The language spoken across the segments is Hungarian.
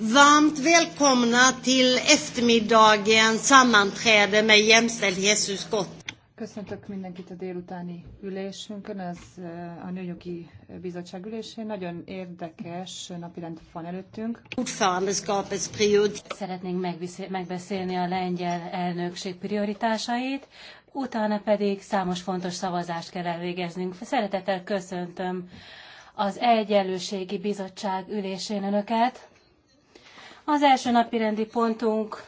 Varmt välkomna till eftermiddagens sammanträde med jämställdhetsutskott. Köszöntök mindenkit a délutáni ülésünkön, ez eh, a Nőjogi Bizottság ülésén. Nagyon érdekes napirend van előttünk. Szeretnénk megbeszélni a lengyel elnökség prioritásait, utána pedig számos fontos szavazást kell elvégeznünk. Szeretettel köszöntöm az Egyenlőségi Bizottság ülésén önöket. Az első napirendi pontunk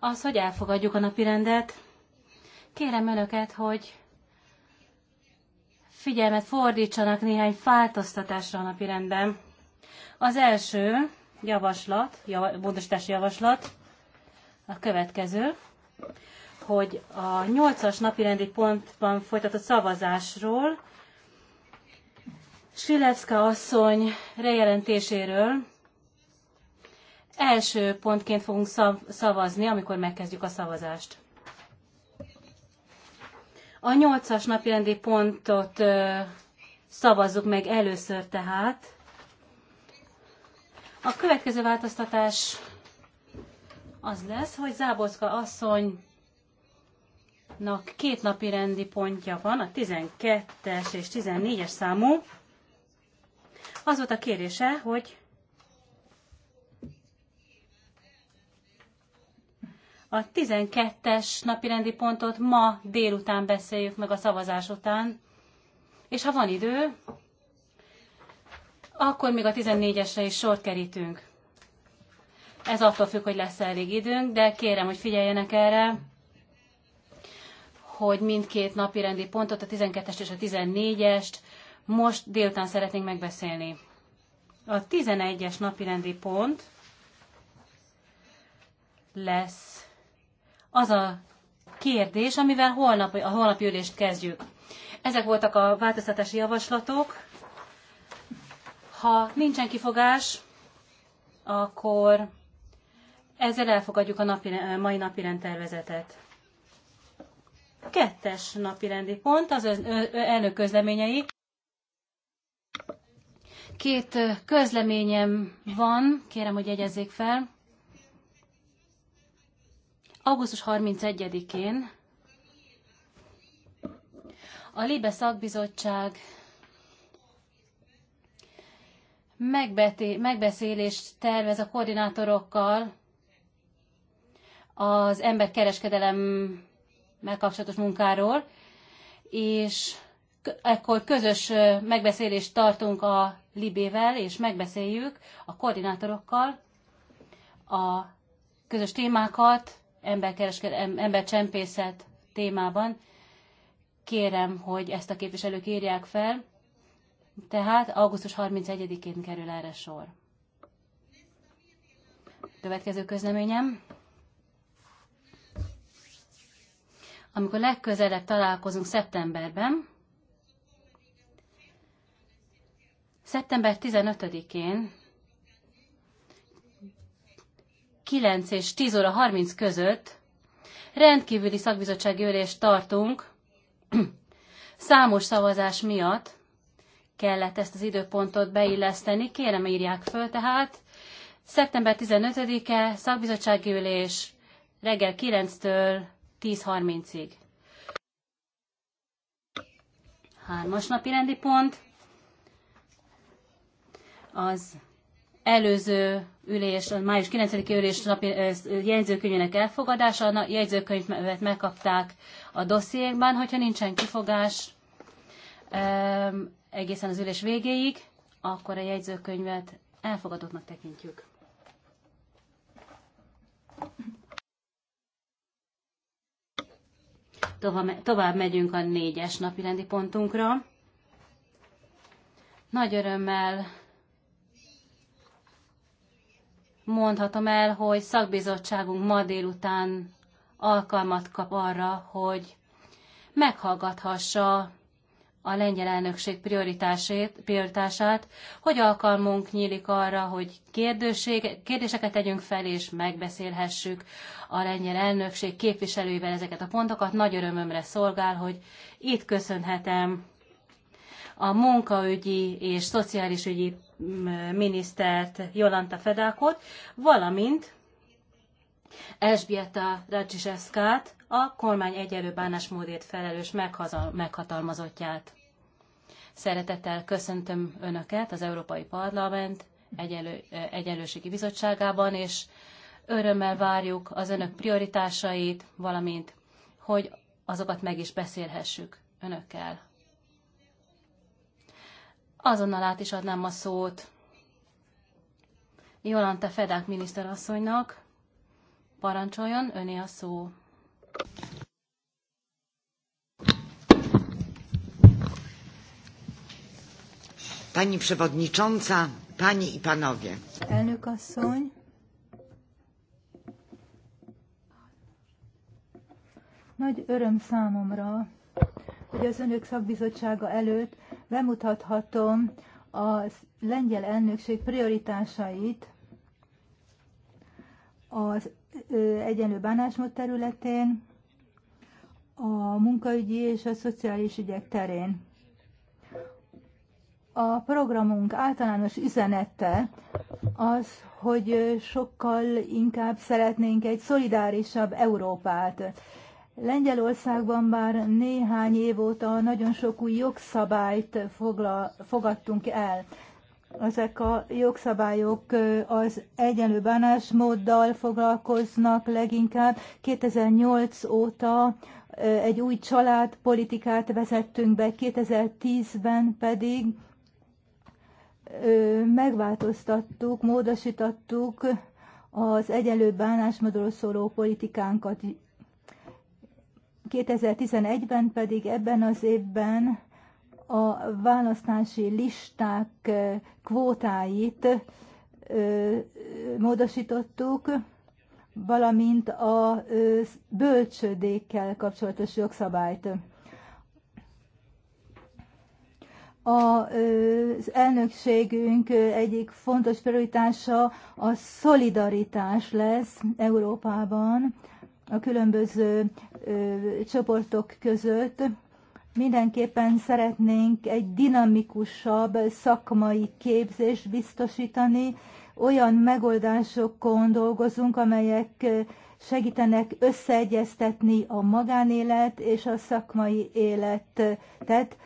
az, hogy elfogadjuk a napirendet. Kérem Önöket, hogy figyelmet fordítsanak néhány változtatásra a napirendben. Az első javaslat, jav, módosítási javaslat a következő, hogy a 8-as napirendi pontban folytatott szavazásról Silevska asszony rejelentéséről első pontként fogunk szav szavazni, amikor megkezdjük a szavazást. A nyolcas napirendi pontot ö, szavazzuk meg először tehát. A következő változtatás az lesz, hogy Záborszka asszony két napi rendi pontja van, a 12-es és 14-es számú. Az volt a kérése, hogy A 12-es napirendi pontot ma délután beszéljük meg a szavazás után, és ha van idő, akkor még a 14-esre is sort kerítünk. Ez attól függ, hogy lesz elég időnk, de kérem, hogy figyeljenek erre, hogy mindkét napi rendi pontot, a 12-est és a 14-est most délután szeretnénk megbeszélni. A 11-es napi rendi pont lesz az a kérdés, amivel holnap, a holnapi ülést kezdjük. Ezek voltak a változtatási javaslatok. Ha nincsen kifogás, akkor ezzel elfogadjuk a napi, mai napi rendtervezetet. Kettes napi rendi pont, az elnök közleményei. Két közleményem van, kérem, hogy jegyezzék fel. Augusztus 31-én a Libe szakbizottság megbeté, megbeszélést tervez a koordinátorokkal az emberkereskedelemmel kapcsolatos munkáról, és ekkor közös megbeszélést tartunk a Libével, és megbeszéljük a koordinátorokkal a közös témákat, embercsempészet témában. Kérem, hogy ezt a képviselők írják fel. Tehát augusztus 31-én kerül erre sor. Következő közleményem. Amikor legközelebb találkozunk szeptemberben, szeptember 15-én 9 és 10 óra 30 között rendkívüli szakbizottsági ülést tartunk. Számos szavazás miatt kellett ezt az időpontot beilleszteni. Kérem, írják föl tehát. Szeptember 15-e, szakbizottsági ülés, reggel 9-től 10.30-ig. Hármas napi rendi pont. Az előző ülés, a május 9. ülés napi jegyzőkönyvének elfogadása, a jegyzőkönyvet megkapták a dossziékban, hogyha nincsen kifogás egészen az ülés végéig, akkor a jegyzőkönyvet elfogadottnak tekintjük. Tovább megyünk a négyes napi rendi pontunkra. Nagy örömmel mondhatom el, hogy szakbizottságunk ma délután alkalmat kap arra, hogy meghallgathassa a lengyel elnökség prioritását, prioritását, hogy alkalmunk nyílik arra, hogy kérdéseket tegyünk fel, és megbeszélhessük a lengyel elnökség képviselőivel ezeket a pontokat. Nagy örömömre szolgál, hogy itt köszönhetem a munkaügyi és szociális ügyi minisztert, Jolanta Fedákot, valamint Esbieta Racsiseszkát, a kormány egyelő bánásmódért felelős meghatalmazottját. Szeretettel köszöntöm Önöket az Európai Parlament egyelő, Egyenlőségi Bizottságában, és örömmel várjuk az Önök prioritásait, valamint, hogy azokat meg is beszélhessük Önökkel. Azonnal át is adnám a szót Jolanta Fedák miniszterasszonynak. Parancsoljon, öné a szó. Pani przewodnicząca, panie i panowie. Elnök asszony. Nagy öröm számomra, hogy az önök szakbizottsága előtt bemutathatom a lengyel elnökség prioritásait az egyenlő bánásmód területén, a munkaügyi és a szociális ügyek terén. A programunk általános üzenete az, hogy sokkal inkább szeretnénk egy szolidárisabb Európát. Lengyelországban már néhány év óta nagyon sok új jogszabályt fogla, fogadtunk el. Ezek a jogszabályok az egyenlő bánásmóddal foglalkoznak leginkább. 2008 óta egy új családpolitikát vezettünk be, 2010-ben pedig megváltoztattuk, módosítottuk az egyenlő bánásmódról szóló politikánkat 2011-ben pedig ebben az évben a választási listák kvótáit módosítottuk, valamint a bölcsödékkel kapcsolatos jogszabályt. Az elnökségünk egyik fontos prioritása a szolidaritás lesz Európában a különböző csoportok között. Mindenképpen szeretnénk egy dinamikusabb szakmai képzést biztosítani, olyan megoldásokon dolgozunk, amelyek segítenek összeegyeztetni a magánélet és a szakmai életet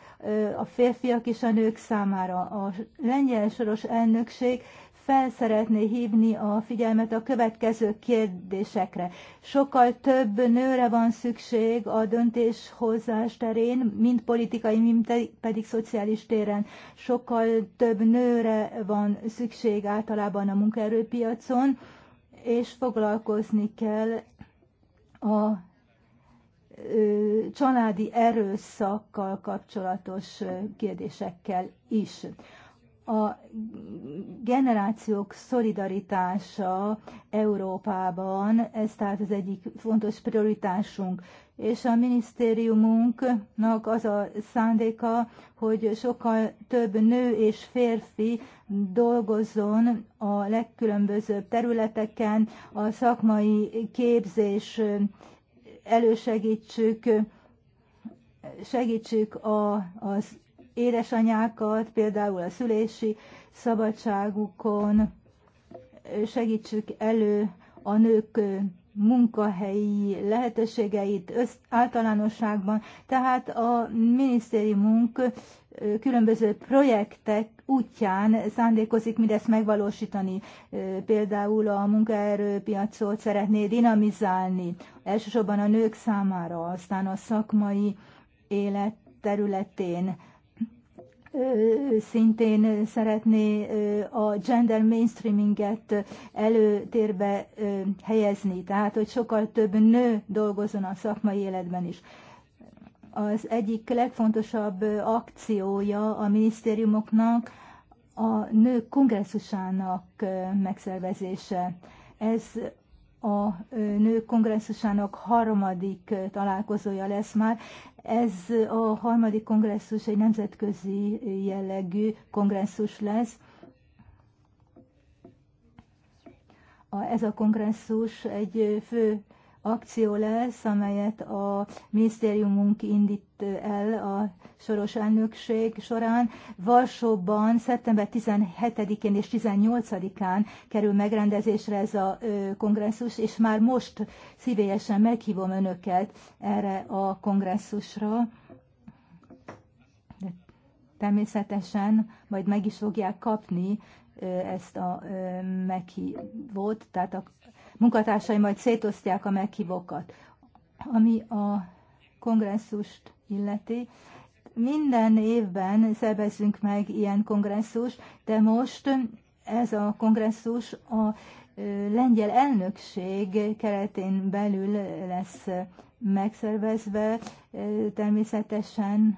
a férfiak és a nők számára. A lengyel soros elnökség fel szeretné hívni a figyelmet a következő kérdésekre. Sokkal több nőre van szükség a döntéshozás terén, mind politikai, mind pedig szociális téren. Sokkal több nőre van szükség általában a munkaerőpiacon, és foglalkozni kell a családi erőszakkal kapcsolatos kérdésekkel is a generációk szolidaritása Európában, ez tehát az egyik fontos prioritásunk. És a minisztériumunknak az a szándéka, hogy sokkal több nő és férfi dolgozzon a legkülönbözőbb területeken, a szakmai képzés elősegítsük, segítsük a, az édesanyákat, például a szülési szabadságukon, segítsük elő a nők munkahelyi lehetőségeit össz, általánosságban. Tehát a minisztériumunk különböző projektek útján szándékozik mindezt megvalósítani. Például a munkaerőpiacot szeretné dinamizálni, elsősorban a nők számára, aztán a szakmai élet területén szintén szeretné a gender mainstreaminget előtérbe helyezni, tehát hogy sokkal több nő dolgozzon a szakmai életben is. Az egyik legfontosabb akciója a minisztériumoknak a nők kongresszusának megszervezése. Ez a nők kongresszusának harmadik találkozója lesz már. Ez a harmadik kongresszus egy nemzetközi jellegű kongresszus lesz. A, ez a kongresszus egy fő akció lesz, amelyet a minisztériumunk indít el a soros elnökség során. Varsóban szeptember 17-én és 18-án kerül megrendezésre ez a kongresszus, és már most szívélyesen meghívom önöket erre a kongresszusra. De természetesen majd meg is fogják kapni ezt a meghívót, tehát a munkatársai majd szétosztják a meghívókat. Ami a kongresszust illeti, minden évben szervezünk meg ilyen kongresszus, de most ez a kongresszus a lengyel elnökség keretén belül lesz megszervezve. Természetesen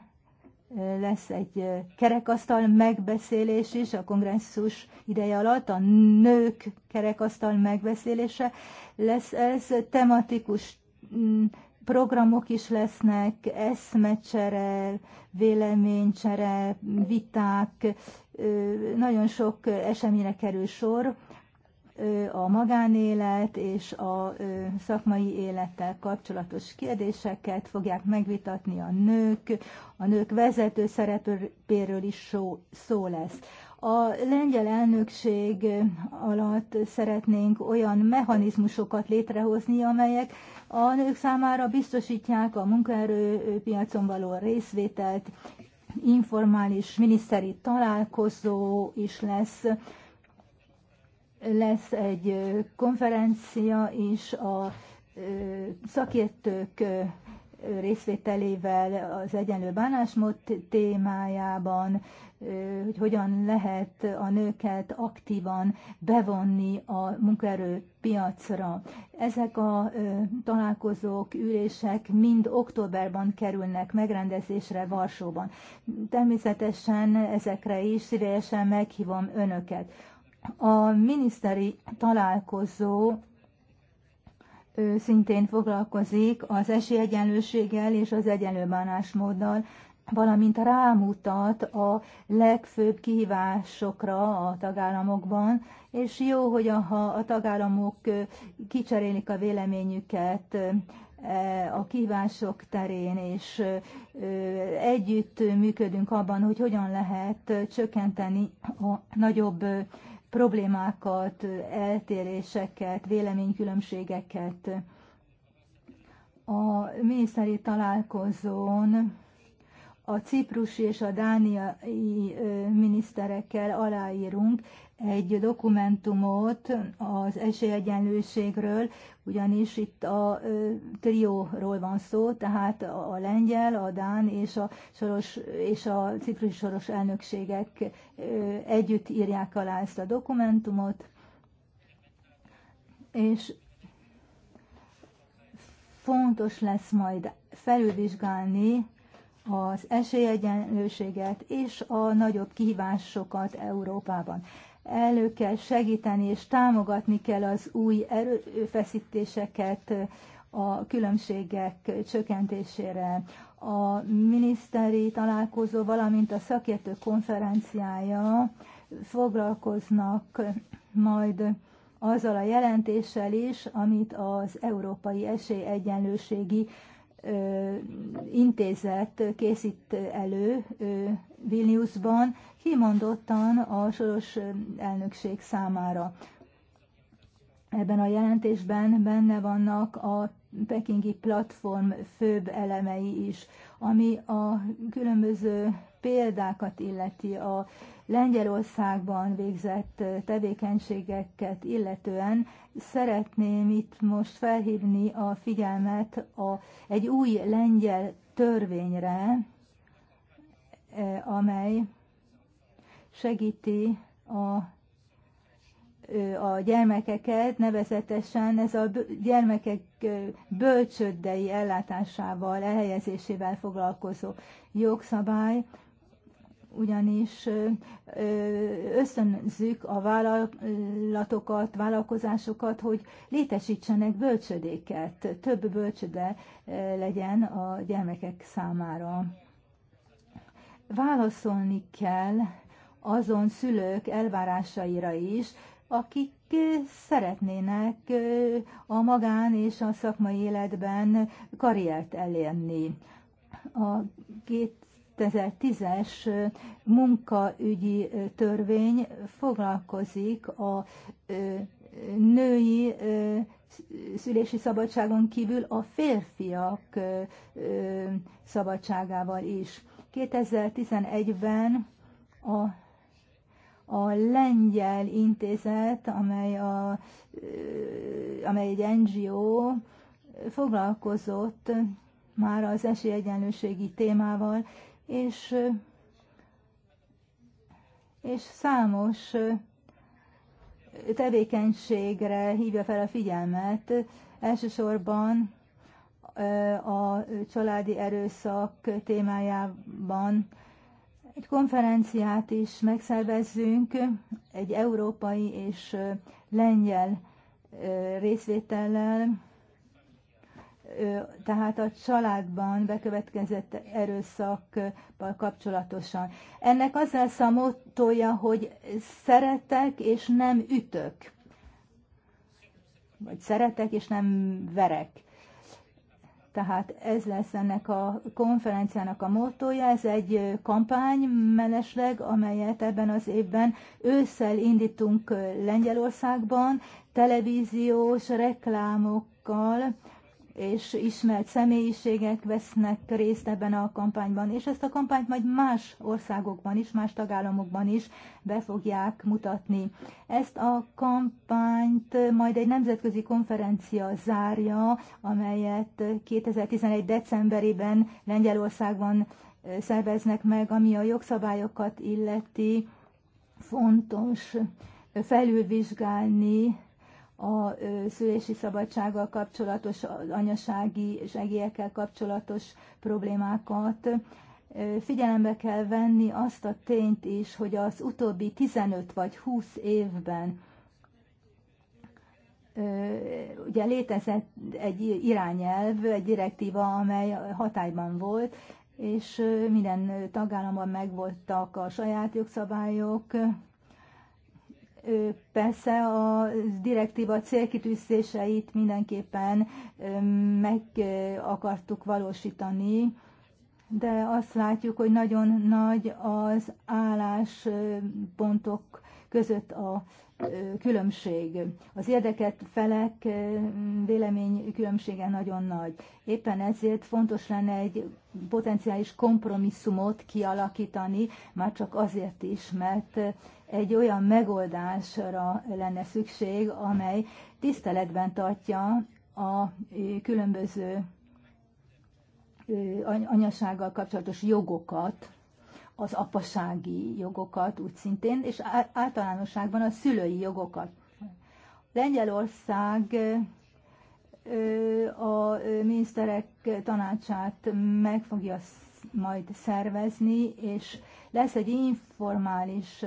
lesz egy kerekasztal megbeszélés is a kongresszus ideje alatt, a nők kerekasztal megbeszélése lesz ez, tematikus mm, programok is lesznek, eszmecsere, véleménycsere, viták, nagyon sok eseményre kerül sor a magánélet és a szakmai élettel kapcsolatos kérdéseket fogják megvitatni a nők, a nők vezető szerepéről is szó lesz. A lengyel elnökség alatt szeretnénk olyan mechanizmusokat létrehozni, amelyek a nők számára biztosítják a munkaerőpiacon való részvételt, informális miniszteri találkozó is lesz lesz egy konferencia is a szakértők részvételével az egyenlő bánásmód témájában, hogy hogyan lehet a nőket aktívan bevonni a munkaerőpiacra. Ezek a találkozók, ülések mind októberban kerülnek megrendezésre Varsóban. Természetesen ezekre is szívesen meghívom önöket. A miniszteri találkozó szintén foglalkozik az esélyegyenlőséggel és az egyenlő bánásmóddal, valamint rámutat a legfőbb kihívásokra a tagállamokban, és jó, hogy ha a tagállamok kicserélik a véleményüket e, a kívások terén, és együtt működünk abban, hogy hogyan lehet csökkenteni a nagyobb problémákat, eltéréseket, véleménykülönbségeket. A miniszteri találkozón a ciprusi és a dániai miniszterekkel aláírunk egy dokumentumot az esélyegyenlőségről, ugyanis itt a trióról van szó, tehát a lengyel, a dán és a, soros, és a ciprusi soros elnökségek együtt írják alá ezt a dokumentumot, és fontos lesz majd felülvizsgálni az esélyegyenlőséget és a nagyobb kihívásokat Európában. Elő kell segíteni és támogatni kell az új erőfeszítéseket a különbségek csökkentésére. A miniszteri találkozó, valamint a szakértő konferenciája foglalkoznak majd azzal a jelentéssel is, amit az Európai Esélyegyenlőségi intézet készít elő Vilniusban, kimondottan a soros elnökség számára. Ebben a jelentésben benne vannak a pekingi platform főbb elemei is, ami a különböző példákat illeti, a Lengyelországban végzett tevékenységeket illetően szeretném itt most felhívni a figyelmet a, egy új lengyel törvényre, e, amely segíti a e, a gyermekeket, nevezetesen ez a gyermekek e, bölcsöddei ellátásával, elhelyezésével foglalkozó jogszabály, ugyanis ösztönzük a vállalatokat, vállalkozásokat, hogy létesítsenek bölcsödéket, több bölcsöde legyen a gyermekek számára. Válaszolni kell azon szülők elvárásaira is, akik szeretnének a magán és a szakmai életben karriert elérni. A két 2010-es munkaügyi törvény foglalkozik a női szülési szabadságon kívül a férfiak szabadságával is. 2011-ben a, a lengyel intézet, amely, a, amely egy NGO, foglalkozott már az esélyegyenlőségi témával, és, és számos tevékenységre hívja fel a figyelmet, elsősorban a családi erőszak témájában. Egy konferenciát is megszervezzünk, egy európai és lengyel részvétellel, tehát a családban bekövetkezett erőszakkal kapcsolatosan. Ennek az lesz a motója, hogy szeretek és nem ütök. Vagy szeretek és nem verek. Tehát ez lesz ennek a konferenciának a motója, ez egy kampány mellesleg, amelyet ebben az évben ősszel indítunk Lengyelországban, televíziós reklámokkal, és ismert személyiségek vesznek részt ebben a kampányban, és ezt a kampányt majd más országokban is, más tagállamokban is be fogják mutatni. Ezt a kampányt majd egy nemzetközi konferencia zárja, amelyet 2011. decemberében Lengyelországban szerveznek meg, ami a jogszabályokat illeti, fontos felülvizsgálni a szülési szabadsággal kapcsolatos, az anyasági egélyekkel kapcsolatos problémákat. Figyelembe kell venni azt a tényt is, hogy az utóbbi 15 vagy 20 évben ugye létezett egy irányelv, egy direktíva, amely hatályban volt, és minden tagállamban megvoltak a saját jogszabályok, Persze a direktíva célkitűzéseit mindenképpen meg akartuk valósítani, de azt látjuk, hogy nagyon nagy az álláspontok között a különbség. Az érdeket felek vélemény különbsége nagyon nagy. Éppen ezért fontos lenne egy potenciális kompromisszumot kialakítani, már csak azért is, mert egy olyan megoldásra lenne szükség, amely tiszteletben tartja a különböző anyasággal kapcsolatos jogokat, az apasági jogokat úgy szintén, és általánosságban a szülői jogokat. Lengyelország a miniszterek tanácsát meg fogja majd szervezni, és lesz egy informális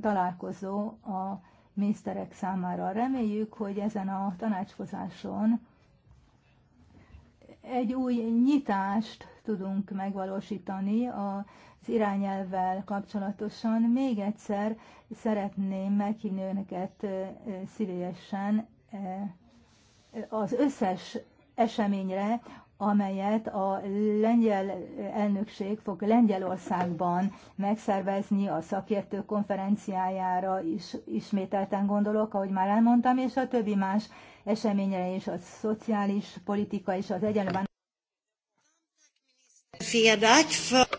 találkozó a miniszterek számára. Reméljük, hogy ezen a tanácskozáson egy új nyitást tudunk megvalósítani az irányelvvel kapcsolatosan. Még egyszer szeretném meghívni önöket szívesen az összes eseményre, amelyet a lengyel elnökség fog Lengyelországban megszervezni a szakértő konferenciájára is ismételten gondolok, ahogy már elmondtam, és a többi más eseményre is, a szociális politika és az egyenlőben.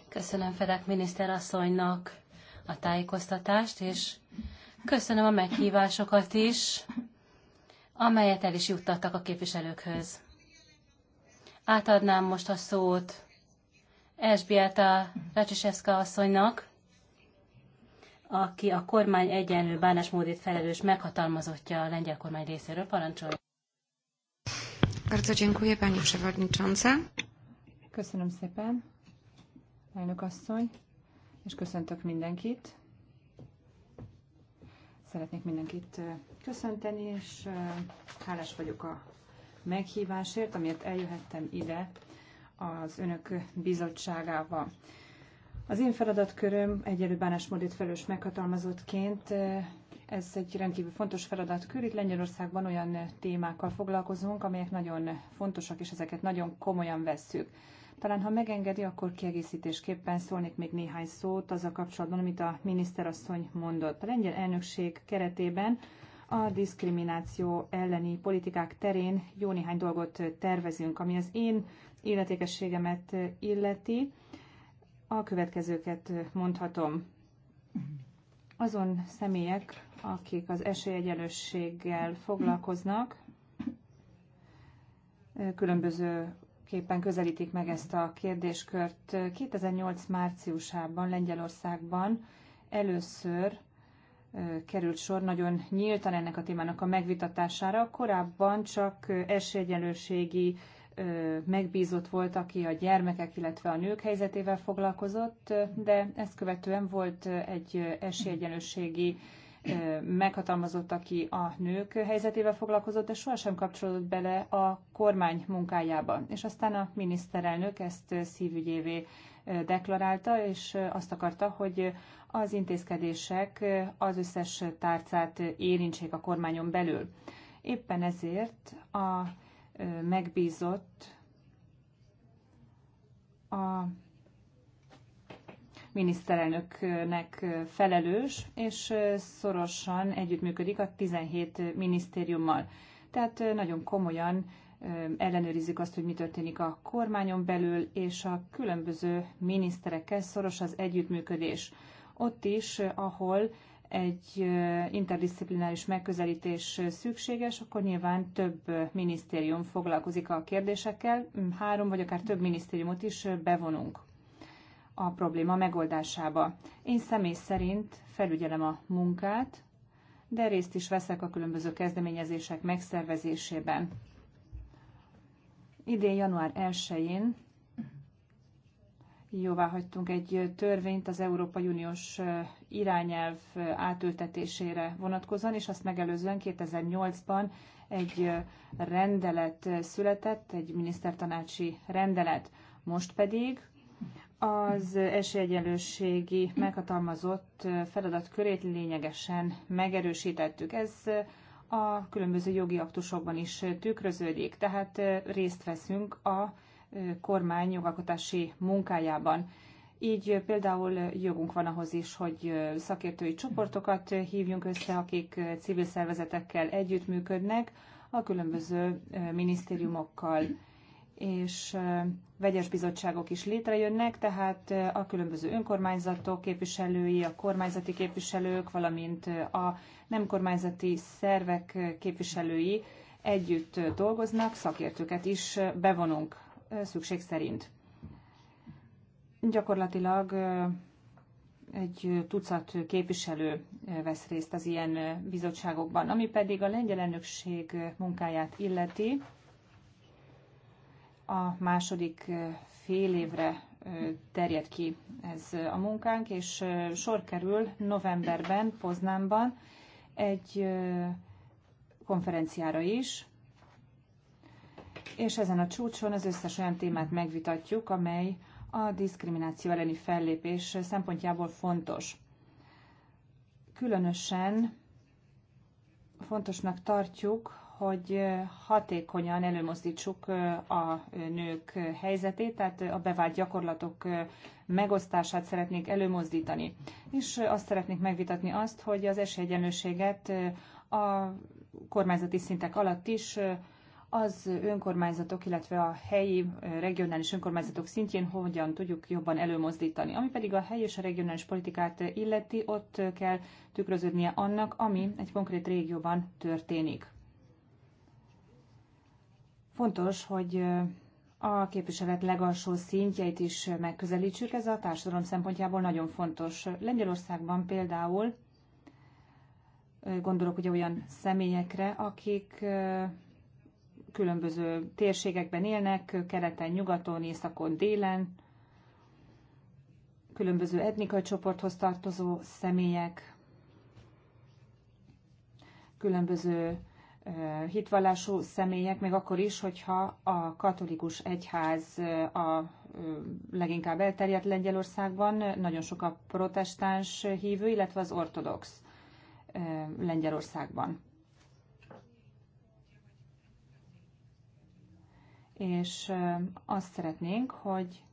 Köszönöm Fedek miniszterasszonynak a tájékoztatást, és köszönöm a meghívásokat is, amelyet el is juttattak a képviselőkhöz. Átadnám most a szót Esbieta Lecsiseszka asszonynak, aki a kormány egyenlő bánásmódét felelős meghatalmazottja a lengyel kormány részéről. Parancsolja! Bardzo dziękuję, pani przewodnicząca. Köszönöm szépen, elnök asszony, és köszöntök mindenkit. Szeretnék mindenkit köszönteni, és hálás vagyok a meghívásért, amiért eljöhettem ide az önök bizottságába. Az én feladatköröm egyelő bánásmódét felős meghatalmazottként ez egy rendkívül fontos feladatkör. Itt Lengyelországban olyan témákkal foglalkozunk, amelyek nagyon fontosak, és ezeket nagyon komolyan vesszük. Talán, ha megengedi, akkor kiegészítésképpen szólnék még néhány szót az a kapcsolatban, amit a miniszterasszony mondott. A lengyel elnökség keretében a diszkrimináció elleni politikák terén jó néhány dolgot tervezünk, ami az én illetékességemet illeti. A következőket mondhatom. Azon személyek, akik az esélyegyenlősséggel foglalkoznak, különböző képpen közelítik meg ezt a kérdéskört. 2008 márciusában Lengyelországban először került sor nagyon nyíltan ennek a témának a megvitatására. Korábban csak esélyegyenlőségi megbízott volt, aki a gyermekek, illetve a nők helyzetével foglalkozott, de ezt követően volt egy esélyegyenlőségi meghatalmazott, aki a nők helyzetével foglalkozott, de sohasem kapcsolódott bele a kormány munkájába. És aztán a miniszterelnök ezt szívügyévé deklarálta, és azt akarta, hogy az intézkedések az összes tárcát érintsék a kormányon belül. Éppen ezért a megbízott a miniszterelnöknek felelős, és szorosan együttműködik a 17 minisztériummal. Tehát nagyon komolyan ellenőrizzük azt, hogy mi történik a kormányon belül, és a különböző miniszterekkel szoros az együttműködés. Ott is, ahol egy interdisziplináris megközelítés szükséges, akkor nyilván több minisztérium foglalkozik a kérdésekkel, három vagy akár több minisztériumot is bevonunk a probléma megoldásába. Én személy szerint felügyelem a munkát, de részt is veszek a különböző kezdeményezések megszervezésében. Idén január 1-én jóvá hagytunk egy törvényt az Európai Uniós irányelv átültetésére vonatkozóan, és azt megelőzően 2008-ban egy rendelet született, egy minisztertanácsi rendelet. Most pedig az esélyegyenlőségi meghatalmazott feladatkörét lényegesen megerősítettük. Ez a különböző jogi aktusokban is tükröződik, tehát részt veszünk a kormány jogalkotási munkájában. Így például jogunk van ahhoz is, hogy szakértői csoportokat hívjunk össze, akik civil szervezetekkel együttműködnek, a különböző minisztériumokkal, és vegyes bizottságok is létrejönnek, tehát a különböző önkormányzatok képviselői, a kormányzati képviselők, valamint a nem kormányzati szervek képviselői együtt dolgoznak, szakértőket is bevonunk szükség szerint. Gyakorlatilag egy tucat képviselő vesz részt az ilyen bizottságokban, ami pedig a lengyel elnökség munkáját illeti a második fél évre terjed ki ez a munkánk, és sor kerül novemberben Poznánban egy konferenciára is, és ezen a csúcson az összes olyan témát megvitatjuk, amely a diszkrimináció elleni fellépés szempontjából fontos. Különösen fontosnak tartjuk hogy hatékonyan előmozdítsuk a nők helyzetét, tehát a bevált gyakorlatok megosztását szeretnék előmozdítani. És azt szeretnék megvitatni azt, hogy az esélyegyenlőséget a kormányzati szintek alatt is az önkormányzatok, illetve a helyi, regionális önkormányzatok szintjén hogyan tudjuk jobban előmozdítani. Ami pedig a helyi és a regionális politikát illeti, ott kell tükröződnie annak, ami egy konkrét régióban történik. Fontos, hogy a képviselet legalsó szintjeit is megközelítsük. Ez a társadalom szempontjából nagyon fontos. Lengyelországban például gondolok ugye olyan személyekre, akik különböző térségekben élnek, keleten, nyugaton, északon, délen, különböző etnikai csoporthoz tartozó személyek, különböző Eh, hitvallású személyek, még akkor is, hogyha a katolikus egyház eh, a eh, leginkább elterjedt Lengyelországban, nagyon sok a protestáns hívő, illetve az ortodox Lengyelországban. És azt szeretnénk, hogy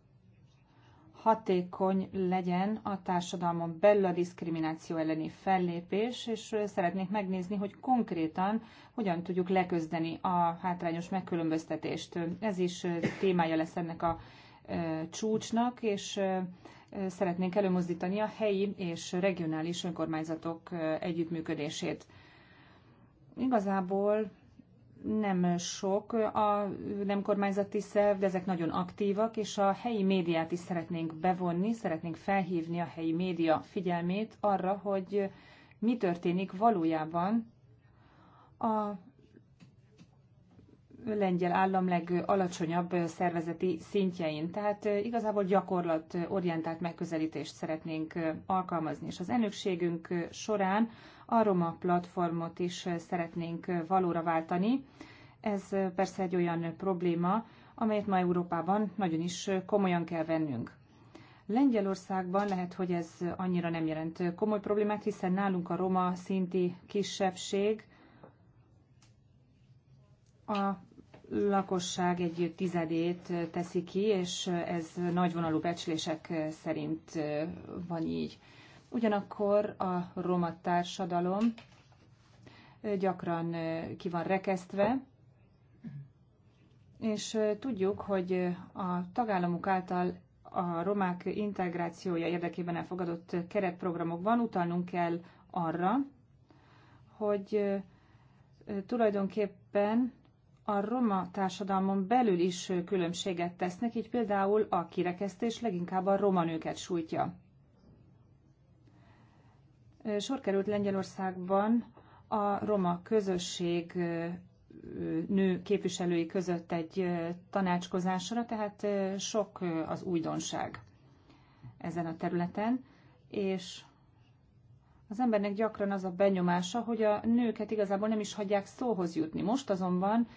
hatékony legyen a társadalmon belül a diszkrimináció elleni fellépés, és szeretnék megnézni, hogy konkrétan hogyan tudjuk leközdeni a hátrányos megkülönböztetést. Ez is témája lesz ennek a csúcsnak, és szeretnénk előmozdítani a helyi és regionális önkormányzatok együttműködését. Igazából nem sok a nem kormányzati szerv, de ezek nagyon aktívak, és a helyi médiát is szeretnénk bevonni, szeretnénk felhívni a helyi média figyelmét arra, hogy mi történik valójában a lengyel állam legalacsonyabb szervezeti szintjein. Tehát igazából gyakorlatorientált megközelítést szeretnénk alkalmazni, és az elnökségünk során a Roma platformot is szeretnénk valóra váltani. Ez persze egy olyan probléma, amelyet ma Európában nagyon is komolyan kell vennünk. Lengyelországban lehet, hogy ez annyira nem jelent komoly problémát, hiszen nálunk a roma szinti kisebbség a lakosság egy tizedét teszi ki, és ez nagyvonalú becslések szerint van így. Ugyanakkor a roma társadalom gyakran ki van rekesztve, és tudjuk, hogy a tagállamok által a romák integrációja érdekében elfogadott keretprogramokban utalnunk kell arra, hogy tulajdonképpen a roma társadalmon belül is különbséget tesznek, így például a kirekesztés leginkább a roma nőket sújtja. Sor került Lengyelországban a roma közösség nő képviselői között egy tanácskozásra, tehát sok az újdonság ezen a területen, és az embernek gyakran az a benyomása, hogy a nőket igazából nem is hagyják szóhoz jutni. Most azonban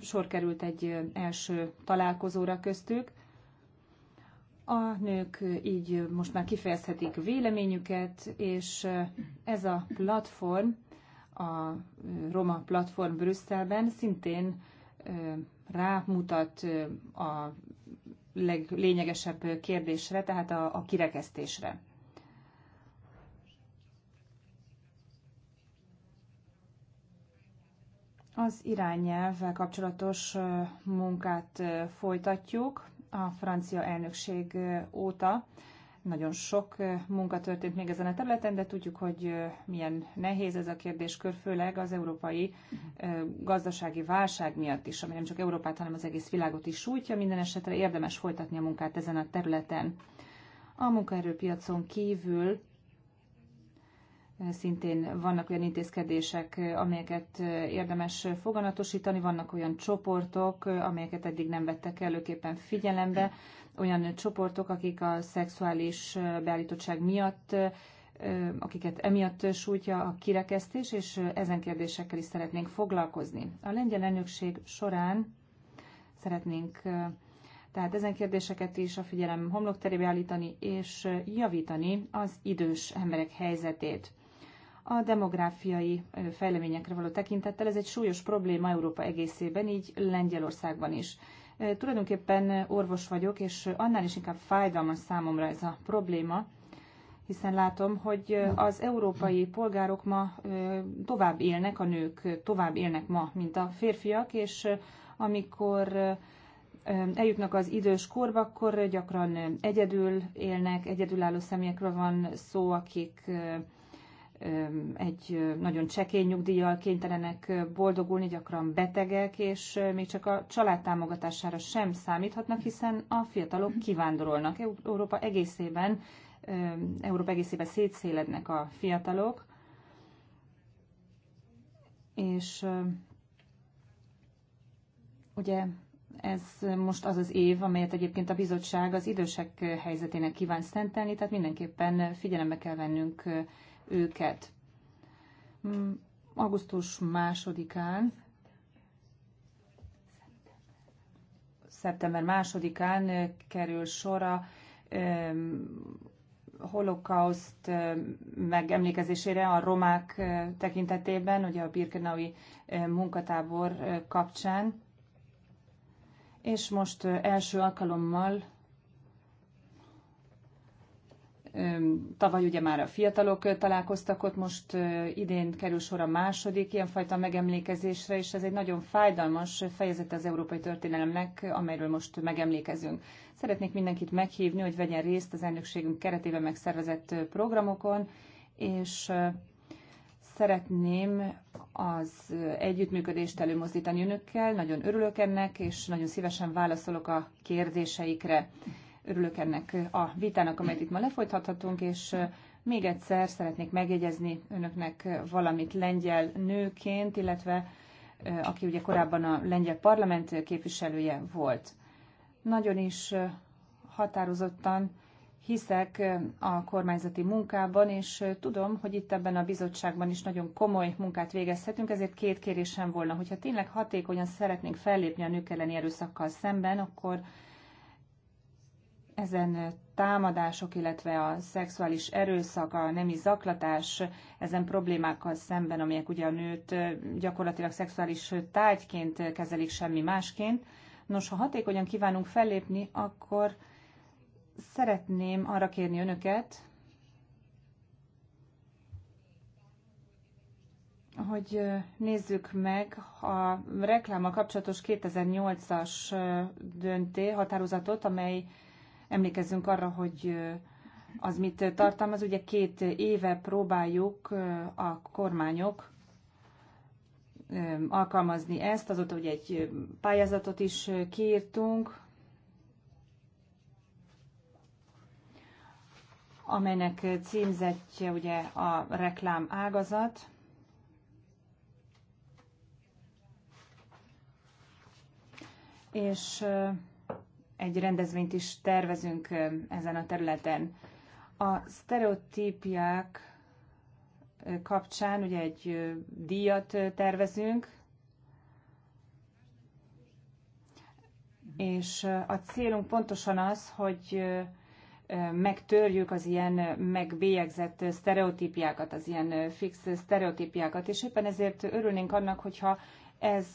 sor került egy első találkozóra köztük, a nők így most már kifejezhetik véleményüket, és eh, ez a platform, a eh, Roma Platform Brüsszelben szintén eh, rámutat a leglényegesebb kérdésre, tehát a, a kirekesztésre. Az irányelvvel kapcsolatos munkát folytatjuk a francia elnökség óta. Nagyon sok munka történt még ezen a területen, de tudjuk, hogy milyen nehéz ez a kérdéskör, főleg az európai gazdasági válság miatt is, ami nem csak Európát, hanem az egész világot is sújtja. Minden esetre érdemes folytatni a munkát ezen a területen. A munkaerőpiacon kívül szintén vannak olyan intézkedések, amelyeket érdemes foganatosítani, vannak olyan csoportok, amelyeket eddig nem vettek előképpen figyelembe, olyan csoportok, akik a szexuális beállítottság miatt akiket emiatt sújtja a kirekesztés, és ezen kérdésekkel is szeretnénk foglalkozni. A lengyel elnökség során szeretnénk tehát ezen kérdéseket is a figyelem homlokterébe állítani és javítani az idős emberek helyzetét. A demográfiai fejleményekre való tekintettel ez egy súlyos probléma Európa egészében, így Lengyelországban is. Tulajdonképpen orvos vagyok, és annál is inkább fájdalmas számomra ez a probléma, hiszen látom, hogy az európai polgárok ma tovább élnek, a nők tovább élnek ma, mint a férfiak, és amikor eljutnak az idős korba, akkor gyakran egyedül élnek, egyedülálló személyekről van szó, akik egy nagyon csekély nyugdíjjal kénytelenek boldogulni, gyakran betegek, és még csak a család támogatására sem számíthatnak, hiszen a fiatalok kivándorolnak. Európa egészében, Európa egészében szétszélednek a fiatalok, és ugye ez most az az év, amelyet egyébként a bizottság az idősek helyzetének kíván szentelni, tehát mindenképpen figyelembe kell vennünk őket. Hmm, augusztus másodikán, szeptember másodikán eh, kerül sor a holokauszt megemlékezésére a romák eh, tekintetében, ugye a Birkenaui eh, munkatábor kapcsán. És most első alkalommal Tavaly ugye már a fiatalok találkoztak ott, most idén kerül sor a második ilyenfajta megemlékezésre, és ez egy nagyon fájdalmas fejezet az európai történelemnek, amelyről most megemlékezünk. Szeretnék mindenkit meghívni, hogy vegyen részt az elnökségünk keretében megszervezett programokon, és szeretném az együttműködést előmozdítani önökkel, nagyon örülök ennek, és nagyon szívesen válaszolok a kérdéseikre. Örülök ennek a vitának, amelyet itt ma lefolytathatunk, és még egyszer szeretnék megjegyezni önöknek valamit lengyel nőként, illetve aki ugye korábban a lengyel parlament képviselője volt. Nagyon is határozottan hiszek a kormányzati munkában, és tudom, hogy itt ebben a bizottságban is nagyon komoly munkát végezhetünk, ezért két kérésem volna, hogyha tényleg hatékonyan szeretnénk fellépni a nők elleni erőszakkal szemben, akkor ezen támadások, illetve a szexuális erőszak, a nemi zaklatás, ezen problémákkal szemben, amelyek ugye a nőt gyakorlatilag szexuális tárgyként kezelik semmi másként. Nos, ha hatékonyan kívánunk fellépni, akkor szeretném arra kérni önöket, hogy nézzük meg a reklámmal kapcsolatos 2008-as dönté határozatot, amely Emlékezzünk arra, hogy az mit tartalmaz. Ugye két éve próbáljuk a kormányok alkalmazni ezt, azóta ugye egy pályázatot is kiírtunk, amelynek címzetje ugye a reklám ágazat. És egy rendezvényt is tervezünk ezen a területen. A sztereotípiák kapcsán ugye egy díjat tervezünk, és a célunk pontosan az, hogy megtörjük az ilyen megbélyegzett sztereotípiákat, az ilyen fix sztereotípiákat, és éppen ezért örülnénk annak, hogyha ez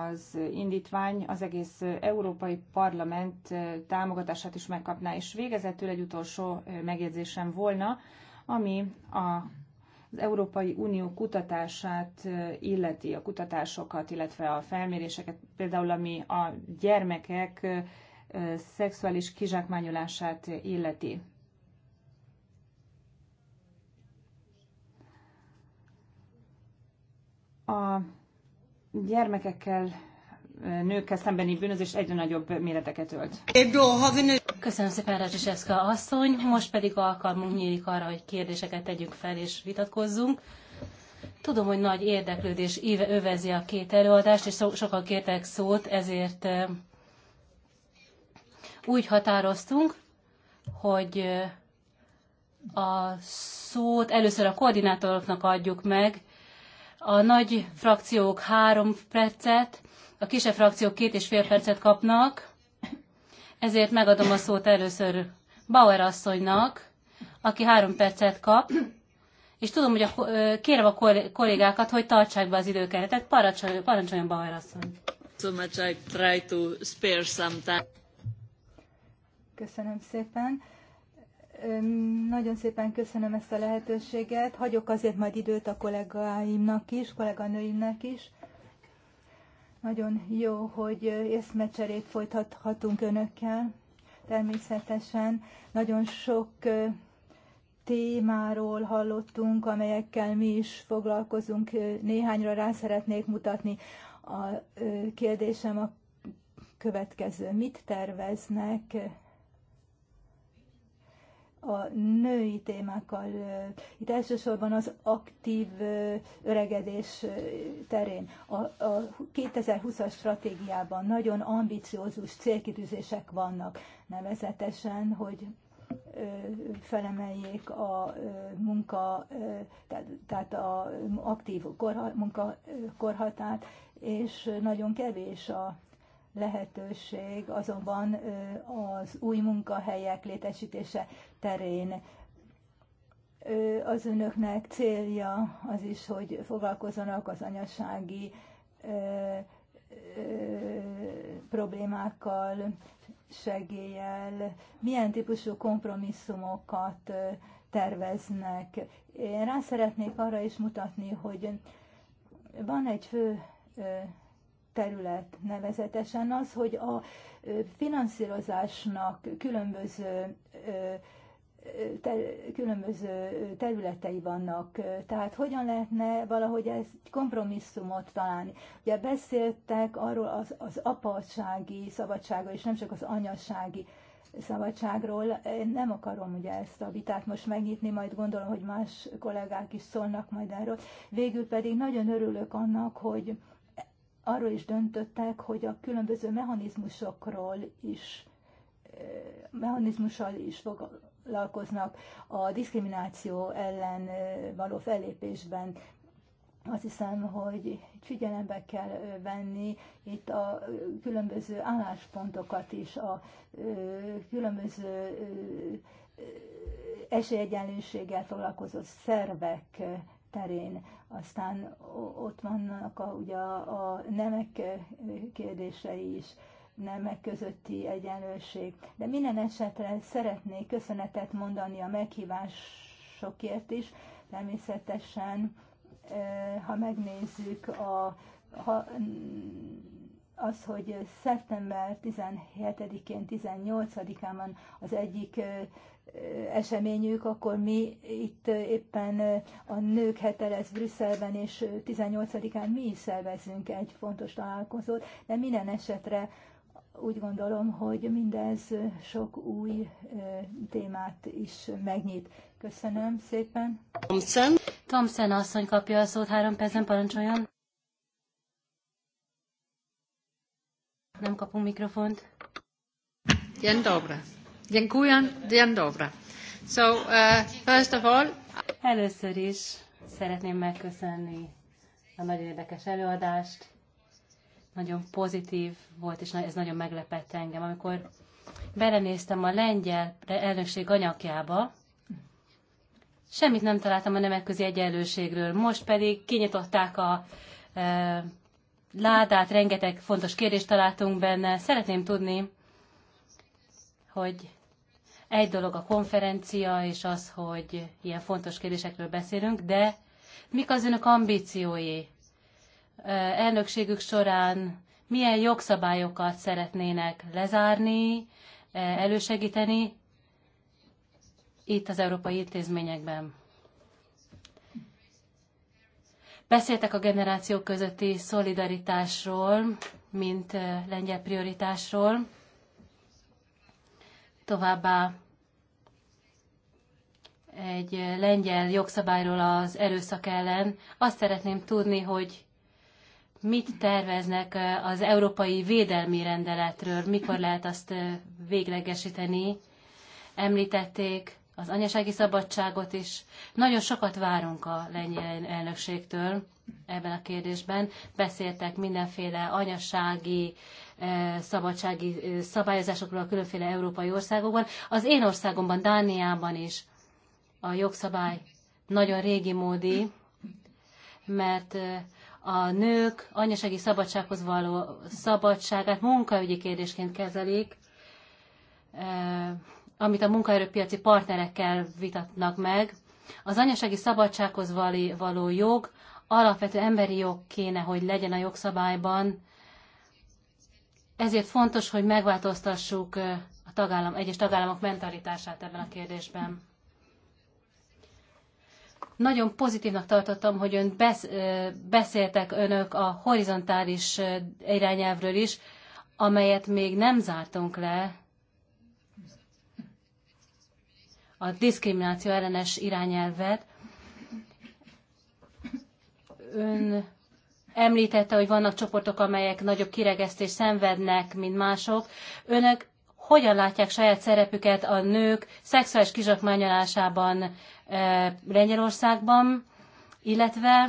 az indítvány az egész Európai Parlament támogatását is megkapná, és végezetül egy utolsó megjegyzésem volna, ami a az Európai Unió kutatását illeti, a kutatásokat, illetve a felméréseket, például ami a gyermekek szexuális kizsákmányolását illeti. A gyermekekkel, nőkkel szembeni bűnözés egyre nagyobb méreteket ölt. Köszönöm szépen, Radzsiseszka asszony. Most pedig alkalmunk nyílik arra, hogy kérdéseket tegyünk fel és vitatkozzunk. Tudom, hogy nagy érdeklődés éve övezi a két előadást, és so- sokan kértek szót, ezért úgy határoztunk, hogy a szót először a koordinátoroknak adjuk meg, a nagy frakciók három percet, a kisebb frakciók két és fél percet kapnak, ezért megadom a szót először Bauer asszonynak, aki három percet kap, és tudom, hogy a, kérem a kollégákat, hogy tartsák be az időkeretet. Parancsoljon, parancsoljon Bauer asszony. So much I try to spare some time. Köszönöm szépen nagyon szépen köszönöm ezt a lehetőséget. Hagyok azért majd időt a kollégáimnak is, kolléganőimnek is. Nagyon jó, hogy észmecserét folytathatunk önökkel. Természetesen nagyon sok témáról hallottunk, amelyekkel mi is foglalkozunk. Néhányra rá szeretnék mutatni. A kérdésem a következő. Mit terveznek a női témákkal, itt elsősorban az aktív öregedés terén. A, a 2020-as stratégiában nagyon ambiciózus célkitűzések vannak, nevezetesen, hogy felemeljék a munka, tehát a aktív korha, munkakorhatát, és nagyon kevés a lehetőség azonban az új munkahelyek létesítése terén. Az önöknek célja az is, hogy foglalkozzanak az anyasági problémákkal, segéllyel, milyen típusú kompromisszumokat terveznek. Én rá szeretnék arra is mutatni, hogy van egy fő terület, nevezetesen az, hogy a finanszírozásnak különböző különböző területei vannak, tehát hogyan lehetne valahogy egy kompromisszumot találni. Ugye beszéltek arról az, az apasági szabadsága, és nem csak az anyasági szabadságról. Én nem akarom ugye ezt a vitát most megnyitni, majd gondolom, hogy más kollégák is szólnak majd erről. Végül pedig nagyon örülök annak, hogy arról is döntöttek, hogy a különböző mechanizmusokról is, eh, mechanizmussal is foglalkoznak a diszkrimináció ellen eh, való fellépésben. Azt hiszem, hogy figyelembe kell eh, venni itt a különböző álláspontokat is, a különböző esélyegyenlőséggel foglalkozó szervek terén. Aztán ott vannak a, ugye a nemek eh, kérdései is, nemek közötti egyenlőség. De minden esetre szeretnék köszönetet mondani a meghívásokért is. Természetesen, eh, ha megnézzük a, ha, az, hogy szeptember 17-én, 18-án van az egyik eh, eseményük, akkor mi itt éppen a Nők hete lesz Brüsszelben, és 18-án mi is szervezzünk egy fontos találkozót, de minden esetre úgy gondolom, hogy mindez sok új témát is megnyit. Köszönöm szépen. Thompson. Thompson asszony kapja a szót, három percen parancsoljon. Nem kapunk mikrofont. Jen dobra. So, uh, first of all... Először is szeretném megköszönni a nagyon érdekes előadást. Nagyon pozitív volt, és ez nagyon meglepett engem. Amikor belenéztem a lengyel elnökség anyagjába, semmit nem találtam a nemek nemekközi egyenlőségről. Most pedig kinyitották a e, ládát, rengeteg fontos kérdést találtunk benne. Szeretném tudni, hogy egy dolog a konferencia, és az, hogy ilyen fontos kérdésekről beszélünk, de mik az önök ambíciói? Elnökségük során milyen jogszabályokat szeretnének lezárni, elősegíteni itt az európai intézményekben? Beszéltek a generációk közötti szolidaritásról, mint lengyel prioritásról. Továbbá egy lengyel jogszabályról az erőszak ellen. Azt szeretném tudni, hogy mit terveznek az Európai Védelmi Rendeletről, mikor lehet azt véglegesíteni. Említették az anyasági szabadságot is. Nagyon sokat várunk a lengyel elnökségtől ebben a kérdésben. Beszéltek mindenféle anyasági szabadsági szabályozásokról a különféle európai országokban. Az én országomban, Dániában is a jogszabály nagyon régi módi, mert a nők anyasági szabadsághoz való szabadságát munkaügyi kérdésként kezelik, amit a munkaerőpiaci partnerekkel vitatnak meg. Az anyasági szabadsághoz való jog alapvető emberi jog kéne, hogy legyen a jogszabályban, ezért fontos, hogy megváltoztassuk a tagállam, egyes tagállamok mentalitását ebben a kérdésben. Nagyon pozitívnak tartottam, hogy ön besz, beszéltek önök a horizontális irányelvről is, amelyet még nem zártunk le, a diszkrimináció ellenes irányelvet. Ön említette, hogy vannak csoportok, amelyek nagyobb kiregesztést szenvednek, mint mások. Önök hogyan látják saját szerepüket a nők szexuális kizsakmányolásában eh, Lengyelországban, illetve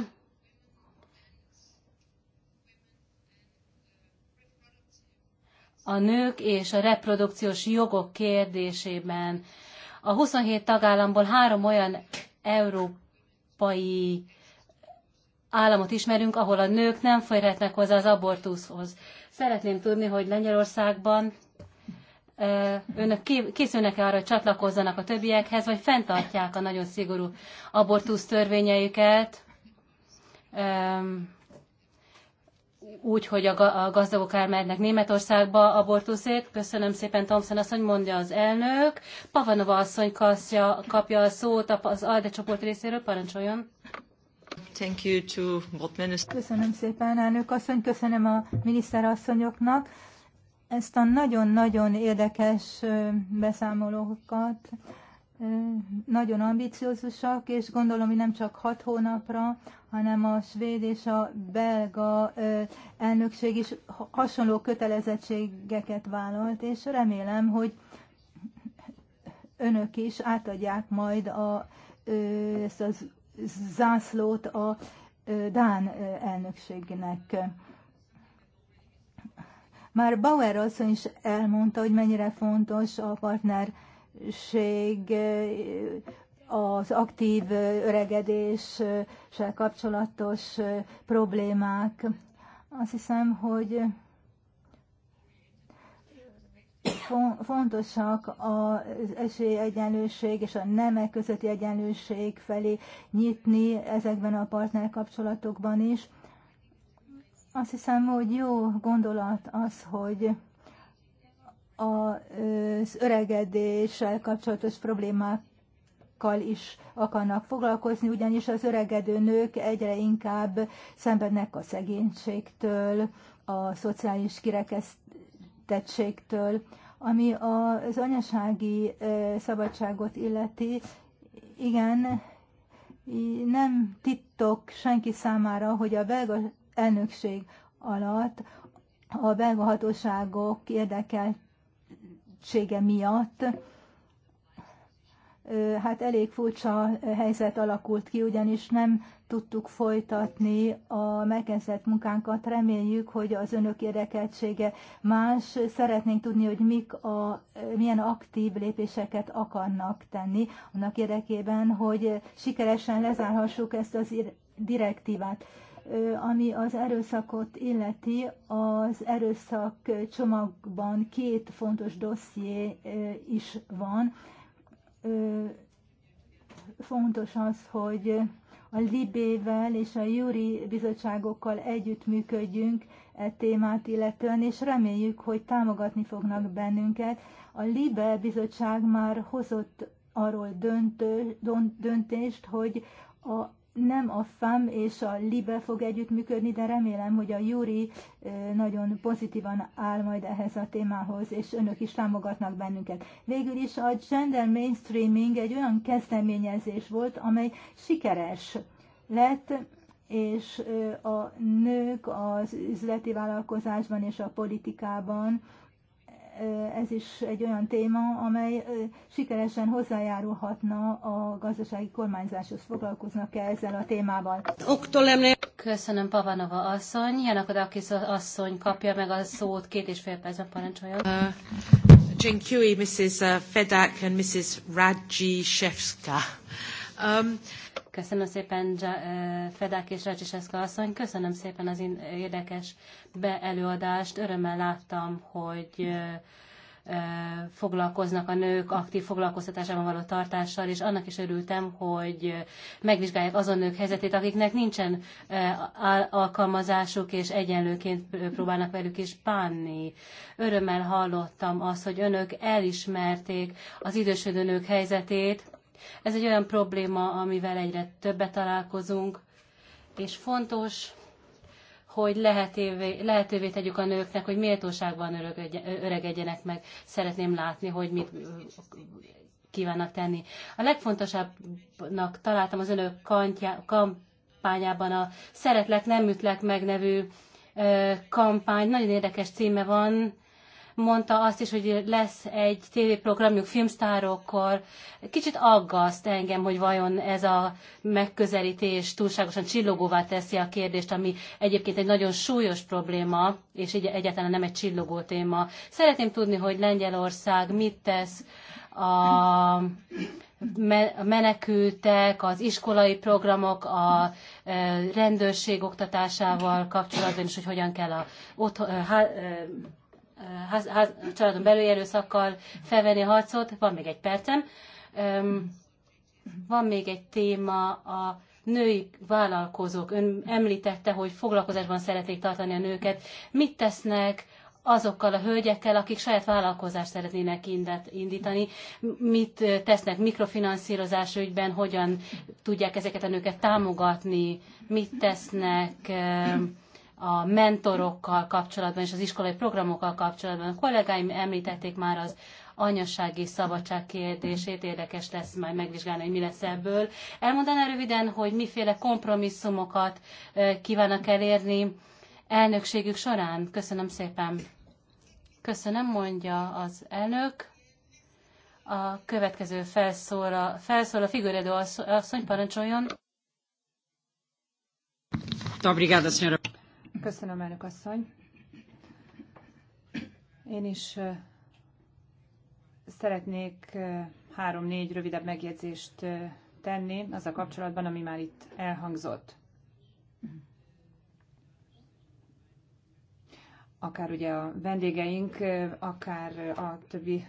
a nők és a reprodukciós jogok kérdésében. A 27 tagállamból három olyan európai államot ismerünk, ahol a nők nem férhetnek hozzá az abortuszhoz. Szeretném tudni, hogy Lengyelországban önök készülnek-e arra, hogy csatlakozzanak a többiekhez, vagy fenntartják a nagyon szigorú abortusz törvényeiket, úgy, hogy a gazdagok elmehetnek Németországba abortuszért. Köszönöm szépen, Thompson asszony, mondja az elnök. Pavanova asszony kapja, kapja a szót az ALDE csoport részéről, parancsoljon. Thank you to both Köszönöm szépen, elnök asszony, köszönöm a miniszterasszonyoknak ezt a nagyon-nagyon érdekes beszámolókat. Nagyon ambiciózusak, és gondolom, hogy nem csak hat hónapra, hanem a svéd és a belga elnökség is hasonló kötelezettségeket vállalt, és remélem, hogy önök is átadják majd a, ezt az zászlót a Dán elnökségnek. Már Bauer asszony is elmondta, hogy mennyire fontos a partnerség, az aktív öregedéssel kapcsolatos problémák. Azt hiszem, hogy fontosak az esélyegyenlőség és a nemek közötti egyenlőség felé nyitni ezekben a partnerkapcsolatokban is. Azt hiszem, hogy jó gondolat az, hogy az öregedéssel kapcsolatos problémákkal is akarnak foglalkozni, ugyanis az öregedő nők egyre inkább szenvednek a szegénységtől, a szociális kirekeszt kitettségtől, ami az anyasági szabadságot illeti. Igen, nem titok senki számára, hogy a belga elnökség alatt a belga hatóságok érdekeltsége miatt hát elég furcsa helyzet alakult ki, ugyanis nem tudtuk folytatni a megkezdett munkánkat. Reméljük, hogy az önök érdekeltsége más. Szeretnénk tudni, hogy mik a, milyen aktív lépéseket akarnak tenni annak érdekében, hogy sikeresen lezárhassuk ezt az direktívát. Ami az erőszakot illeti, az erőszak csomagban két fontos dosszié is van fontos az, hogy a Libével és a Júri bizottságokkal együttműködjünk e témát illetően, és reméljük, hogy támogatni fognak bennünket. A Libe bizottság már hozott arról döntő, döntést, hogy a nem a FAM és a LIBE fog együttműködni, de remélem, hogy a Júri nagyon pozitívan áll majd ehhez a témához, és önök is támogatnak bennünket. Végül is a gender mainstreaming egy olyan kezdeményezés volt, amely sikeres lett, és a nők az üzleti vállalkozásban és a politikában ez is egy olyan téma, amely sikeresen hozzájárulhatna a gazdasági kormányzáshoz. Foglalkoznak-e ezzel a témával? Köszönöm, Pavanova asszony. Janakadakis asszony kapja meg a szót, két és fél percben parancsoljon. Uh, Dziękuję, Mrs. Uh, Fedak and Mrs. Radzi Shevska. Um, Köszönöm szépen Fedák és Rácsiseszka asszony, köszönöm szépen az érdekes beelőadást. Örömmel láttam, hogy foglalkoznak a nők aktív foglalkoztatásában való tartással, és annak is örültem, hogy megvizsgálják azon nők helyzetét, akiknek nincsen alkalmazásuk, és egyenlőként próbálnak velük is bánni. Örömmel hallottam azt, hogy önök elismerték az idősödő nők helyzetét, ez egy olyan probléma, amivel egyre többet találkozunk, és fontos, hogy lehetővé, lehetővé tegyük a nőknek, hogy méltóságban öregedjenek meg. Szeretném látni, hogy mit kívánnak tenni. A legfontosabbnak találtam az önök kantja, kampányában a Szeretlek, nem ütlek meg nevű kampány. Nagyon érdekes címe van, mondta azt is, hogy lesz egy tévéprogramjuk filmsztárokkal. Kicsit aggaszt engem, hogy vajon ez a megközelítés túlságosan csillogóvá teszi a kérdést, ami egyébként egy nagyon súlyos probléma, és egy- egyáltalán nem egy csillogó téma. Szeretném tudni, hogy Lengyelország mit tesz a menekültek, az iskolai programok, a e, rendőrség oktatásával kapcsolatban, és hogy hogyan kell a otthon, e, e, ház, ház, családon belüli erőszakkal felvenni a harcot. Van még egy percem. Van még egy téma, a női vállalkozók. Ön említette, hogy foglalkozásban szeretnék tartani a nőket. Mit tesznek azokkal a hölgyekkel, akik saját vállalkozást szeretnének indítani, mit tesznek mikrofinanszírozás ügyben, hogyan tudják ezeket a nőket támogatni, mit tesznek a mentorokkal kapcsolatban és az iskolai programokkal kapcsolatban. A kollégáim említették már az anyassági szabadság kérdését, érdekes lesz majd megvizsgálni, hogy mi lesz ebből. Elmondaná röviden, hogy miféle kompromisszumokat kívánnak elérni elnökségük során? Köszönöm szépen. Köszönöm, mondja az elnök. A következő felszól a, felszól a figuredő asszony, parancsoljon. Obrigada, senhora. Köszönöm, elnök asszony. Én is szeretnék három-négy rövidebb megjegyzést tenni az a kapcsolatban, ami már itt elhangzott. akár ugye a vendégeink, akár a többi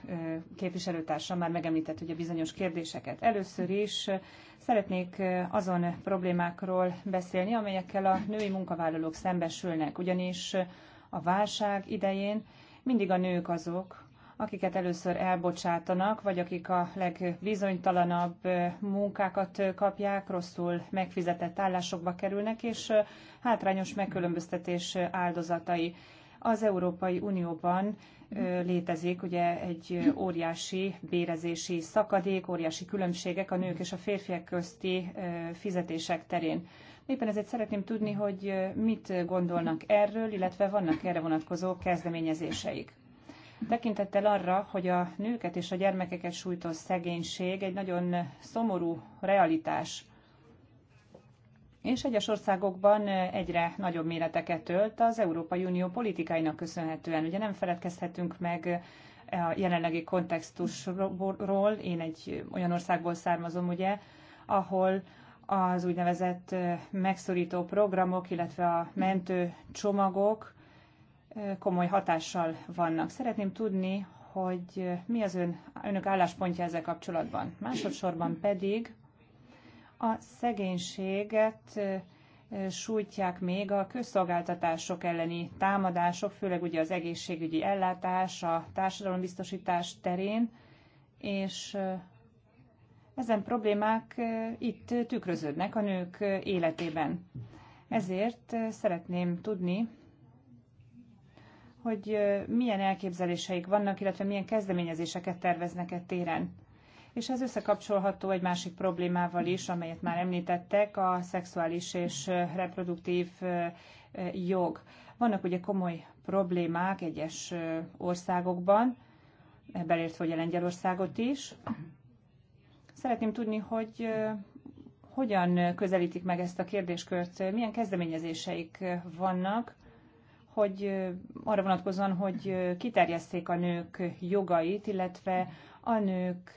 képviselőtársam már megemlített ugye bizonyos kérdéseket. Először is szeretnék azon problémákról beszélni, amelyekkel a női munkavállalók szembesülnek, ugyanis a válság idején mindig a nők azok, akiket először elbocsátanak, vagy akik a legbizonytalanabb munkákat kapják, rosszul megfizetett állásokba kerülnek, és hátrányos megkülönböztetés áldozatai. Az Európai Unióban létezik ugye egy óriási bérezési szakadék, óriási különbségek a nők és a férfiak közti fizetések terén. Éppen ezért szeretném tudni, hogy mit gondolnak erről, illetve vannak erre vonatkozó kezdeményezéseik. Tekintettel arra, hogy a nőket és a gyermekeket sújtó szegénység egy nagyon szomorú realitás, és egyes országokban egyre nagyobb méreteket ölt az Európai Unió politikáinak köszönhetően. Ugye nem feledkezhetünk meg a jelenlegi kontextusról, én egy olyan országból származom, ugye, ahol az úgynevezett megszorító programok, illetve a mentő csomagok komoly hatással vannak. Szeretném tudni, hogy mi az ön, önök álláspontja ezzel kapcsolatban. Másodszorban pedig a szegénységet sújtják még a közszolgáltatások elleni támadások, főleg ugye az egészségügyi ellátás, a társadalombiztosítás terén, és ezen problémák itt tükröződnek a nők életében. Ezért szeretném tudni, hogy milyen elképzeléseik vannak, illetve milyen kezdeményezéseket terveznek e téren és ez összekapcsolható egy másik problémával is, amelyet már említettek, a szexuális és reproduktív jog. Vannak ugye komoly problémák egyes országokban, belértve ugye Lengyelországot is. Szeretném tudni, hogy hogyan közelítik meg ezt a kérdéskört, milyen kezdeményezéseik vannak, hogy arra vonatkozóan, hogy kiterjesszék a nők jogait, illetve a nők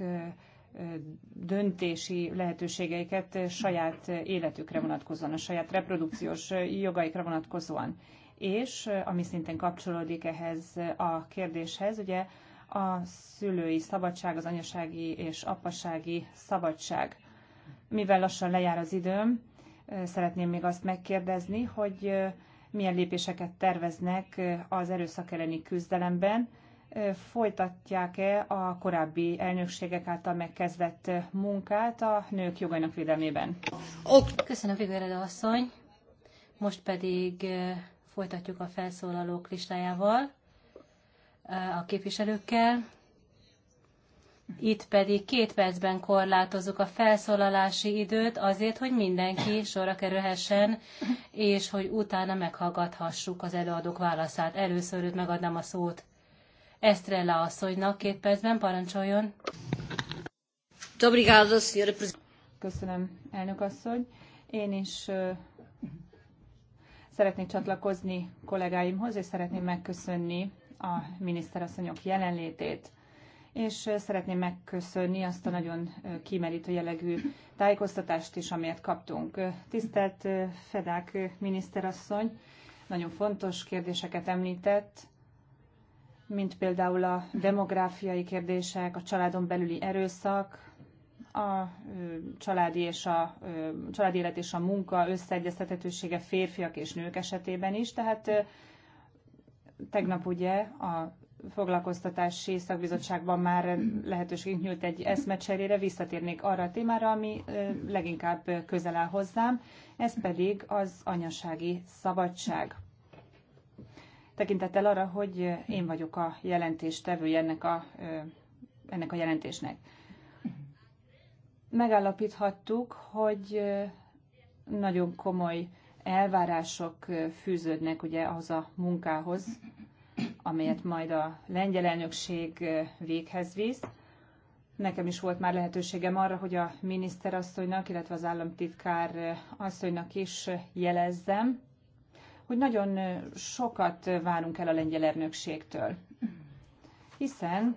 döntési lehetőségeiket saját életükre vonatkozóan, a saját reprodukciós jogaikra vonatkozóan. És ami szintén kapcsolódik ehhez a kérdéshez, ugye a szülői szabadság, az anyasági és apasági szabadság. Mivel lassan lejár az időm, szeretném még azt megkérdezni, hogy milyen lépéseket terveznek az erőszak elleni küzdelemben, folytatják-e a korábbi elnökségek által megkezdett munkát a nők jogainak védelmében. Köszönöm, Figueredo asszony. Most pedig folytatjuk a felszólalók listájával a képviselőkkel. Itt pedig két percben korlátozzuk a felszólalási időt azért, hogy mindenki sorra kerülhessen, és hogy utána meghallgathassuk az előadók válaszát. Először őt megadnám a szót Estrella asszonynak két percben parancsoljon. Köszönöm, elnök asszony. Én is szeretnék csatlakozni kollégáimhoz, és szeretném megköszönni a miniszterasszonyok jelenlétét, és szeretném megköszönni azt a nagyon kimerítő jellegű tájékoztatást is, amelyet kaptunk. Tisztelt Fedák miniszterasszony, nagyon fontos kérdéseket említett, mint például a demográfiai kérdések, a családon belüli erőszak, a családi, és a, családi élet és a munka összeegyeztethetősége férfiak és nők esetében is. Tehát tegnap ugye a foglalkoztatási szakbizottságban már lehetőségünk nyújt egy eszmecserére, visszatérnék arra a témára, ami leginkább közel áll hozzám, ez pedig az anyasági szabadság tekintettel arra, hogy én vagyok a jelentéstevője ennek a, ennek a jelentésnek. Megállapíthattuk, hogy nagyon komoly elvárások fűződnek ugye ahhoz a munkához, amelyet majd a lengyel elnökség véghez visz. Nekem is volt már lehetőségem arra, hogy a miniszterasszonynak, illetve az államtitkár asszonynak is jelezzem, hogy nagyon sokat várunk el a lengyel elnökségtől, hiszen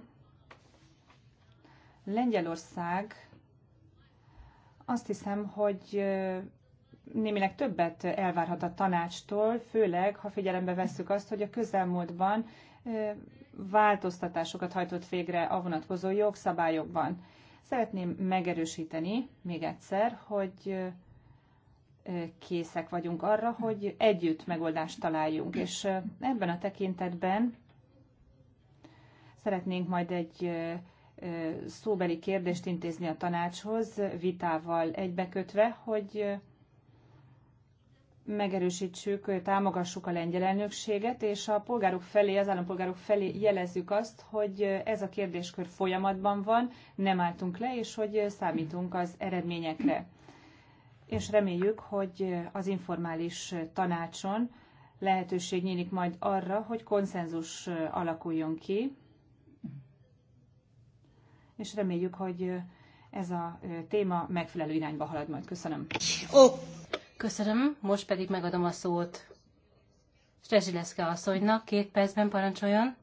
Lengyelország azt hiszem, hogy némileg többet elvárhat a tanácstól, főleg, ha figyelembe vesszük azt, hogy a közelmúltban változtatásokat hajtott végre a vonatkozó jogszabályokban. Szeretném megerősíteni még egyszer, hogy készek vagyunk arra, hogy együtt megoldást találjunk, és ebben a tekintetben szeretnénk majd egy szóbeli kérdést intézni a tanácshoz, vitával egybekötve, hogy megerősítsük, támogassuk a lengyel elnökséget, és a polgárok felé, az állampolgárok felé jelezzük azt, hogy ez a kérdéskör folyamatban van, nem álltunk le, és hogy számítunk az eredményekre és reméljük, hogy az informális tanácson lehetőség nyílik majd arra, hogy konszenzus alakuljon ki, és reméljük, hogy ez a téma megfelelő irányba halad majd. Köszönöm. Oh. Köszönöm, most pedig megadom a szót Strezsileszke asszonynak, két percben parancsoljon.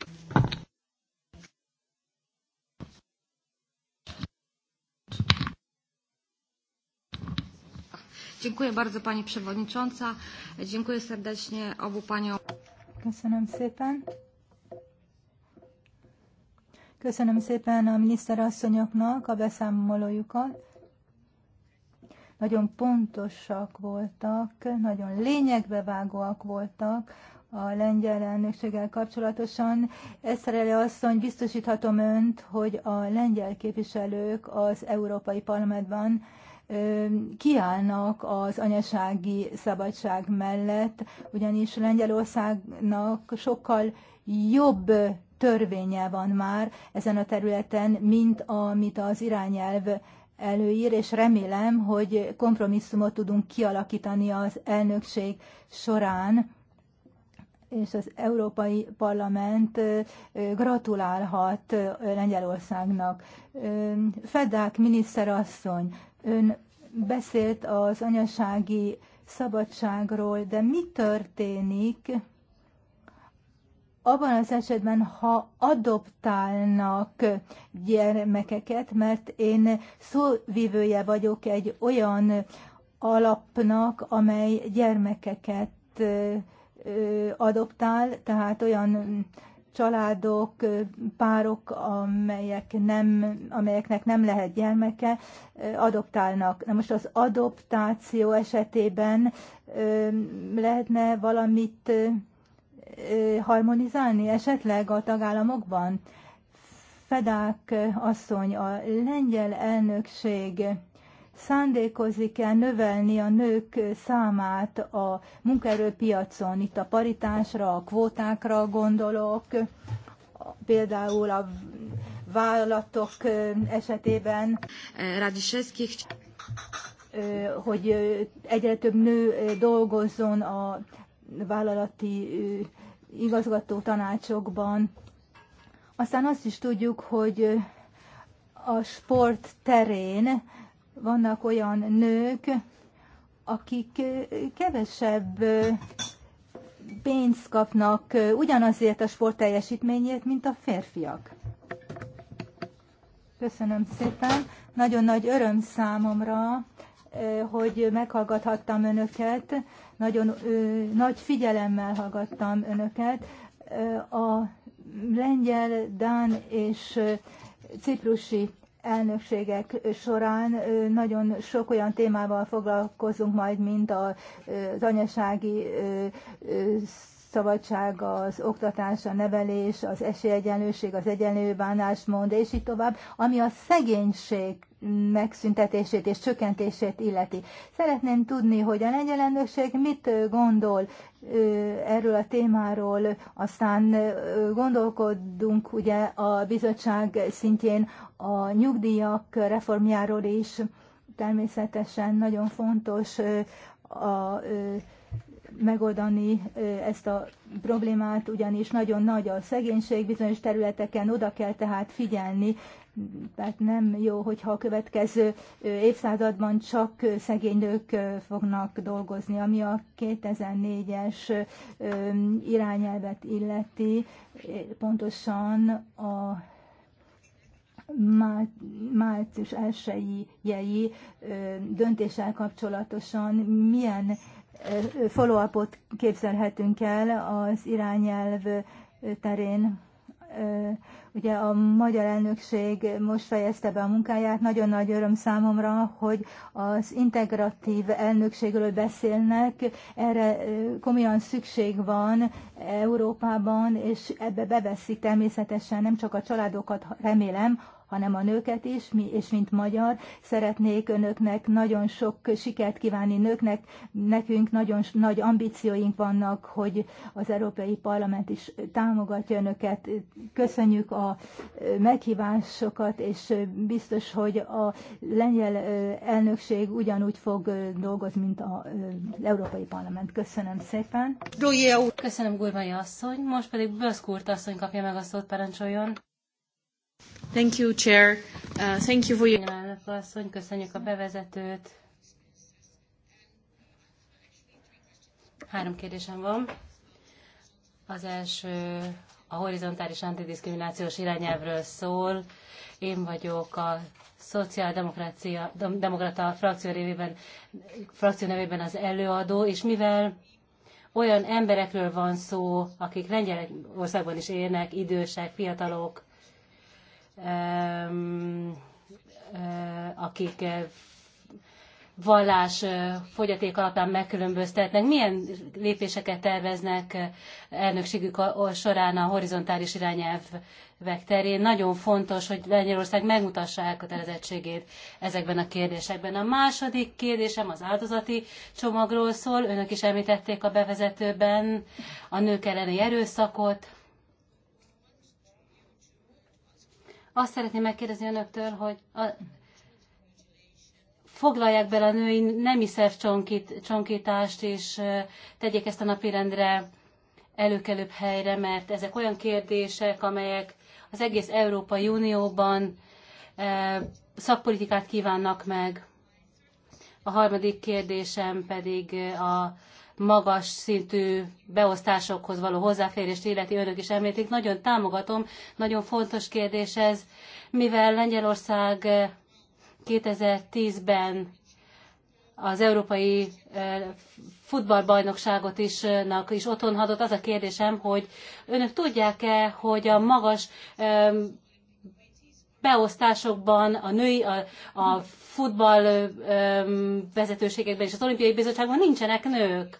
Dziękuję bardzo Pani Przewodnicząca. Dziękuję serdecznie obu Paniom. Köszönöm szépen. Köszönöm szépen a miniszterasszonyoknak a beszámolójukat. Nagyon pontosak voltak, nagyon lényegbe vágóak voltak a lengyel elnökséggel kapcsolatosan. Eszterele asszony, biztosíthatom önt, hogy a lengyel képviselők az Európai Parlamentben kiállnak az anyasági szabadság mellett, ugyanis Lengyelországnak sokkal jobb törvénye van már ezen a területen, mint amit az irányelv előír, és remélem, hogy kompromisszumot tudunk kialakítani az elnökség során, és az Európai Parlament gratulálhat Lengyelországnak. Fedák miniszterasszony, Ön beszélt az anyasági szabadságról, de mi történik abban az esetben, ha adoptálnak gyermekeket, mert én szóvivője vagyok egy olyan alapnak, amely gyermekeket adoptál, tehát olyan családok, párok, amelyek nem, amelyeknek nem lehet gyermeke, adoptálnak. Na most az adoptáció esetében lehetne valamit harmonizálni esetleg a tagállamokban? Fedák asszony, a lengyel elnökség szándékozik e növelni a nők számát a munkaerőpiacon. Itt a paritásra, a kvótákra gondolok, például a vállalatok esetében. Radiszewski hogy egyre több nő dolgozzon a vállalati igazgató tanácsokban. Aztán azt is tudjuk, hogy a sport terén vannak olyan nők, akik kevesebb pénzt kapnak ugyanazért a sport teljesítményért, mint a férfiak. Köszönöm szépen. Nagyon nagy öröm számomra, hogy meghallgathattam önöket. Nagyon nagy figyelemmel hallgattam önöket. A lengyel, dán és ciprusi elnökségek során nagyon sok olyan témával foglalkozunk majd, mint az anyasági szabadság, az oktatás, a nevelés, az esélyegyenlőség, az egyenlő bánásmód, és így tovább, ami a szegénység megszüntetését és csökkentését illeti. Szeretném tudni, hogy a lengyel elnökség mit gondol erről a témáról, aztán gondolkodunk ugye a bizottság szintjén a nyugdíjak reformjáról is, természetesen nagyon fontos a megoldani ezt a problémát, ugyanis nagyon nagy a szegénység bizonyos területeken, oda kell tehát figyelni, tehát nem jó, hogyha a következő évszázadban csak szegény nők fognak dolgozni, ami a 2004-es irányelvet illeti, pontosan a március elsőjei döntéssel kapcsolatosan milyen follow-upot képzelhetünk el az irányelv terén. Ugye a magyar elnökség most fejezte be a munkáját, nagyon nagy öröm számomra, hogy az integratív elnökségről beszélnek, erre komolyan szükség van Európában, és ebbe beveszik természetesen nem csak a családokat, remélem, hanem a nőket is, mi, és mint magyar szeretnék önöknek nagyon sok sikert kívánni nőknek. Nekünk nagyon nagy ambícióink vannak, hogy az Európai Parlament is támogatja önöket. Köszönjük a meghívásokat, és biztos, hogy a lengyel elnökség ugyanúgy fog dolgozni, mint az Európai Parlament. Köszönöm szépen. Köszönöm, Gurvai asszony. Most pedig Böszkúrt asszony kapja meg a szót, parancsoljon. Thank you, Chair. Uh, thank you for your... asszony, köszönjük a bevezetőt. Három kérdésem van. Az első a horizontális antidiszkriminációs irányelvről szól. Én vagyok a szociáldemokrácia, demokrata frakció, révében, frakció nevében az előadó, és mivel olyan emberekről van szó, akik Lengyelországban is élnek, idősek, fiatalok, Eh, akik eh, vallás eh, fogyaték alapján megkülönböztetnek, milyen lépéseket terveznek elnökségük során a horizontális irányelvek terén. Nagyon fontos, hogy Lengyelország megmutassa elkötelezettségét ezekben a kérdésekben. A második kérdésem az áldozati csomagról szól. Önök is említették a bevezetőben a nők elleni erőszakot. Azt szeretném megkérdezni önöktől, hogy a, foglalják bele a női nemi szervcsonkítást, és tegyék ezt a napirendre előkelőbb helyre, mert ezek olyan kérdések, amelyek az egész Európai Unióban szakpolitikát kívánnak meg. A harmadik kérdésem pedig a magas szintű beosztásokhoz való hozzáférést illeti, önök is említik. Nagyon támogatom, nagyon fontos kérdés ez, mivel Lengyelország 2010-ben eh, az európai eh, futballbajnokságot is, eh, is hadott Az a kérdésem, hogy önök tudják-e, hogy a magas beosztásokban, a női, a, a futball vezetőségekben és az olimpiai bizottságban nincsenek nők.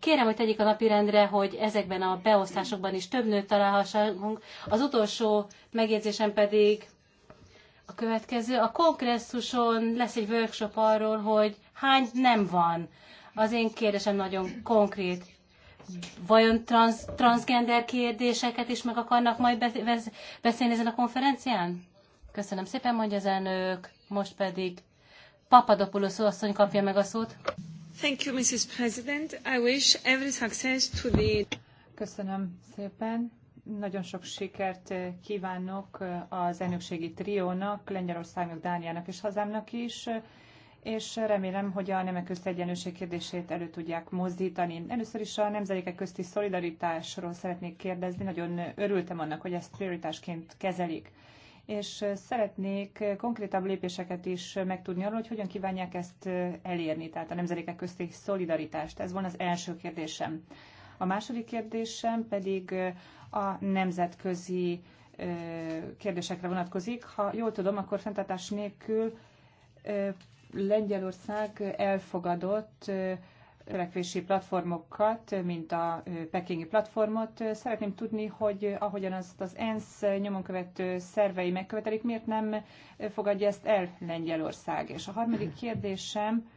Kérem, hogy tegyék a napirendre, hogy ezekben a beosztásokban is több nőt találhassunk. Az utolsó megjegyzésem pedig a következő. A kongresszuson lesz egy workshop arról, hogy hány nem van. Az én kérdésem nagyon konkrét. Vajon trans, transgender kérdéseket is meg akarnak majd beszélni ezen a konferencián? Köszönöm szépen, mondja az elnök. Most pedig Papadopoulos asszony kapja meg a szót. Thank you, Mrs. President. I wish every success to the... Köszönöm szépen. Nagyon sok sikert eh, kívánok eh, az elnökségi triónak, Lengyelországnak, Dániának és hazámnak is eh, és remélem, hogy a nemek közti egyenlőség kérdését elő tudják mozdítani. Először is a nemzedékek közti szolidaritásról szeretnék kérdezni. Nagyon örültem annak, hogy ezt prioritásként kezelik és szeretnék konkrétabb lépéseket is megtudni arról, hogy hogyan kívánják ezt elérni, tehát a nemzedékek közti szolidaritást. Ez volna az első kérdésem. A második kérdésem pedig a nemzetközi kérdésekre vonatkozik. Ha jól tudom, akkor fenntartás nélkül Lengyelország elfogadott törekvési platformokat, mint a pekingi platformot. Szeretném tudni, hogy ahogyan azt az ENSZ követő szervei megkövetelik, miért nem fogadja ezt el Lengyelország? És a harmadik kérdésem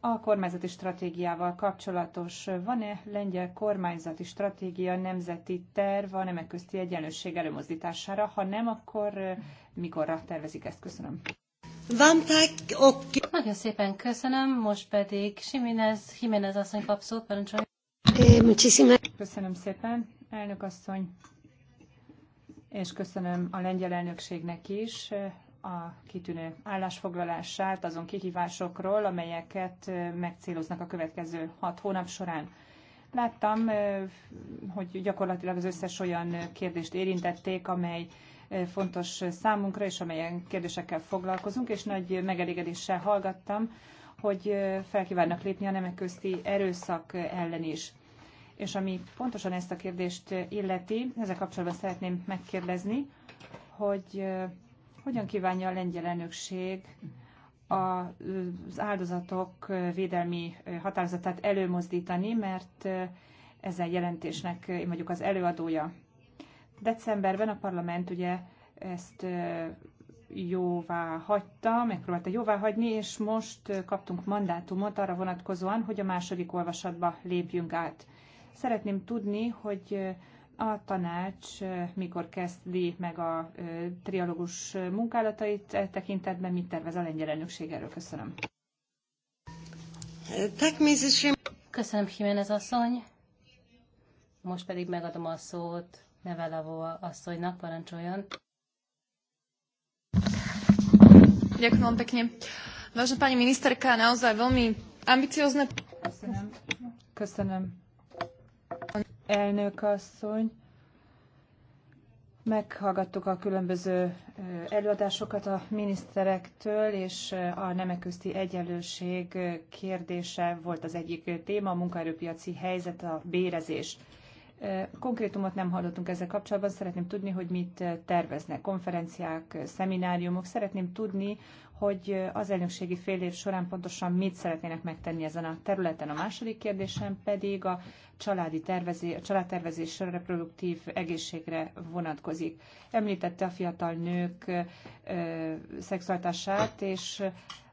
a kormányzati stratégiával kapcsolatos. Van-e lengyel kormányzati stratégia, nemzeti terv a nemek közti egyenlőség előmozdítására? Ha nem, akkor mikorra tervezik ezt? Köszönöm. Van Nagyon szépen köszönöm, most pedig Siminez, Jiménez asszony kap szót, parancsolj. Eh, köszönöm szépen, elnök asszony, és köszönöm a lengyel elnökségnek is eh, a kitűnő állásfoglalását azon kihívásokról, amelyeket eh, megcéloznak a következő hat hónap során. Láttam, hogy gyakorlatilag az összes olyan kérdést érintették, amely fontos számunkra, és amelyen kérdésekkel foglalkozunk, és nagy megelégedéssel hallgattam, hogy felkívánnak lépni a nemek közti erőszak ellen is. És ami pontosan ezt a kérdést illeti, ezzel kapcsolatban szeretném megkérdezni, hogy hogyan kívánja a lengyel elnökség az áldozatok védelmi határozatát előmozdítani, mert ezen jelentésnek én vagyok az előadója. Decemberben a parlament ugye ezt jóvá hagyta, megpróbálta jóvá hagyni, és most kaptunk mandátumot arra vonatkozóan, hogy a második olvasatba lépjünk át. Szeretném tudni, hogy a tanács mikor kezdi meg a trialógus munkálatait e tekintetben, mit tervez a lengyel elnökség erről. Köszönöm. Köszönöm, Jiménez asszony. Most pedig megadom a szót Nevelavó asszonynak parancsoljon. Ďakujem vám pekne. Vážená pani ministerka, naozaj veľmi ambiciózne... Köszönöm. Köszönöm. Elnök asszony, meghallgattuk a különböző előadásokat a miniszterektől, és a nemek közti egyenlőség kérdése volt az egyik téma, a munkaerőpiaci helyzet, a bérezés. Konkrétumot nem hallottunk ezzel kapcsolatban, szeretném tudni, hogy mit terveznek, konferenciák, szemináriumok, szeretném tudni, hogy az elnökségi fél év során pontosan mit szeretnének megtenni ezen a területen. A második kérdésem pedig a családi tervezés, a családtervezés a reproduktív egészségre vonatkozik. Említette a fiatal nők ö, szexualitását, és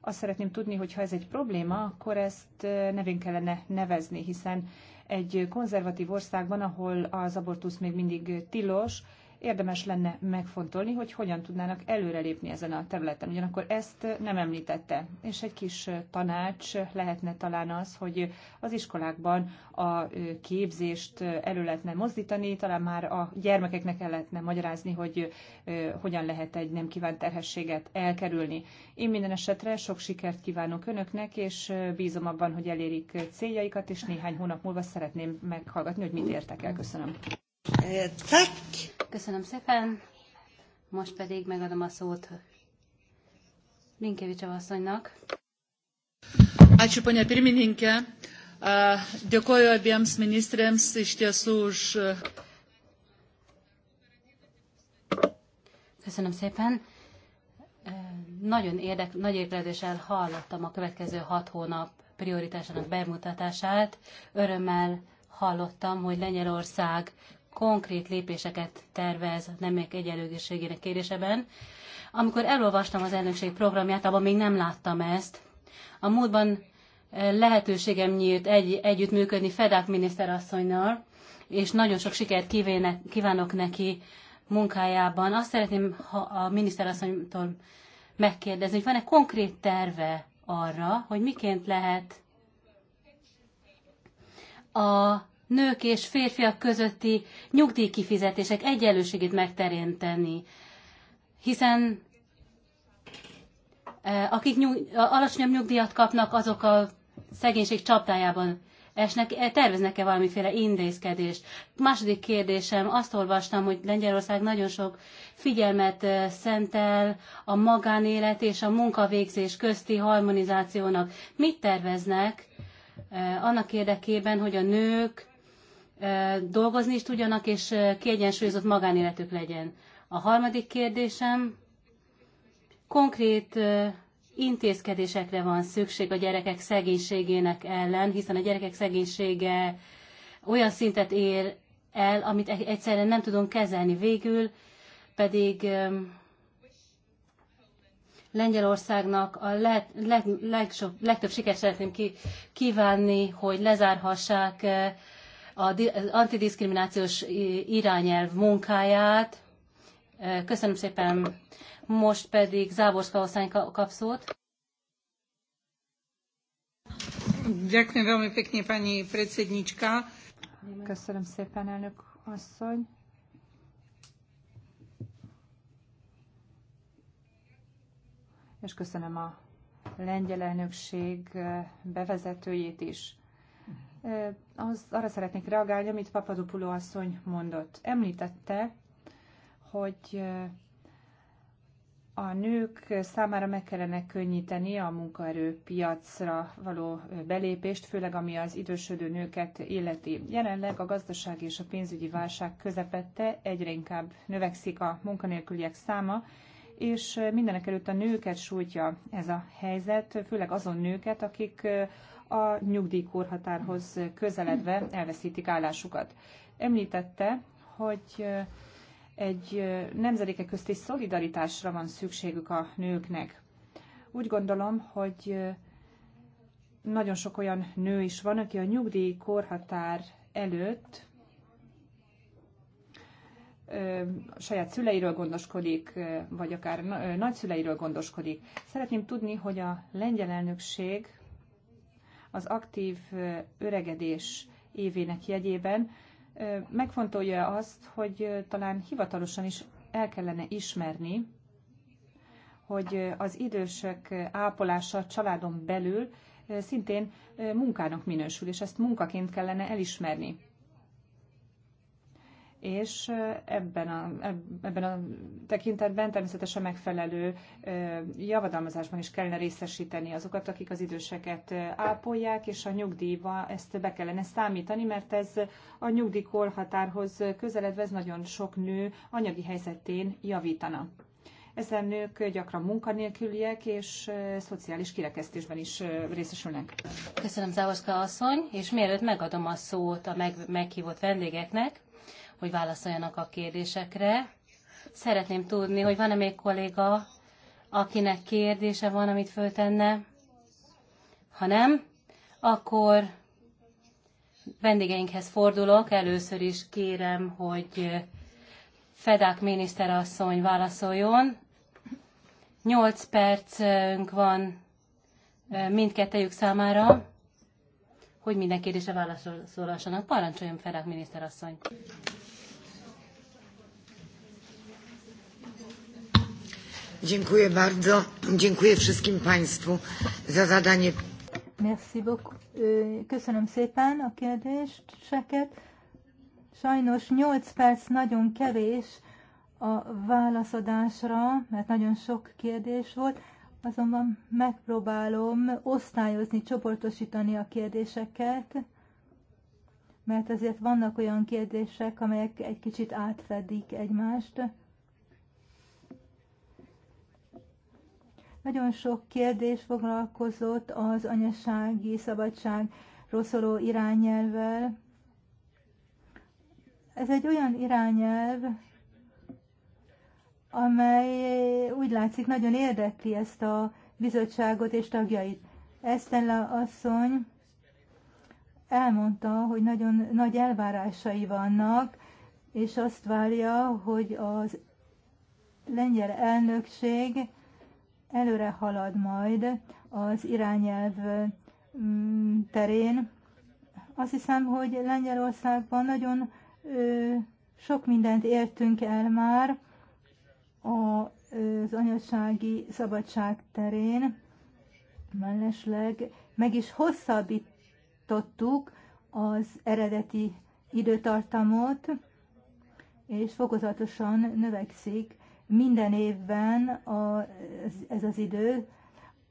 azt szeretném tudni, hogy ha ez egy probléma, akkor ezt nevén kellene nevezni, hiszen egy konzervatív országban, ahol az abortusz még mindig tilos, érdemes lenne megfontolni, hogy hogyan tudnának előrelépni ezen a területen. Ugyanakkor ezt nem említette, és egy kis tanács lehetne talán az, hogy az iskolákban a képzést elő lehetne mozdítani, talán már a gyermekeknek el lehetne magyarázni, hogy hogyan lehet egy nem kívánt terhességet elkerülni. Én minden esetre sok sikert kívánok önöknek, és bízom abban, hogy elérik céljaikat, és néhány hónap múlva szeretném meghallgatni, hogy mit értek el. Köszönöm. Eh, Köszönöm szépen. Most pedig megadom a szót Linkevics asszonynak. Ačiū, ponia pirmininkė. Dėkoju abiems ministrėms iš tiesų už. Köszönöm szépen. E, nagyon érdek, nagy érdeklődéssel hallottam a következő hat hónap prioritásának bemutatását. Örömmel hallottam, hogy Lengyelország konkrét lépéseket tervez nemek egyenlőségének kéréseben. Amikor elolvastam az elnökség programját, abban még nem láttam ezt. A múltban e, lehetőségem nyílt egy, együttműködni Fedák miniszterasszonynal, és nagyon sok sikert kívéne, kívánok neki munkájában. Azt szeretném ha a miniszterasszonytól megkérdezni, hogy van-e konkrét terve arra, hogy miként lehet a nők és férfiak közötti nyugdíjkifizetések egyenlőségét megteremteni. Hiszen e, akik nyug, alacsonyabb nyugdíjat kapnak, azok a szegénység csapdájában esnek, e, terveznek-e valamiféle intézkedést? Második kérdésem, azt olvastam, hogy Lengyelország nagyon sok figyelmet e, szentel a magánélet és a munkavégzés közti harmonizációnak. Mit terveznek annak érdekében, hogy a nők dolgozni is tudjanak, és kiegyensúlyozott magánéletük legyen. A harmadik kérdésem, konkrét intézkedésekre van szükség a gyerekek szegénységének ellen, hiszen a gyerekek szegénysége olyan szintet ér el, amit egyszerűen nem tudunk kezelni végül, pedig Lengyelországnak a leg, leg, legsob, legtöbb sikert szeretném kívánni, hogy lezárhassák az antidiszkriminációs irányelv munkáját. Köszönöm szépen. Most pedig Záborszka Oszány kap szót. Köszönöm szépen, elnök asszony. És köszönöm a lengyel elnökség bevezetőjét is az, arra szeretnék reagálni, amit Papadopuló asszony mondott. Említette, hogy a nők számára meg kellene könnyíteni a munkaerőpiacra való belépést, főleg ami az idősödő nőket illeti. Jelenleg a gazdaság és a pénzügyi válság közepette egyre inkább növekszik a munkanélküliek száma, és mindenek előtt a nőket sújtja ez a helyzet, főleg azon nőket, akik a nyugdíjkorhatárhoz közeledve elveszítik állásukat. Említette, hogy egy nemzedéke közti szolidaritásra van szükségük a nőknek. Úgy gondolom, hogy nagyon sok olyan nő is van, aki a nyugdíj korhatár előtt a saját szüleiről gondoskodik, vagy akár nagyszüleiről gondoskodik. Szeretném tudni, hogy a lengyel elnökség az aktív öregedés évének jegyében megfontolja azt, hogy talán hivatalosan is el kellene ismerni, hogy az idősek ápolása családon belül szintén munkának minősül, és ezt munkaként kellene elismerni és ebben a, ebben a tekintetben természetesen megfelelő javadalmazásban is kellene részesíteni azokat, akik az időseket ápolják, és a nyugdíjba ezt be kellene számítani, mert ez a nyugdíjkorhatárhoz közeledve ez nagyon sok nő anyagi helyzetén javítana. Ezen nők gyakran munkanélküliek és szociális kirekesztésben is részesülnek. Köszönöm, Závoszka asszony, és mielőtt megadom a szót a meg, meghívott vendégeknek, hogy válaszoljanak a kérdésekre. Szeretném tudni, hogy van-e még kolléga, akinek kérdése van, amit föltenne. Ha nem, akkor vendégeinkhez fordulok. Először is kérem, hogy Fedák miniszterasszony válaszoljon. Nyolc percünk van mindkettejük számára, hogy minden kérdésre válaszolhassanak. Parancsoljon Fedák miniszterasszony! Dziękuję bardzo. Dziękuję wszystkim Państwu za zadanie. Merci beaucoup. Köszönöm szépen a kérdéseket. Sajnos 8 perc nagyon kevés a válaszadásra, mert nagyon sok kérdés volt, azonban megpróbálom osztályozni, csoportosítani a kérdéseket, mert azért vannak olyan kérdések, amelyek egy kicsit átfedik egymást. Nagyon sok kérdés foglalkozott az anyasági szabadság rosszoló irányelvvel. Ez egy olyan irányelv, amely úgy látszik nagyon érdekli ezt a bizottságot és tagjait. Esztella asszony elmondta, hogy nagyon nagy elvárásai vannak, és azt várja, hogy az lengyel elnökség előre halad majd az irányelv mm, terén. Azt hiszem, hogy Lengyelországban nagyon sok mindent értünk el már az anyasági szabadság terén. Mellesleg meg is hosszabbítottuk az eredeti időtartamot, és fokozatosan növekszik minden évben a, ez az idő.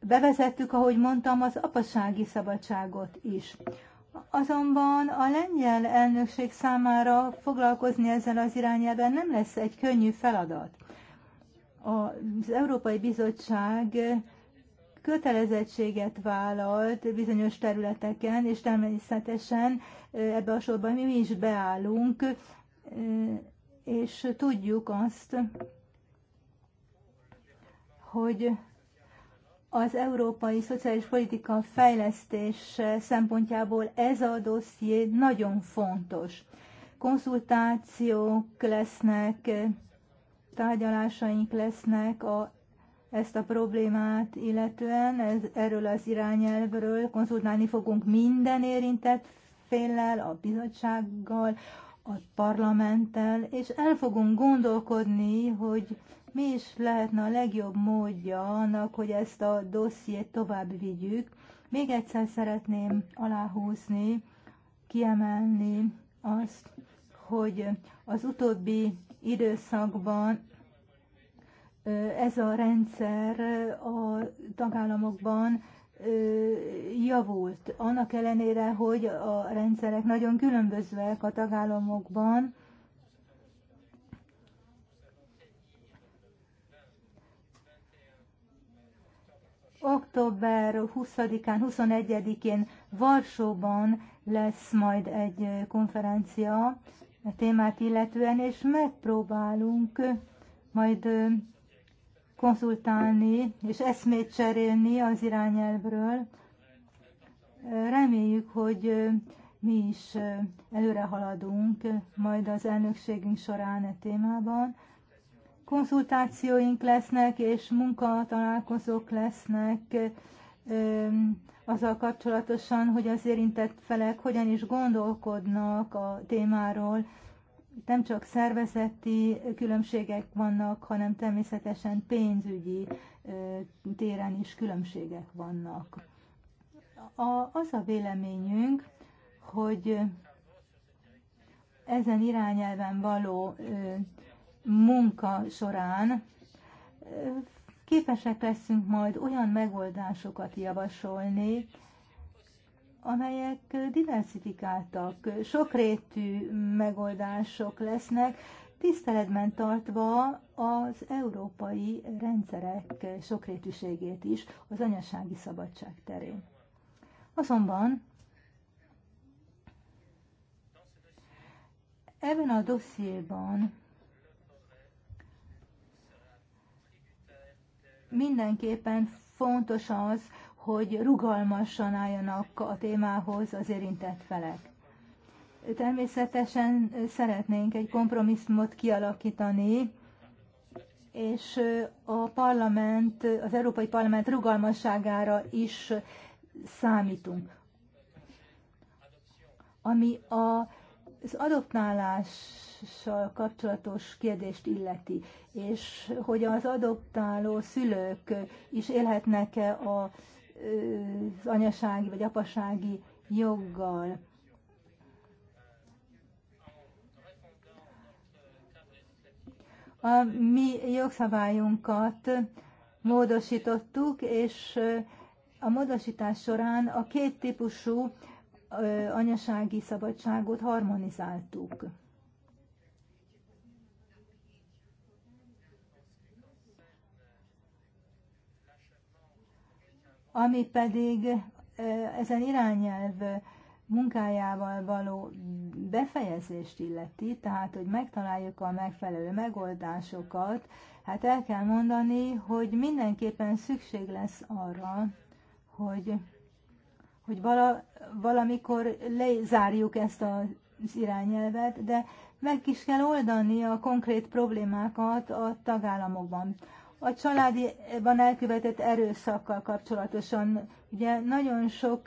Bevezettük, ahogy mondtam, az apasági szabadságot is. Azonban a lengyel elnökség számára foglalkozni ezzel az irányában nem lesz egy könnyű feladat. Az Európai Bizottság kötelezettséget vállalt bizonyos területeken, és természetesen ebbe a sorban mi is beállunk, és tudjuk azt, hogy az európai szociális politika fejlesztés szempontjából ez a dosszié nagyon fontos. Konzultációk lesznek, tárgyalásaink lesznek a, ezt a problémát illetően, ez, erről az irányelvről konzultálni fogunk minden érintett féllel, a bizottsággal, a parlamenttel, és el fogunk gondolkodni, hogy mi is lehetne a legjobb módja annak, hogy ezt a dossziét tovább vigyük. Még egyszer szeretném aláhúzni, kiemelni azt, hogy az utóbbi időszakban ez a rendszer a tagállamokban javult. Annak ellenére, hogy a rendszerek nagyon különbözőek a tagállamokban, Október 20-án, 21-én Varsóban lesz majd egy konferencia a témát illetően, és megpróbálunk majd konzultálni és eszmét cserélni az irányelvről. Reméljük, hogy mi is előre haladunk majd az elnökségünk során a témában konzultációink lesznek, és munkatalálkozók lesznek azzal kapcsolatosan, hogy az érintett felek hogyan is gondolkodnak a témáról. Nem csak szervezeti különbségek vannak, hanem természetesen pénzügyi téren is különbségek vannak. A, az a véleményünk, hogy ezen irányelven való munka során képesek leszünk majd olyan megoldásokat javasolni, amelyek diversifikáltak, sokrétű megoldások lesznek, tiszteletben tartva az európai rendszerek sokrétűségét is az anyasági szabadság terén. Azonban ebben a dossziéban mindenképpen fontos az, hogy rugalmasan álljanak a témához az érintett felek. Természetesen szeretnénk egy kompromisszumot kialakítani, és a parlament, az Európai Parlament rugalmasságára is számítunk. Ami a az adoptálással kapcsolatos kérdést illeti, és hogy az adoptáló szülők is élhetnek-e a az anyasági vagy apasági joggal. A mi jogszabályunkat módosítottuk, és a módosítás során a két típusú anyasági szabadságot harmonizáltuk. Ami pedig ezen irányelv munkájával való befejezést illeti, tehát hogy megtaláljuk a megfelelő megoldásokat, hát el kell mondani, hogy mindenképpen szükség lesz arra, hogy hogy vala, valamikor lezárjuk ezt az irányelvet, de meg is kell oldani a konkrét problémákat a tagállamokban. A családban elkövetett erőszakkal kapcsolatosan ugye nagyon sok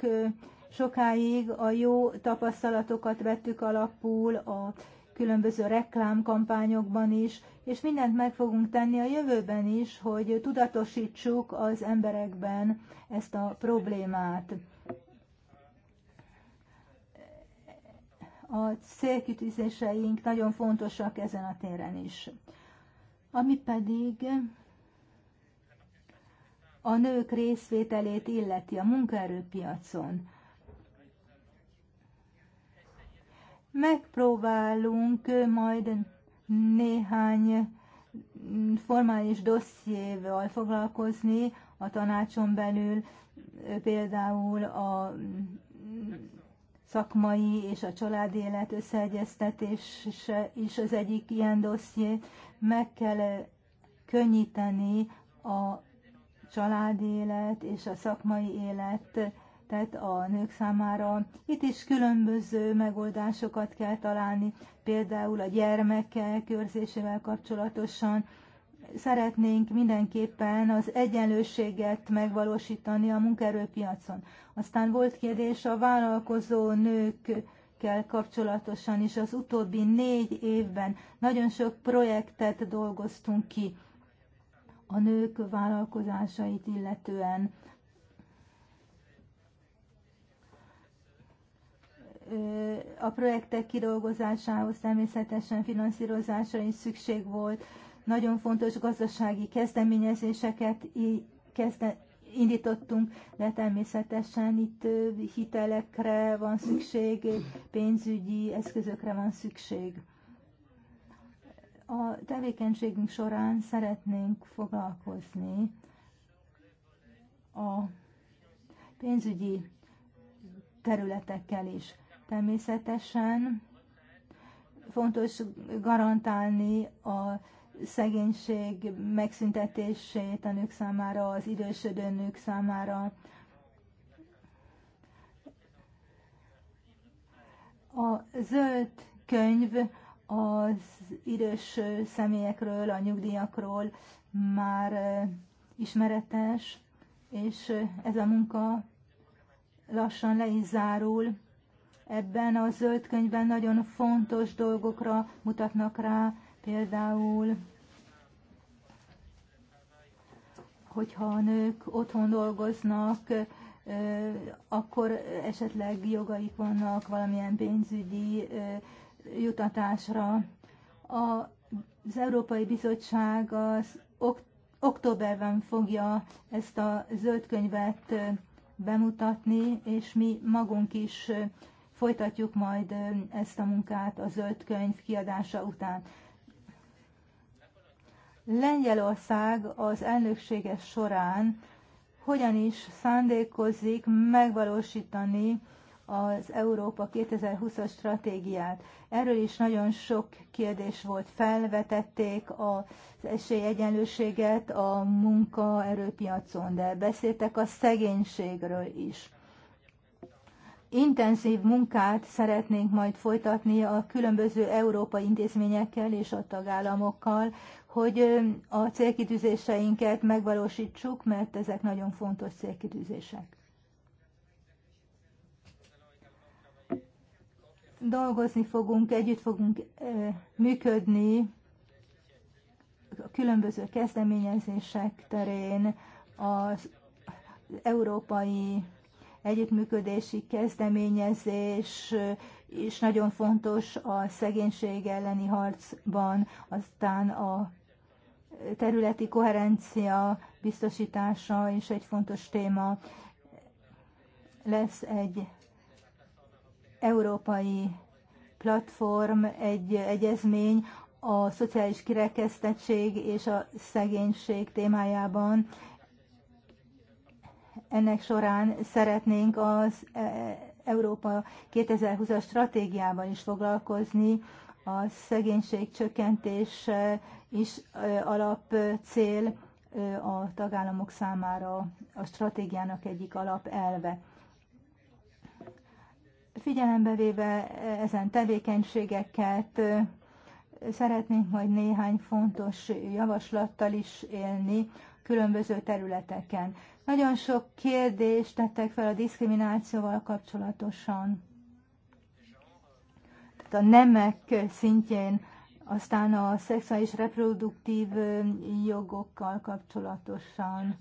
sokáig a jó tapasztalatokat vettük alapul a különböző reklámkampányokban is, és mindent meg fogunk tenni a jövőben is, hogy tudatosítsuk az emberekben ezt a problémát. a célkitűzéseink nagyon fontosak ezen a téren is. Ami pedig a nők részvételét illeti a munkaerőpiacon. Megpróbálunk majd néhány formális dossziéval foglalkozni a tanácson belül, például a szakmai és a családi élet összeegyeztetése is az egyik ilyen dosszié. Meg kell könnyíteni a családi élet és a szakmai élet tehát a nők számára. Itt is különböző megoldásokat kell találni, például a gyermekek őrzésével kapcsolatosan, szeretnénk mindenképpen az egyenlőséget megvalósítani a munkaerőpiacon. Aztán volt kérdés a vállalkozó nőkkel kapcsolatosan is. Az utóbbi négy évben nagyon sok projektet dolgoztunk ki a nők vállalkozásait illetően. A projektek kidolgozásához természetesen finanszírozásra is szükség volt, nagyon fontos gazdasági kezdeményezéseket kezde, indítottunk, de természetesen itt hitelekre van szükség, pénzügyi eszközökre van szükség. A tevékenységünk során szeretnénk foglalkozni a pénzügyi területekkel is. Természetesen fontos garantálni a szegénység megszüntetését a nők számára, az idősödő nők számára. A zöld könyv az idős személyekről, a nyugdíjakról már ismeretes, és ez a munka lassan le is zárul. Ebben a zöld könyvben nagyon fontos dolgokra mutatnak rá, Például, hogyha a nők otthon dolgoznak, akkor esetleg jogaik vannak valamilyen pénzügyi jutatásra. Az Európai Bizottság az októberben fogja ezt a zöld könyvet bemutatni, és mi magunk is folytatjuk majd ezt a munkát a zöld könyv kiadása után. Lengyelország az elnöksége során hogyan is szándékozik megvalósítani az Európa 2020-as stratégiát. Erről is nagyon sok kérdés volt. Felvetették az esélyegyenlőséget a munkaerőpiacon, de beszéltek a szegénységről is. Intenzív munkát szeretnénk majd folytatni a különböző európai intézményekkel és a tagállamokkal, hogy a célkitűzéseinket megvalósítsuk, mert ezek nagyon fontos célkitűzések. Dolgozni fogunk, együtt fogunk működni a különböző kezdeményezések terén, az európai együttműködési kezdeményezés is nagyon fontos a szegénység elleni harcban, aztán a területi koherencia biztosítása is egy fontos téma. Lesz egy európai platform, egy egyezmény a szociális kirekesztettség és a szegénység témájában. Ennek során szeretnénk az e, Európa 2020-as stratégiával is foglalkozni, a szegénység csökkentés is alap cél a tagállamok számára a stratégiának egyik alapelve. Figyelembe véve ezen tevékenységeket, szeretnénk majd néhány fontos javaslattal is élni különböző területeken. Nagyon sok kérdést tettek fel a diszkriminációval kapcsolatosan a nemek szintjén, aztán a szexuális reproduktív jogokkal kapcsolatosan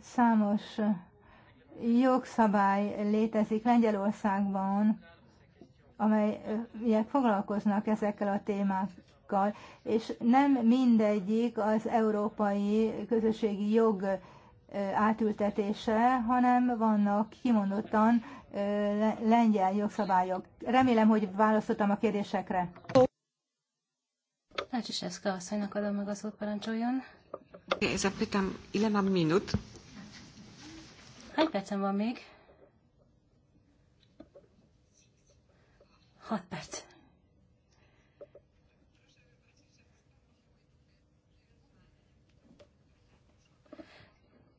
számos jogszabály létezik Lengyelországban, amelyek foglalkoznak ezekkel a témákkal, és nem mindegyik az európai közösségi jog átültetése, hanem vannak kimondottan lengyel jogszabályok. Remélem, hogy válaszoltam a kérdésekre. A asszonynak adom meg a szót, parancsoljon. Zapytam, illen a minut? Hány percem van még? Hat perc.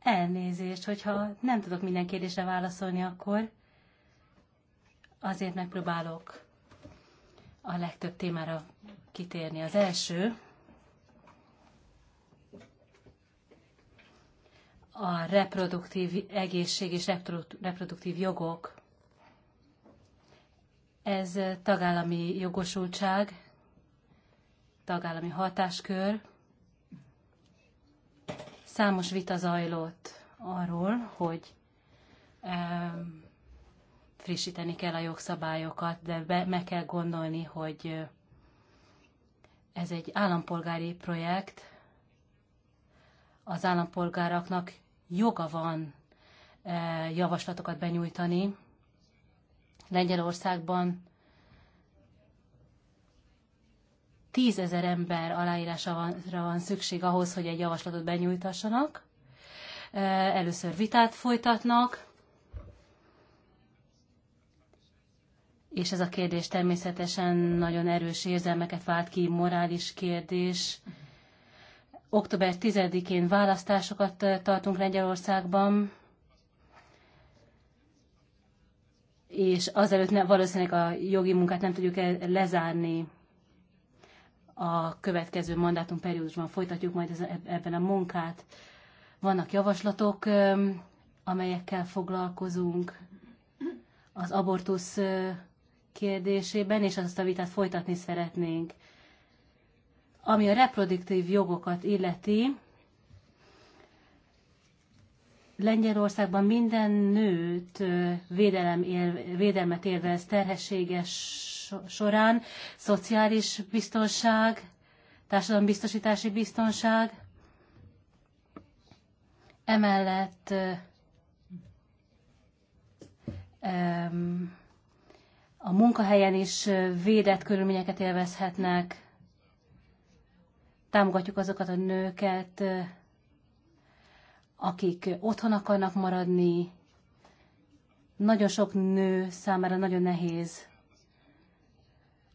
Elnézést, hogyha nem tudok minden kérdésre válaszolni, akkor azért megpróbálok a legtöbb témára kitérni. Az első a reproduktív egészség és reproduktív jogok. Ez tagállami jogosultság, tagállami hatáskör, Számos vita zajlott arról, hogy frissíteni kell a jogszabályokat, de be, meg kell gondolni, hogy ez egy állampolgári projekt, az állampolgáraknak joga van eh, javaslatokat benyújtani. Lengyelországban tízezer ember aláírására van szükség ahhoz, hogy egy javaslatot benyújtassanak. Először vitát folytatnak, és ez a kérdés természetesen nagyon erős érzelmeket vált ki, morális kérdés. Október 10-én választásokat tartunk Lengyelországban, és azelőtt ne, valószínűleg a jogi munkát nem tudjuk lezárni a következő mandátum periódusban folytatjuk majd ebben a munkát. Vannak javaslatok, amelyekkel foglalkozunk az abortusz kérdésében, és azt a vitát folytatni szeretnénk. Ami a reproduktív jogokat illeti, Lengyelországban minden nőt védelem él, védelmet élvez terhességes során, szociális biztonság, társadalombiztosítási biztonság, emellett a munkahelyen is védett körülményeket élvezhetnek, támogatjuk azokat a nőket, akik otthon akarnak maradni. Nagyon sok nő számára nagyon nehéz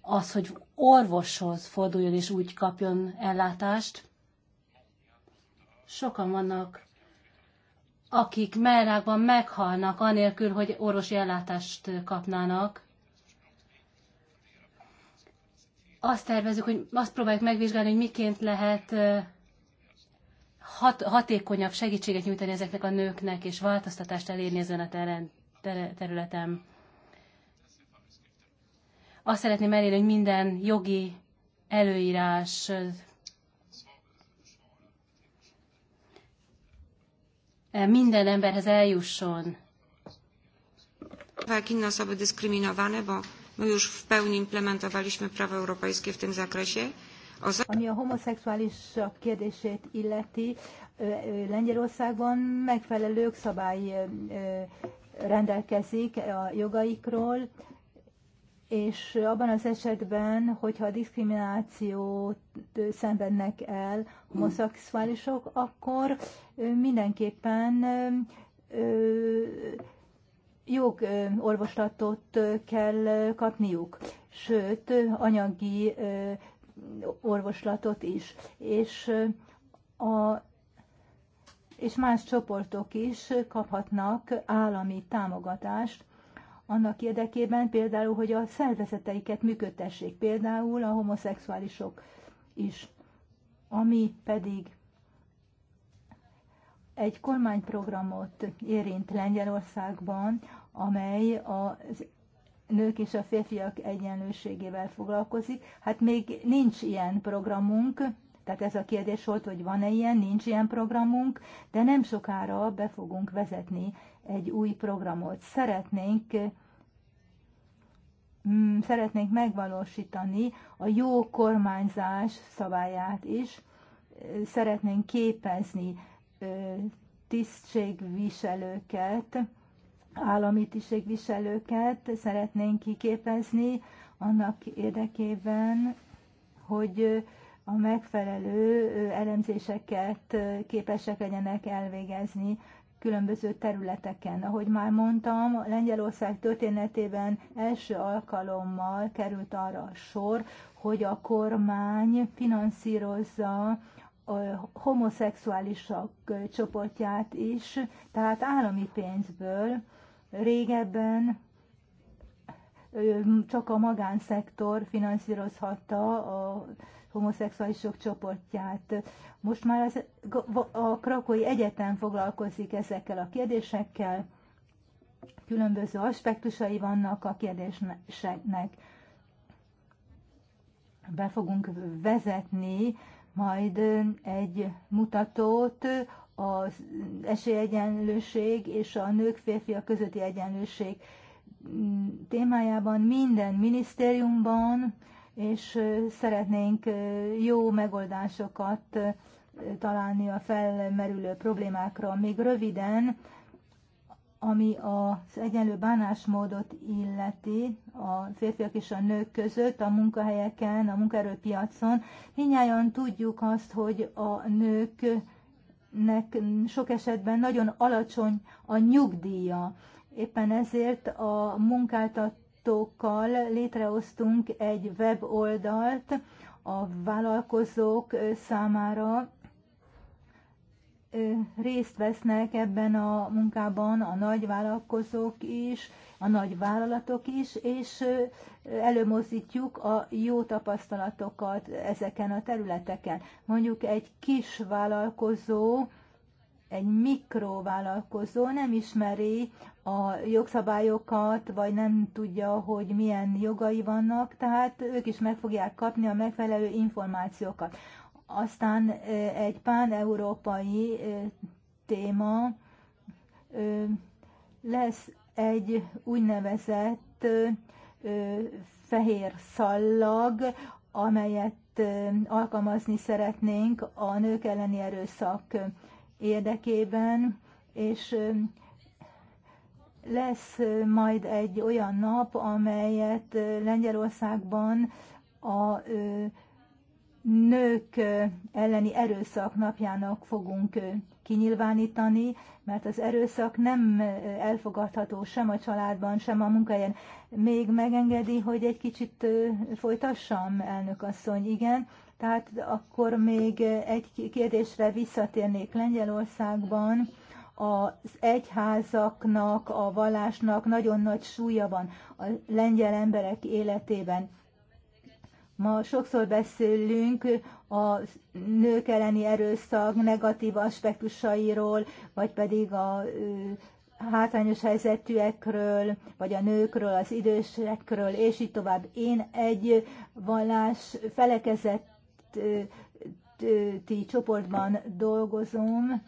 az, hogy orvoshoz forduljon és úgy kapjon ellátást. Sokan vannak, akik merrákban meghalnak, anélkül, hogy orvosi ellátást kapnának. Azt tervezük, hogy azt próbáljuk megvizsgálni, hogy miként lehet hat, hatékonyabb segítséget nyújtani ezeknek a nőknek, és változtatást elérni ezen a területen. Azt szeretném elérni, hogy minden jogi előírás e, minden emberhez eljusson. Jak inne osoby dyskryminowane, bo my już w pełni implementowaliśmy prawo europejskie w tym zakresie. Ami a homoszexuálisok kérdését illeti, Lengyelországban megfelelő szabály rendelkezik a jogaikról, és abban az esetben, hogyha a diszkriminációt szenvednek el homoszexuálisok, akkor mindenképpen jogorvoslatot kell kapniuk, sőt, anyagi orvoslatot is. És, a, és más csoportok is kaphatnak állami támogatást annak érdekében például, hogy a szervezeteiket működtessék, például a homoszexuálisok is, ami pedig egy kormányprogramot érint Lengyelországban, amely a nők és a férfiak egyenlőségével foglalkozik. Hát még nincs ilyen programunk, tehát ez a kérdés volt, hogy van-e ilyen, nincs ilyen programunk, de nem sokára be fogunk vezetni egy új programot. Szeretnénk Mm, szeretnénk megvalósítani a jó kormányzás szabályát is, szeretnénk képezni tisztségviselőket, állami tisztségviselőket szeretnénk kiképezni annak érdekében, hogy a megfelelő elemzéseket képesek legyenek elvégezni különböző területeken. Ahogy már mondtam, Lengyelország történetében első alkalommal került arra a sor, hogy a kormány finanszírozza a homoszexuálisok csoportját is, tehát állami pénzből régebben csak a magánszektor finanszírozhatta a homoszexuálisok csoportját. Most már az, a Krakói Egyetem foglalkozik ezekkel a kérdésekkel, különböző aspektusai vannak a kérdéseknek. Be fogunk vezetni majd egy mutatót az esélyegyenlőség és a nők férfiak közötti egyenlőség témájában minden minisztériumban, és szeretnénk jó megoldásokat találni a felmerülő problémákra. Még röviden, ami az egyenlő bánásmódot illeti a férfiak és a nők között, a munkahelyeken, a munkaerőpiacon. Minnyáján tudjuk azt, hogy a nőknek sok esetben nagyon alacsony a nyugdíja. Éppen ezért a munkáltat barátokkal létrehoztunk egy weboldalt a vállalkozók számára. Részt vesznek ebben a munkában a nagy vállalkozók is, a nagy vállalatok is, és előmozdítjuk a jó tapasztalatokat ezeken a területeken. Mondjuk egy kis vállalkozó, egy mikrovállalkozó nem ismeri a jogszabályokat, vagy nem tudja, hogy milyen jogai vannak, tehát ők is meg fogják kapni a megfelelő információkat. Aztán egy pán-európai téma lesz egy úgynevezett fehér szallag, amelyet alkalmazni szeretnénk a nők elleni erőszak érdekében, és lesz majd egy olyan nap, amelyet Lengyelországban a nők elleni erőszak napjának fogunk kinyilvánítani, mert az erőszak nem elfogadható sem a családban, sem a munkahelyen. Még megengedi, hogy egy kicsit folytassam, elnök asszony, igen. Tehát akkor még egy kérdésre visszatérnék Lengyelországban. Az egyházaknak, a vallásnak nagyon nagy súlya van a lengyel emberek életében. Ma sokszor beszélünk a nők elleni erőszak negatív aspektusairól, vagy pedig a hátrányos helyzetűekről, vagy a nőkről, az idősekről, és így tovább. Én egy vallás felekezet ti csoportban dolgozom,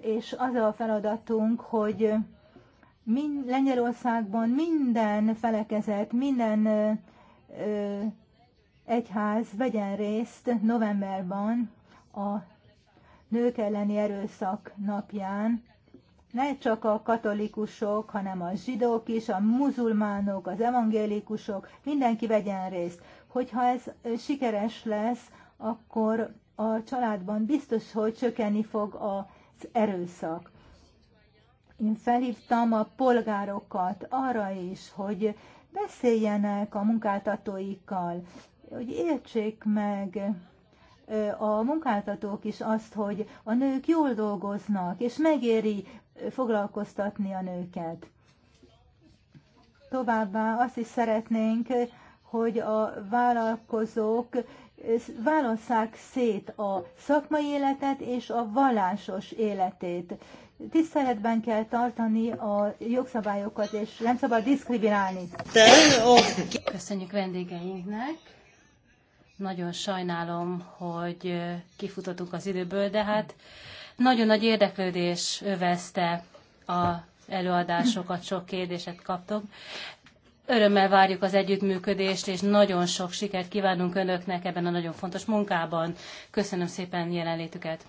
és az a feladatunk, hogy mind, Lengyelországban minden felekezet, minden ö, egyház vegyen részt novemberban a nők elleni erőszak napján. Ne csak a katolikusok, hanem a zsidók is, a muzulmánok, az evangélikusok, mindenki vegyen részt. Hogyha ez sikeres lesz, akkor a családban biztos, hogy csökkenni fog az erőszak. Én felhívtam a polgárokat arra is, hogy beszéljenek a munkáltatóikkal, hogy értsék meg a munkáltatók is azt, hogy a nők jól dolgoznak, és megéri foglalkoztatni a nőket. Továbbá azt is szeretnénk, hogy a vállalkozók válasszák szét a szakmai életet és a vallásos életét. Tiszteletben kell tartani a jogszabályokat, és nem szabad diszkriminálni. Köszönjük vendégeinknek. Nagyon sajnálom, hogy kifutottunk az időből, de hát nagyon nagy érdeklődés övezte a előadásokat, sok kérdéset kaptunk. Örömmel várjuk az együttműködést, és nagyon sok sikert kívánunk Önöknek ebben a nagyon fontos munkában. Köszönöm szépen jelenlétüket.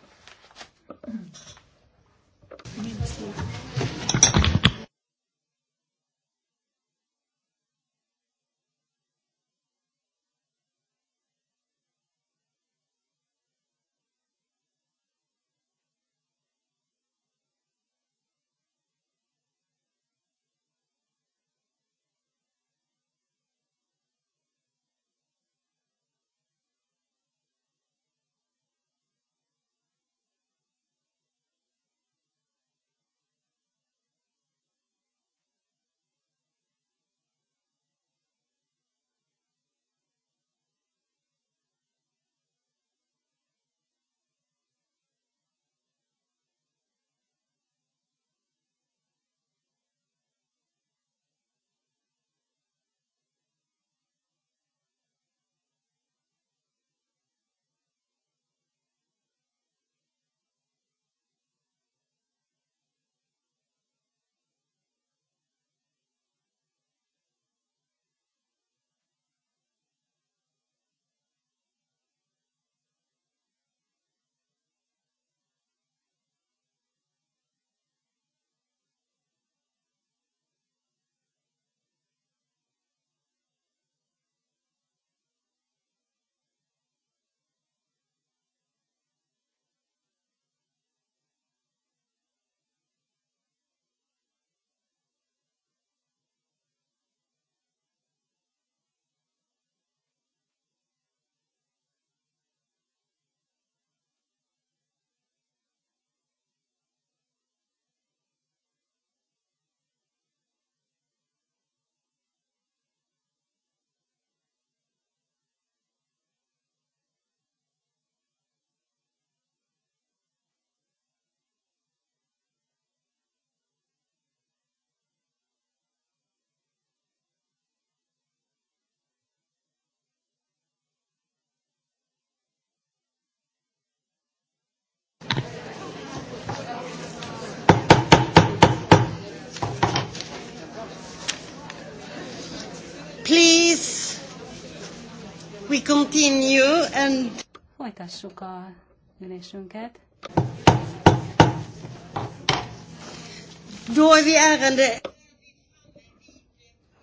continue and... Folytassuk a ülésünket.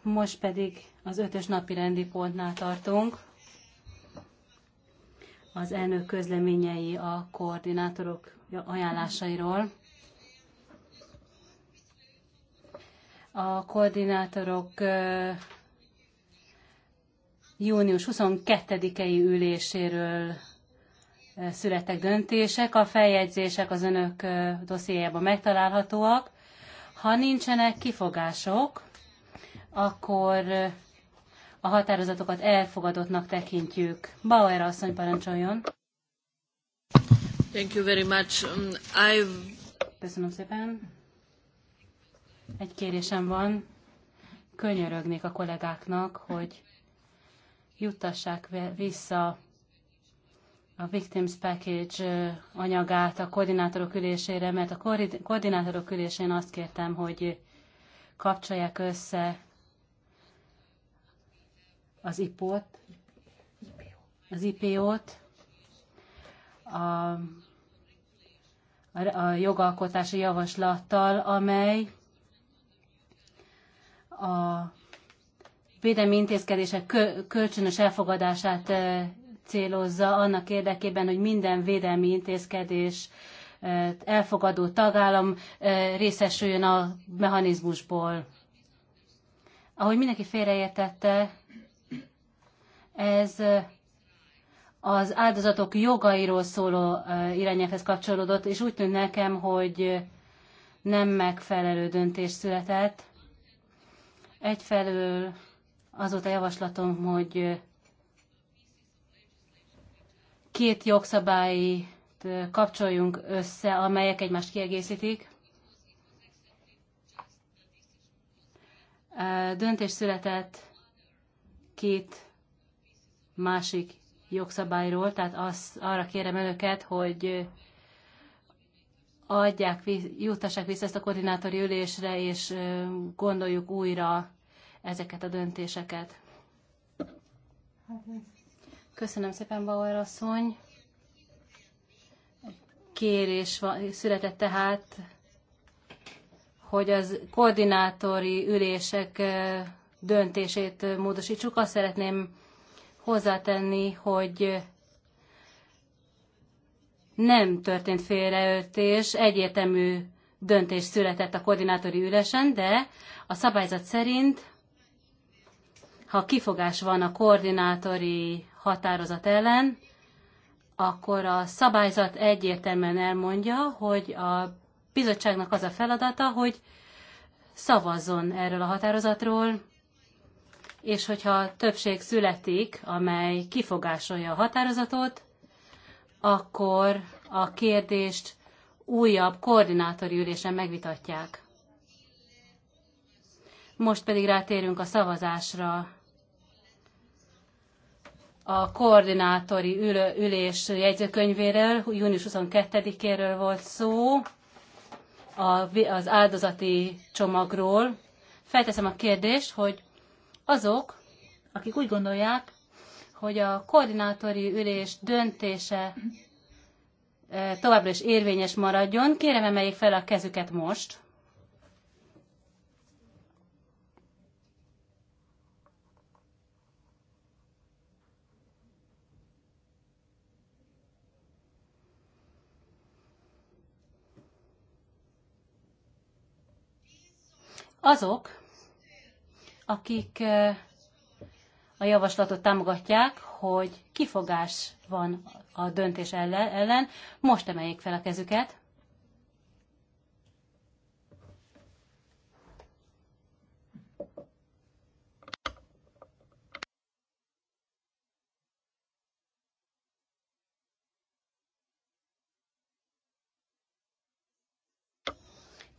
Most pedig az ötös napi rendi pontnál tartunk. Az elnök közleményei a koordinátorok ajánlásairól. A koordinátorok június 22-i üléséről eh, születtek döntések, a feljegyzések az önök eh, dossziéjában megtalálhatóak. Ha nincsenek kifogások, akkor eh, a határozatokat elfogadottnak tekintjük. Bauer asszony parancsoljon. Thank you very much. Um, I've... Köszönöm szépen. Egy kérésem van. Könyörögnék a kollégáknak, hogy juttassák vissza a Victims Package anyagát a koordinátorok ülésére, mert a koordinátorok ülésén azt kértem, hogy kapcsolják össze az IPO-t, az IPO-t, a, a jogalkotási javaslattal, amely a védelmi intézkedések kölcsönös elfogadását célozza annak érdekében, hogy minden védelmi intézkedés elfogadó tagállam részesüljön a mechanizmusból. Ahogy mindenki félreértette, ez az áldozatok jogairól szóló irányelvhez kapcsolódott, és úgy tűnt nekem, hogy nem megfelelő döntés született. Egyfelől Azóta javaslatom, hogy két jogszabályt kapcsoljunk össze, amelyek egymást kiegészítik. Döntés született két másik jogszabályról, tehát az, arra kérem önöket, hogy adják, juttassák vissza ezt a koordinátori ülésre, és gondoljuk újra ezeket a döntéseket. Köszönöm szépen, Bauer asszony. Kérés van, született tehát, hogy az koordinátori ülések döntését módosítsuk. Azt szeretném hozzátenni, hogy nem történt félreöltés egyértelmű döntés született a koordinátori ülésen, de a szabályzat szerint ha kifogás van a koordinátori határozat ellen, akkor a szabályzat egyértelműen elmondja, hogy a bizottságnak az a feladata, hogy szavazzon erről a határozatról, és hogyha többség születik, amely kifogásolja a határozatot, akkor a kérdést újabb koordinátori ülésen megvitatják. Most pedig rátérünk a szavazásra a koordinátori ül- ülés jegyzőkönyvéről, június 22-éről volt szó, a, az áldozati csomagról. Felteszem a kérdést, hogy azok, akik úgy gondolják, hogy a koordinátori ülés döntése eh, továbbra is érvényes maradjon, kérem emeljék fel a kezüket most. Azok, akik a javaslatot támogatják, hogy kifogás van a döntés ellen, most emeljék fel a kezüket.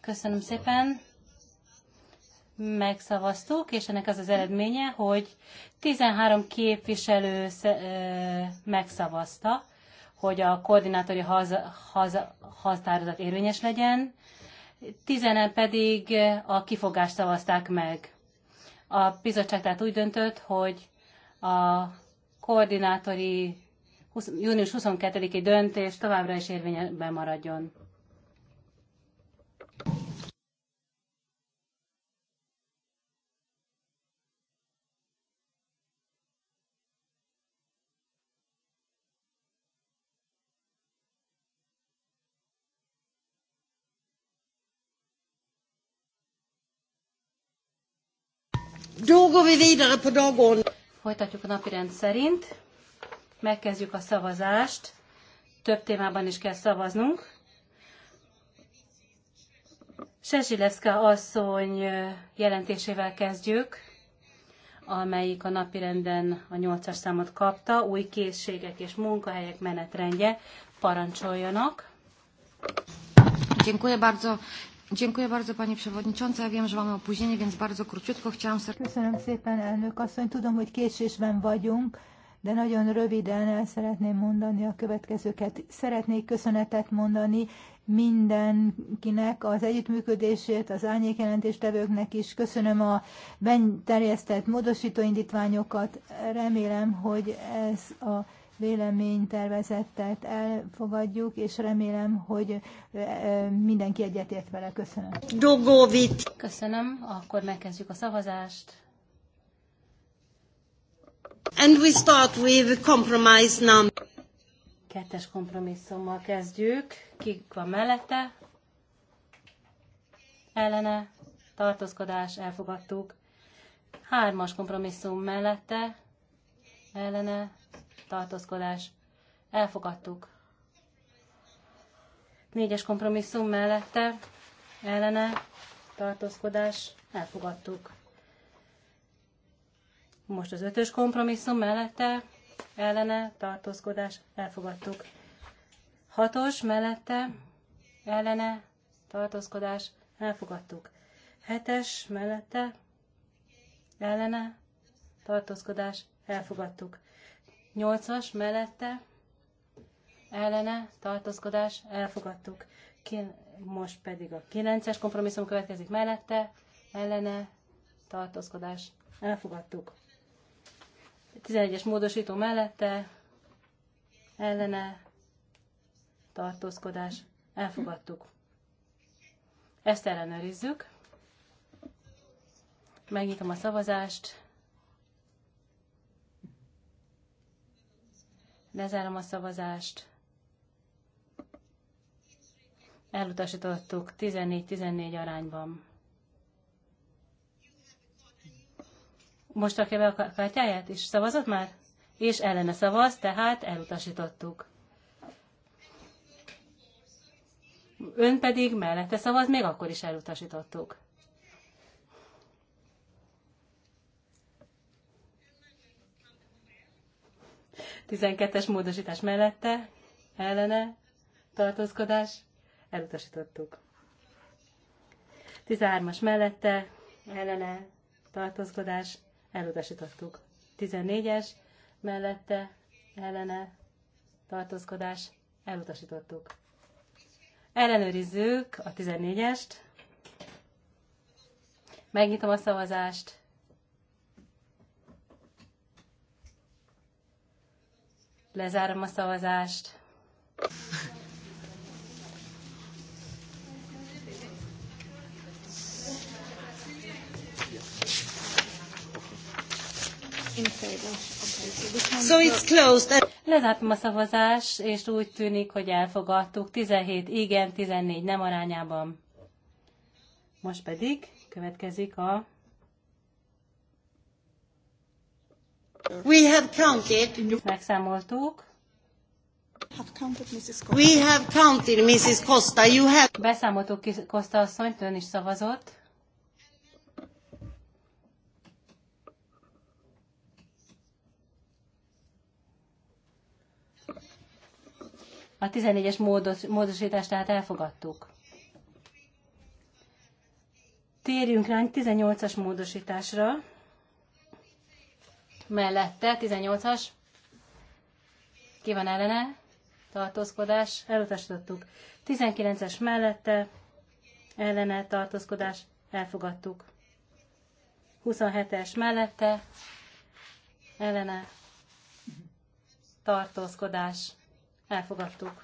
Köszönöm szépen megszavaztuk, és ennek az az eredménye, hogy 13 képviselő megszavazta, hogy a koordinátori haza, haza, határozat érvényes legyen, 10 pedig a kifogást szavazták meg. A bizottság tehát úgy döntött, hogy a koordinátori 20, június 22-i döntés továbbra is érvényben maradjon. Då går vi vidare på dagordningen. Folytatjuk a napirend szerint. Megkezdjük a szavazást. Több témában is kell szavaznunk. Sezsileszka asszony jelentésével kezdjük, amelyik a napirenden a nyolcas számot kapta, új készségek és munkahelyek menetrendje. Parancsoljanak! Dziękuję bardzo. Dziękuję bardzo Pani Przewodnicząca. Ja wiem, że mamy opóźnienie, więc bardzo króciutko chciałam serdecznie... Köszönöm szépen, elnök asszony. Tudom, hogy késésben vagyunk, de nagyon röviden el szeretném mondani a következőket. Szeretnék köszönetet mondani mindenkinek az együttműködését, az árnyékjelentéstevőknek is. Köszönöm a benterjesztett módosítóindítványokat. Remélem, hogy ez a véleménytervezettet elfogadjuk, és remélem, hogy mindenki egyetért vele. Köszönöm. Dogovit. Köszönöm, akkor megkezdjük a szavazást. And we start with compromise number. Kettes kompromisszummal kezdjük. Ki van mellette? Ellene? Tartózkodás, elfogadtuk. Hármas kompromisszum mellette? Ellene? tartózkodás elfogadtuk. Négyes kompromisszum mellette ellene tartózkodás elfogadtuk. Most az ötös kompromisszum mellette ellene tartózkodás elfogadtuk. Hatos mellette ellene tartózkodás elfogadtuk. Hetes mellette ellene tartózkodás elfogadtuk. Nyolcas mellette ellene tartózkodás elfogadtuk. Kin, most pedig a kilences kompromisszum következik mellette ellene tartózkodás elfogadtuk. 11-es módosító mellette ellene tartózkodás elfogadtuk. Ezt ellenőrizzük. Megnyitom a szavazást. Lezárom a szavazást. Elutasítottuk 14-14 arányban. Most rakja be a kártyáját, és szavazott már? És ellene szavaz, tehát elutasítottuk. Ön pedig mellette szavaz, még akkor is elutasítottuk. 12-es módosítás mellette, ellene, tartózkodás, elutasítottuk. 13-as mellette, ellene, tartózkodás, elutasítottuk. 14-es mellette, ellene, tartózkodás, elutasítottuk. Ellenőrizzük a 14-est. Megnyitom a szavazást. Lezárom a szavazást. So it's closed. Lezártam a szavazást, és úgy tűnik, hogy elfogadtuk 17 igen, 14 nem arányában. Most pedig következik a We have counted. Megszámoltuk. We have counted, Mrs. Costa. You have... Beszámoltuk Costa asszonyt, ön is szavazott. A 14-es módos, módosítást tehát elfogadtuk. Térjünk rá 18-as módosításra mellette, 18-as, ki van ellene, tartózkodás, elutasítottuk. 19-es mellette, ellene, tartózkodás, elfogadtuk. 27-es mellette, ellene, tartózkodás, elfogadtuk.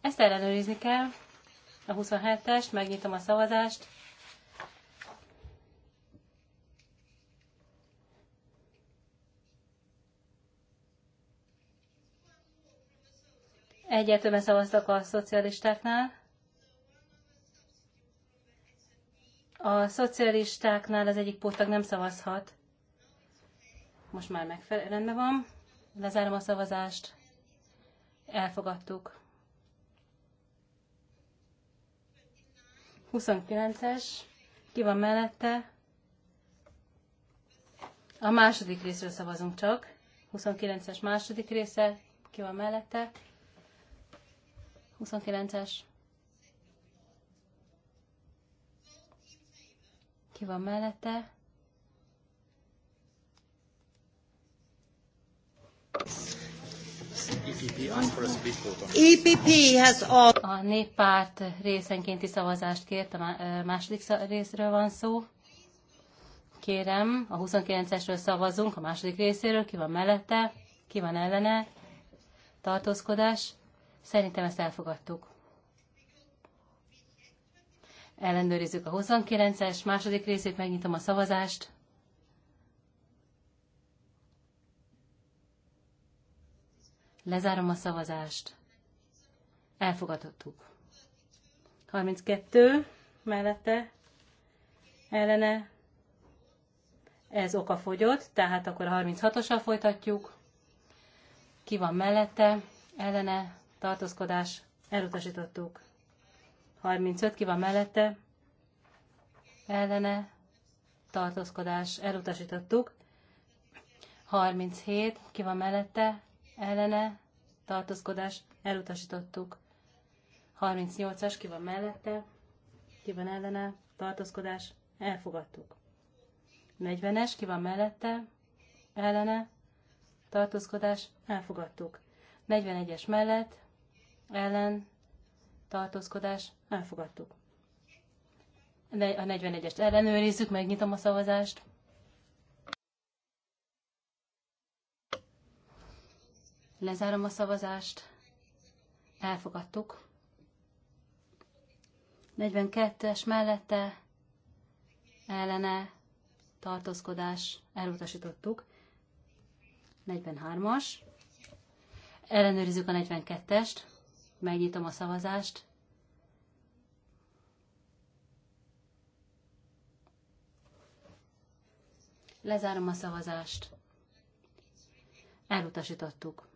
Ezt ellenőrizni kell, a 27-est, megnyitom a szavazást, egyet szavaztak a szocialistáknál. A szocialistáknál az egyik pótag nem szavazhat. Most már megfelelő rendben van. Lezárom a szavazást. Elfogadtuk. 29-es. Ki van mellette? A második részről szavazunk csak. 29-es második része. Ki van mellette? 29-es. Ki van mellette? EPP e has all... A néppárt részenkénti szavazást kért, a második részről van szó. Kérem, a 29-esről szavazunk, a második részéről, ki van mellette, ki van ellene, tartózkodás. Szerintem ezt elfogadtuk. Ellenőrizzük a 29-es második részét, megnyitom a szavazást. Lezárom a szavazást. Elfogadottuk. 32 mellette ellene ez oka fogyott, tehát akkor a 36-osal folytatjuk. Ki van mellette, ellene, tartózkodás, elutasítottuk. 35 ki van mellette, ellene, tartózkodás, elutasítottuk. 37 ki van mellette, ellene, tartózkodás, elutasítottuk. 38-as ki van mellette, ki van ellene, tartózkodás, elfogadtuk. 40-es ki van mellette, ellene, tartózkodás, elfogadtuk. 41-es mellett, ellen tartózkodás elfogadtuk. A 41-est ellenőrizzük, megnyitom a szavazást. Lezárom a szavazást. Elfogadtuk. 42-es mellette ellene tartózkodás elutasítottuk. 43-as. Ellenőrizzük a 42-est. Megnyitom a szavazást. Lezárom a szavazást. Elutasítottuk.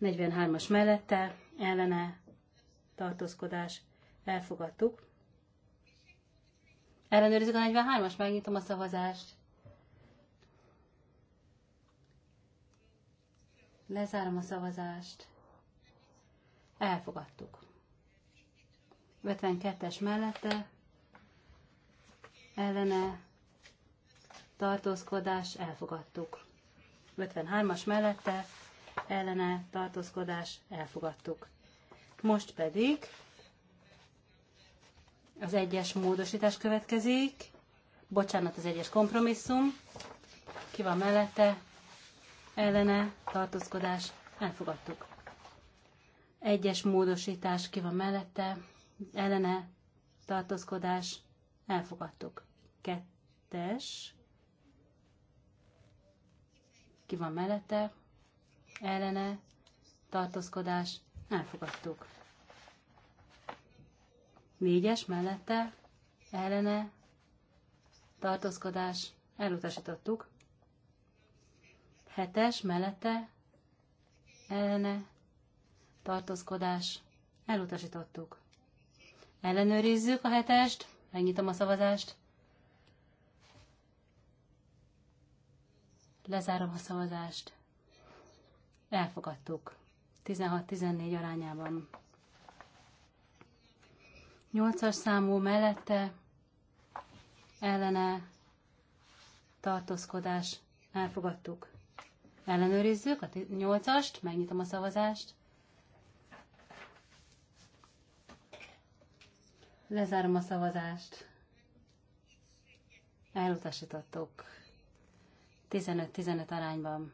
43-as mellette, ellene, tartózkodás, elfogadtuk. Ellenőrizzük a 43-as, megnyitom a szavazást. Lezárom a szavazást. Elfogadtuk. 52-es mellette ellene tartózkodás elfogadtuk. 53-as mellette ellene tartózkodás elfogadtuk. Most pedig az egyes módosítás következik. Bocsánat, az egyes kompromisszum. Ki van mellette? Ellene tartózkodás, elfogadtuk. Egyes módosítás ki van mellette, ellene tartózkodás, elfogadtuk. Kettes, ki van mellette, ellene tartózkodás, elfogadtuk. Négyes mellette, ellene tartózkodás, elutasítottuk. Hetes mellette ellene tartózkodás elutasítottuk. Ellenőrizzük a hetest, megnyitom a szavazást. Lezárom a szavazást. Elfogadtuk. 16-14 arányában. 8-as számú mellette ellene tartózkodás elfogadtuk. Ellenőrizzük a 8-ast, megnyitom a szavazást. Lezárom a szavazást. Elutasítottuk. 15-15 arányban.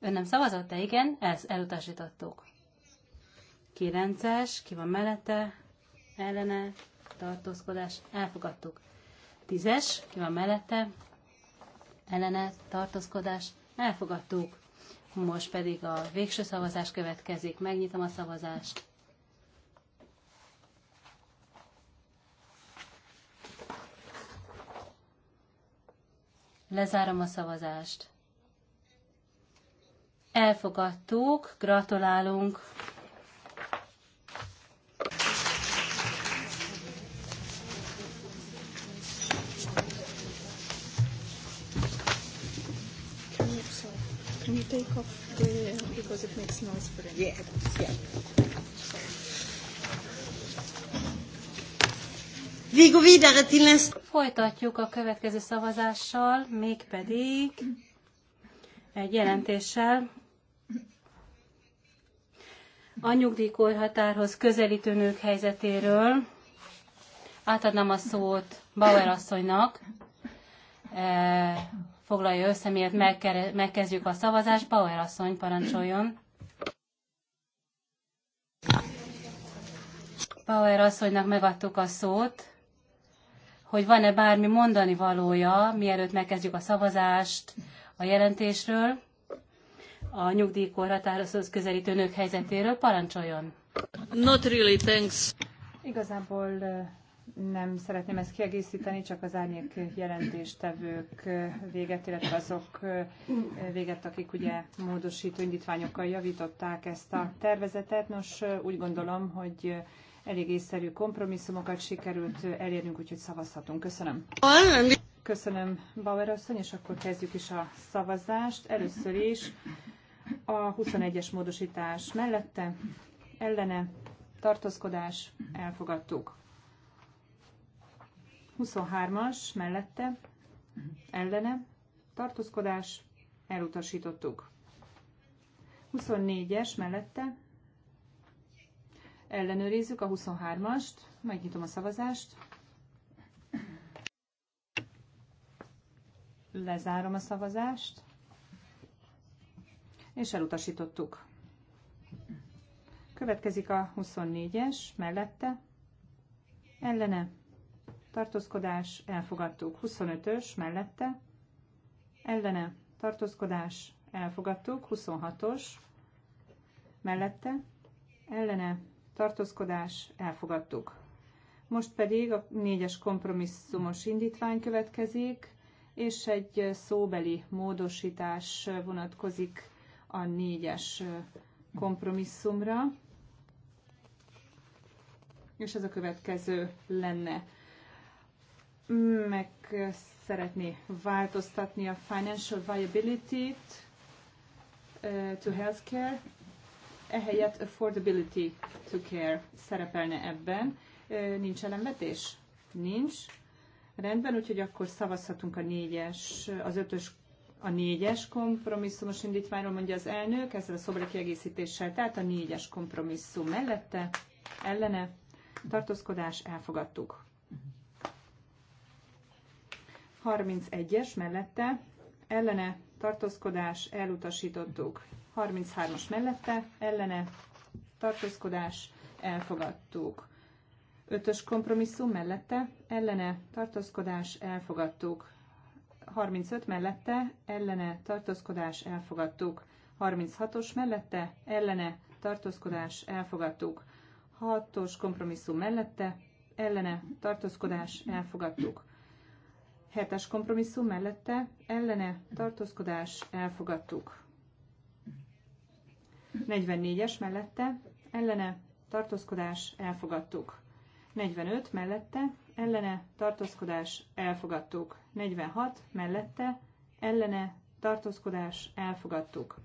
Ön nem szavazott, de igen, ezt elutasítottuk. 9-es, ki van mellette, ellene, tartózkodás, elfogadtuk. 10-es, ki van mellette, ellene tartózkodás elfogadtuk. Most pedig a végső szavazás következik. Megnyitom a szavazást. Lezárom a szavazást. Elfogadtuk, gratulálunk Can you take off the because it makes noise for it? Yeah. yeah. vidare till nästa. Folytatjuk a következő szavazással, mégpedig egy jelentéssel a nyugdíjkorhatárhoz közelítő nők helyzetéről. Átadnám a szót Bauer asszonynak eh, foglalja össze, miért megkezdjük a szavazást. Bauer asszony, parancsoljon. Bauer asszonynak megadtuk a szót, hogy van-e bármi mondani valója, mielőtt megkezdjük a szavazást a jelentésről, a nyugdíjkorhatároshoz közelítő nők helyzetéről. Parancsoljon! Not really, thanks. Igazából nem szeretném ezt kiegészíteni, csak az árnyék jelentéstevők véget, illetve azok véget, akik ugye módosító indítványokkal javították ezt a tervezetet. Nos, úgy gondolom, hogy elég észszerű kompromisszumokat sikerült elérnünk, úgyhogy szavazhatunk. Köszönöm. Köszönöm, Bauer asszony, és akkor kezdjük is a szavazást. Először is a 21-es módosítás mellette, ellene, tartózkodás, elfogadtuk. 23-as mellette, ellene, tartózkodás, elutasítottuk. 24-es mellette, ellenőrizzük a 23-ast, megnyitom a szavazást. Lezárom a szavazást, és elutasítottuk. Következik a 24-es mellette, ellene, tartózkodás, elfogadtuk. 25-ös mellette, ellene, tartózkodás, elfogadtuk. 26-os mellette, ellene, tartózkodás, elfogadtuk. Most pedig a négyes kompromisszumos indítvány következik, és egy szóbeli módosítás vonatkozik a négyes kompromisszumra. És ez a következő lenne meg szeretné változtatni a financial viability-t to healthcare, ehelyett affordability to care szerepelne ebben. Nincs ellenvetés? Nincs. Rendben, úgyhogy akkor szavazhatunk a négyes, az ötös, a négyes kompromisszumos indítványról, mondja az elnök, ezzel a szobra kiegészítéssel, tehát a négyes kompromisszum mellette, ellene, tartózkodás, elfogadtuk. Mhm. 31-es mellette ellene tartózkodás elutasítottuk. 33-as mellette ellene tartózkodás elfogadtuk. 5-ös kompromisszum mellette ellene tartózkodás elfogadtuk. 35 mellette ellene tartózkodás elfogadtuk. 36-os mellette ellene tartózkodás elfogadtuk. 6-os kompromisszum mellette ellene tartózkodás elfogadtuk. Hetes kompromisszum mellette ellene tartózkodás elfogadtuk. 44-es mellette ellene tartózkodás elfogadtuk. 45 mellette ellene tartózkodás elfogadtuk. 46 mellette ellene tartózkodás elfogadtuk.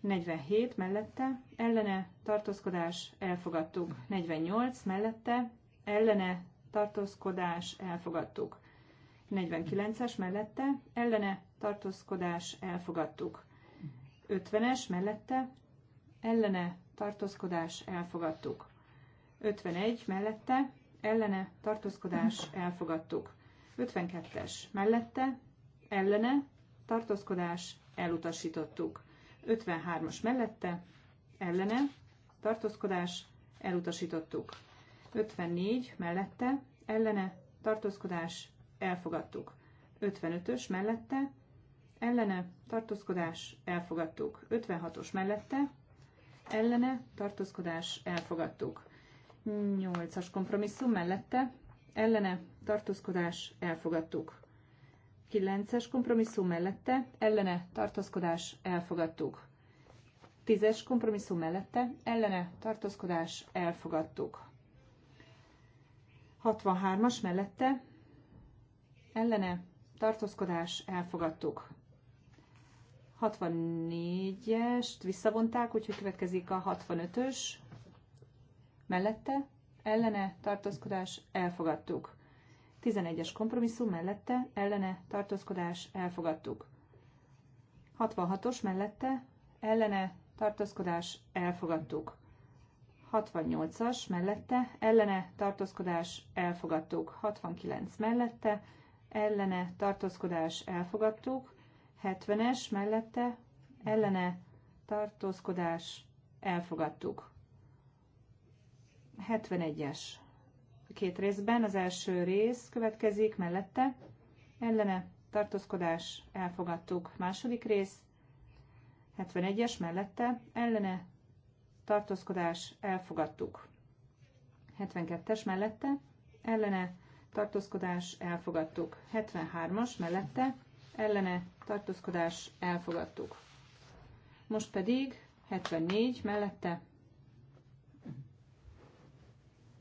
47 mellette ellene tartózkodás elfogadtuk. 48 mellette ellene tartózkodás, elfogadtuk. 49-es mellette, ellene, tartózkodás, elfogadtuk. 50-es mellette, ellene, tartózkodás, elfogadtuk. 51 mellette, ellene, tartózkodás, elfogadtuk. 52-es mellette, ellene, tartózkodás, elutasítottuk. 53-as mellette, ellene, tartózkodás, elutasítottuk. 54 mellette, ellene, tartózkodás, elfogadtuk. 55-ös mellette, ellene, tartózkodás, elfogadtuk. 56-os mellette, ellene, tartózkodás, elfogadtuk. 8-as kompromisszum mellette, ellene, tartózkodás, elfogadtuk. 9-es kompromisszum mellette, ellene, tartózkodás, elfogadtuk. 10-es kompromisszum mellette, ellene, tartózkodás, elfogadtuk. 63-as mellette ellene tartózkodás elfogadtuk. 64-est visszavonták, úgyhogy következik a 65-ös mellette ellene tartózkodás elfogadtuk. 11-es kompromisszum mellette ellene tartózkodás elfogadtuk. 66-os mellette ellene tartózkodás elfogadtuk. 68-as mellette, ellene tartózkodás elfogadtuk. 69 mellette, ellene tartózkodás elfogadtuk. 70-es mellette, ellene tartózkodás elfogadtuk. 71-es két részben, az első rész következik mellette, ellene tartózkodás elfogadtuk. Második rész 71-es mellette, ellene tartózkodás, elfogadtuk. 72-es mellette, ellene, tartózkodás, elfogadtuk. 73-as mellette, ellene, tartózkodás, elfogadtuk. Most pedig 74 mellette,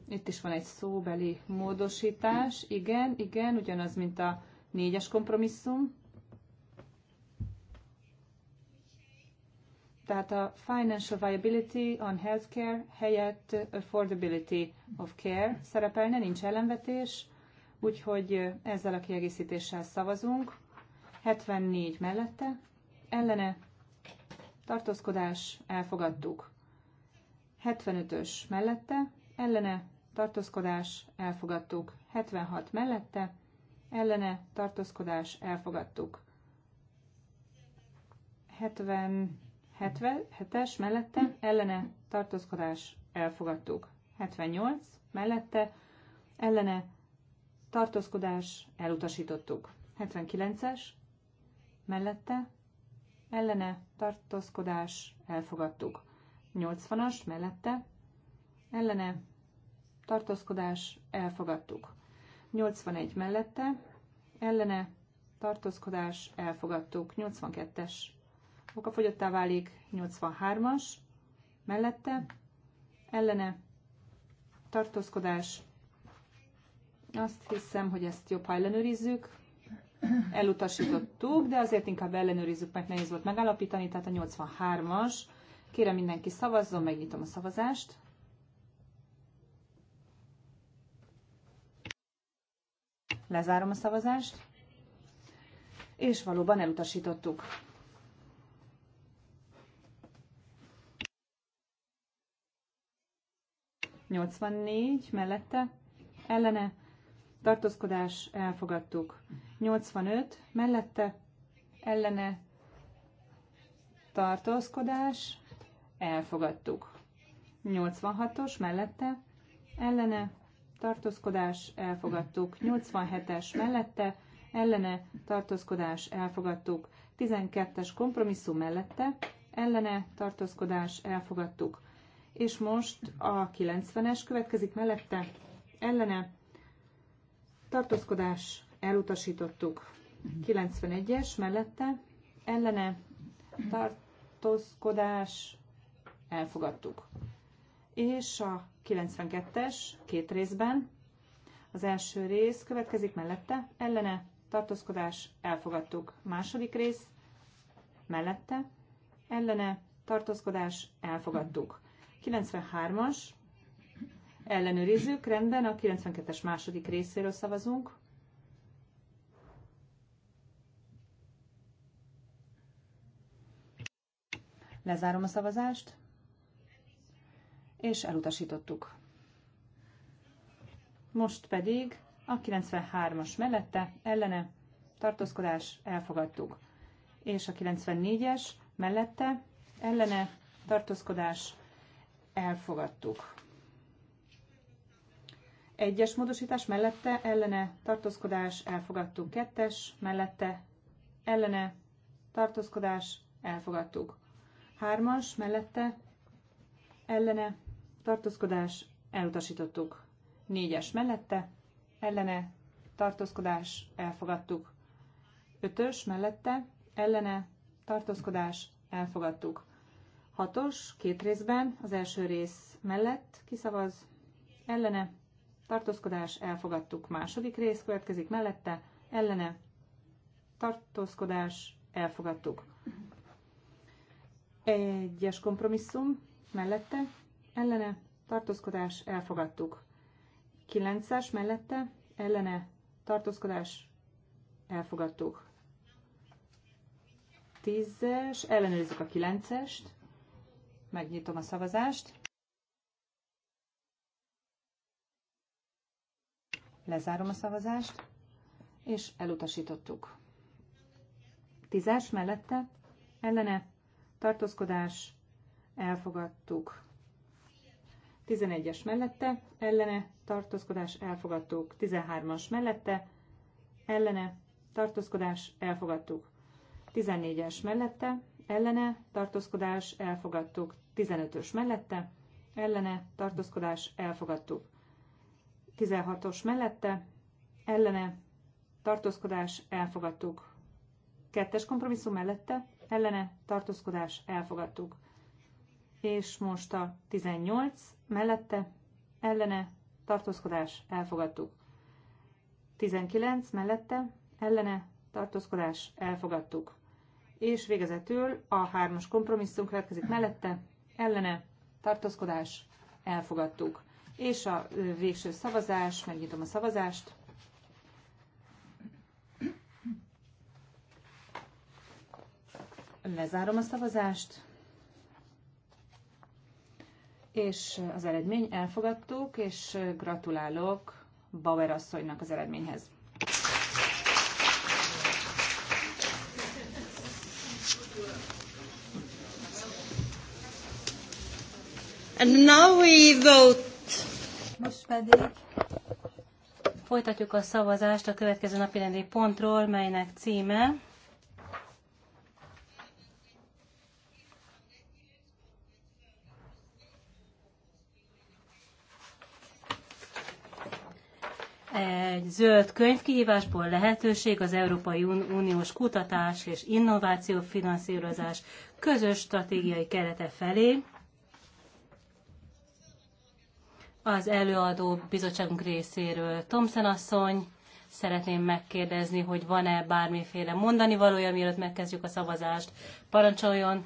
itt is van egy szóbeli módosítás, igen, igen, ugyanaz, mint a négyes kompromisszum, Tehát a financial viability on healthcare helyett affordability of care szerepelne, nincs ellenvetés, úgyhogy ezzel a kiegészítéssel szavazunk. 74 mellette, ellene, tartózkodás, elfogadtuk. 75-ös mellette, ellene, tartózkodás, elfogadtuk. 76 mellette, ellene, tartózkodás, elfogadtuk. 70 77-es mellette ellene tartózkodás elfogadtuk. 78 mellette ellene tartózkodás elutasítottuk. 79-es mellette ellene tartózkodás elfogadtuk. 80-as mellette ellene tartózkodás elfogadtuk. 81 mellette ellene tartózkodás elfogadtuk. 82-es fogyottá válik 83-as, mellette, ellene, tartózkodás. Azt hiszem, hogy ezt jobb, ha ellenőrizzük. Elutasítottuk, de azért inkább ellenőrizzük, mert nehéz volt megállapítani, tehát a 83-as. Kérem mindenki szavazzon, megnyitom a szavazást. Lezárom a szavazást. És valóban elutasítottuk. 84 mellette, ellene, tartózkodás, elfogadtuk. 85 mellette, ellene, tartózkodás, elfogadtuk. 86-os mellette, ellene, tartózkodás, elfogadtuk. 87-es mellette, ellene, tartózkodás, elfogadtuk. 12-es kompromisszum mellette, ellene, tartózkodás, elfogadtuk és most a 90-es következik mellette, ellene, tartózkodás, elutasítottuk. 91-es mellette, ellene, tartózkodás, elfogadtuk. És a 92-es két részben, az első rész következik mellette, ellene, tartózkodás, elfogadtuk. Második rész, mellette, ellene, tartózkodás, elfogadtuk. 93-as, ellenőrizzük, rendben, a 92-es második részéről szavazunk. Lezárom a szavazást, és elutasítottuk. Most pedig a 93-as mellette, ellene, tartózkodás, elfogadtuk. És a 94-es mellette, ellene, tartózkodás, elfogadtuk. Egyes módosítás mellette ellene tartózkodás elfogadtuk. Kettes mellette ellene tartózkodás elfogadtuk. Hármas mellette ellene tartózkodás elutasítottuk. Négyes mellette ellene tartózkodás elfogadtuk. Ötös mellette ellene tartózkodás elfogadtuk. Hatos, két részben, az első rész mellett kiszavaz, ellene, tartózkodás, elfogadtuk. Második rész következik mellette, ellene, tartózkodás, elfogadtuk. Egyes kompromisszum, mellette, ellene, tartózkodás, elfogadtuk. Kilences mellette, ellene, tartózkodás, elfogadtuk. Tízes, ellenőrizzük a kilencest. Megnyitom a szavazást. Lezárom a szavazást, és elutasítottuk. Tízes mellette, ellene, tartózkodás, elfogadtuk. Tizenegyes mellette, ellene, tartózkodás, elfogadtuk. Tizenhármas mellette, ellene, tartózkodás, elfogadtuk. Tizennégyes mellette, ellene tartózkodás elfogadtuk. 15-ös mellette ellene tartózkodás elfogadtuk. 16-os mellette ellene tartózkodás elfogadtuk. Kettes kompromisszum mellette ellene tartózkodás elfogadtuk. És most a 18 mellette ellene tartózkodás elfogadtuk. 19 mellette ellene tartózkodás elfogadtuk és végezetül a hármas kompromisszum következik mellette, ellene, tartózkodás, elfogadtuk. És a végső szavazás, megnyitom a szavazást. Lezárom a szavazást. És az eredmény elfogadtuk, és gratulálok Bauer asszonynak az eredményhez. And now we vote. Most pedig folytatjuk a szavazást a következő napirendi pontról, melynek címe egy zöld könyv kihívásból lehetőség az Európai Uniós kutatás és innováció finanszírozás közös stratégiai kerete felé az előadó bizottságunk részéről. Tomszen asszony, szeretném megkérdezni, hogy van-e bármiféle mondani valója, mielőtt megkezdjük a szavazást. Parancsoljon,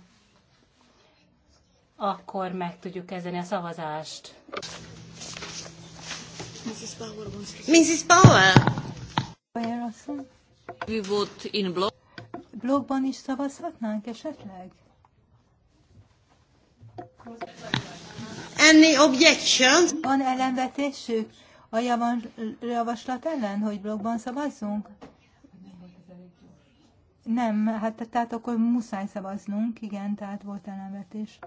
akkor meg tudjuk kezdeni a szavazást. Mrs. Powell! Mrs. We vote in blog. Blogban is szavazhatnánk esetleg? Any objections? Van ellenvetésük a javaslat ellen, hogy blogban szavazzunk? Nem, hát tehát akkor muszáj szavaznunk, igen, tehát volt ellenvetés.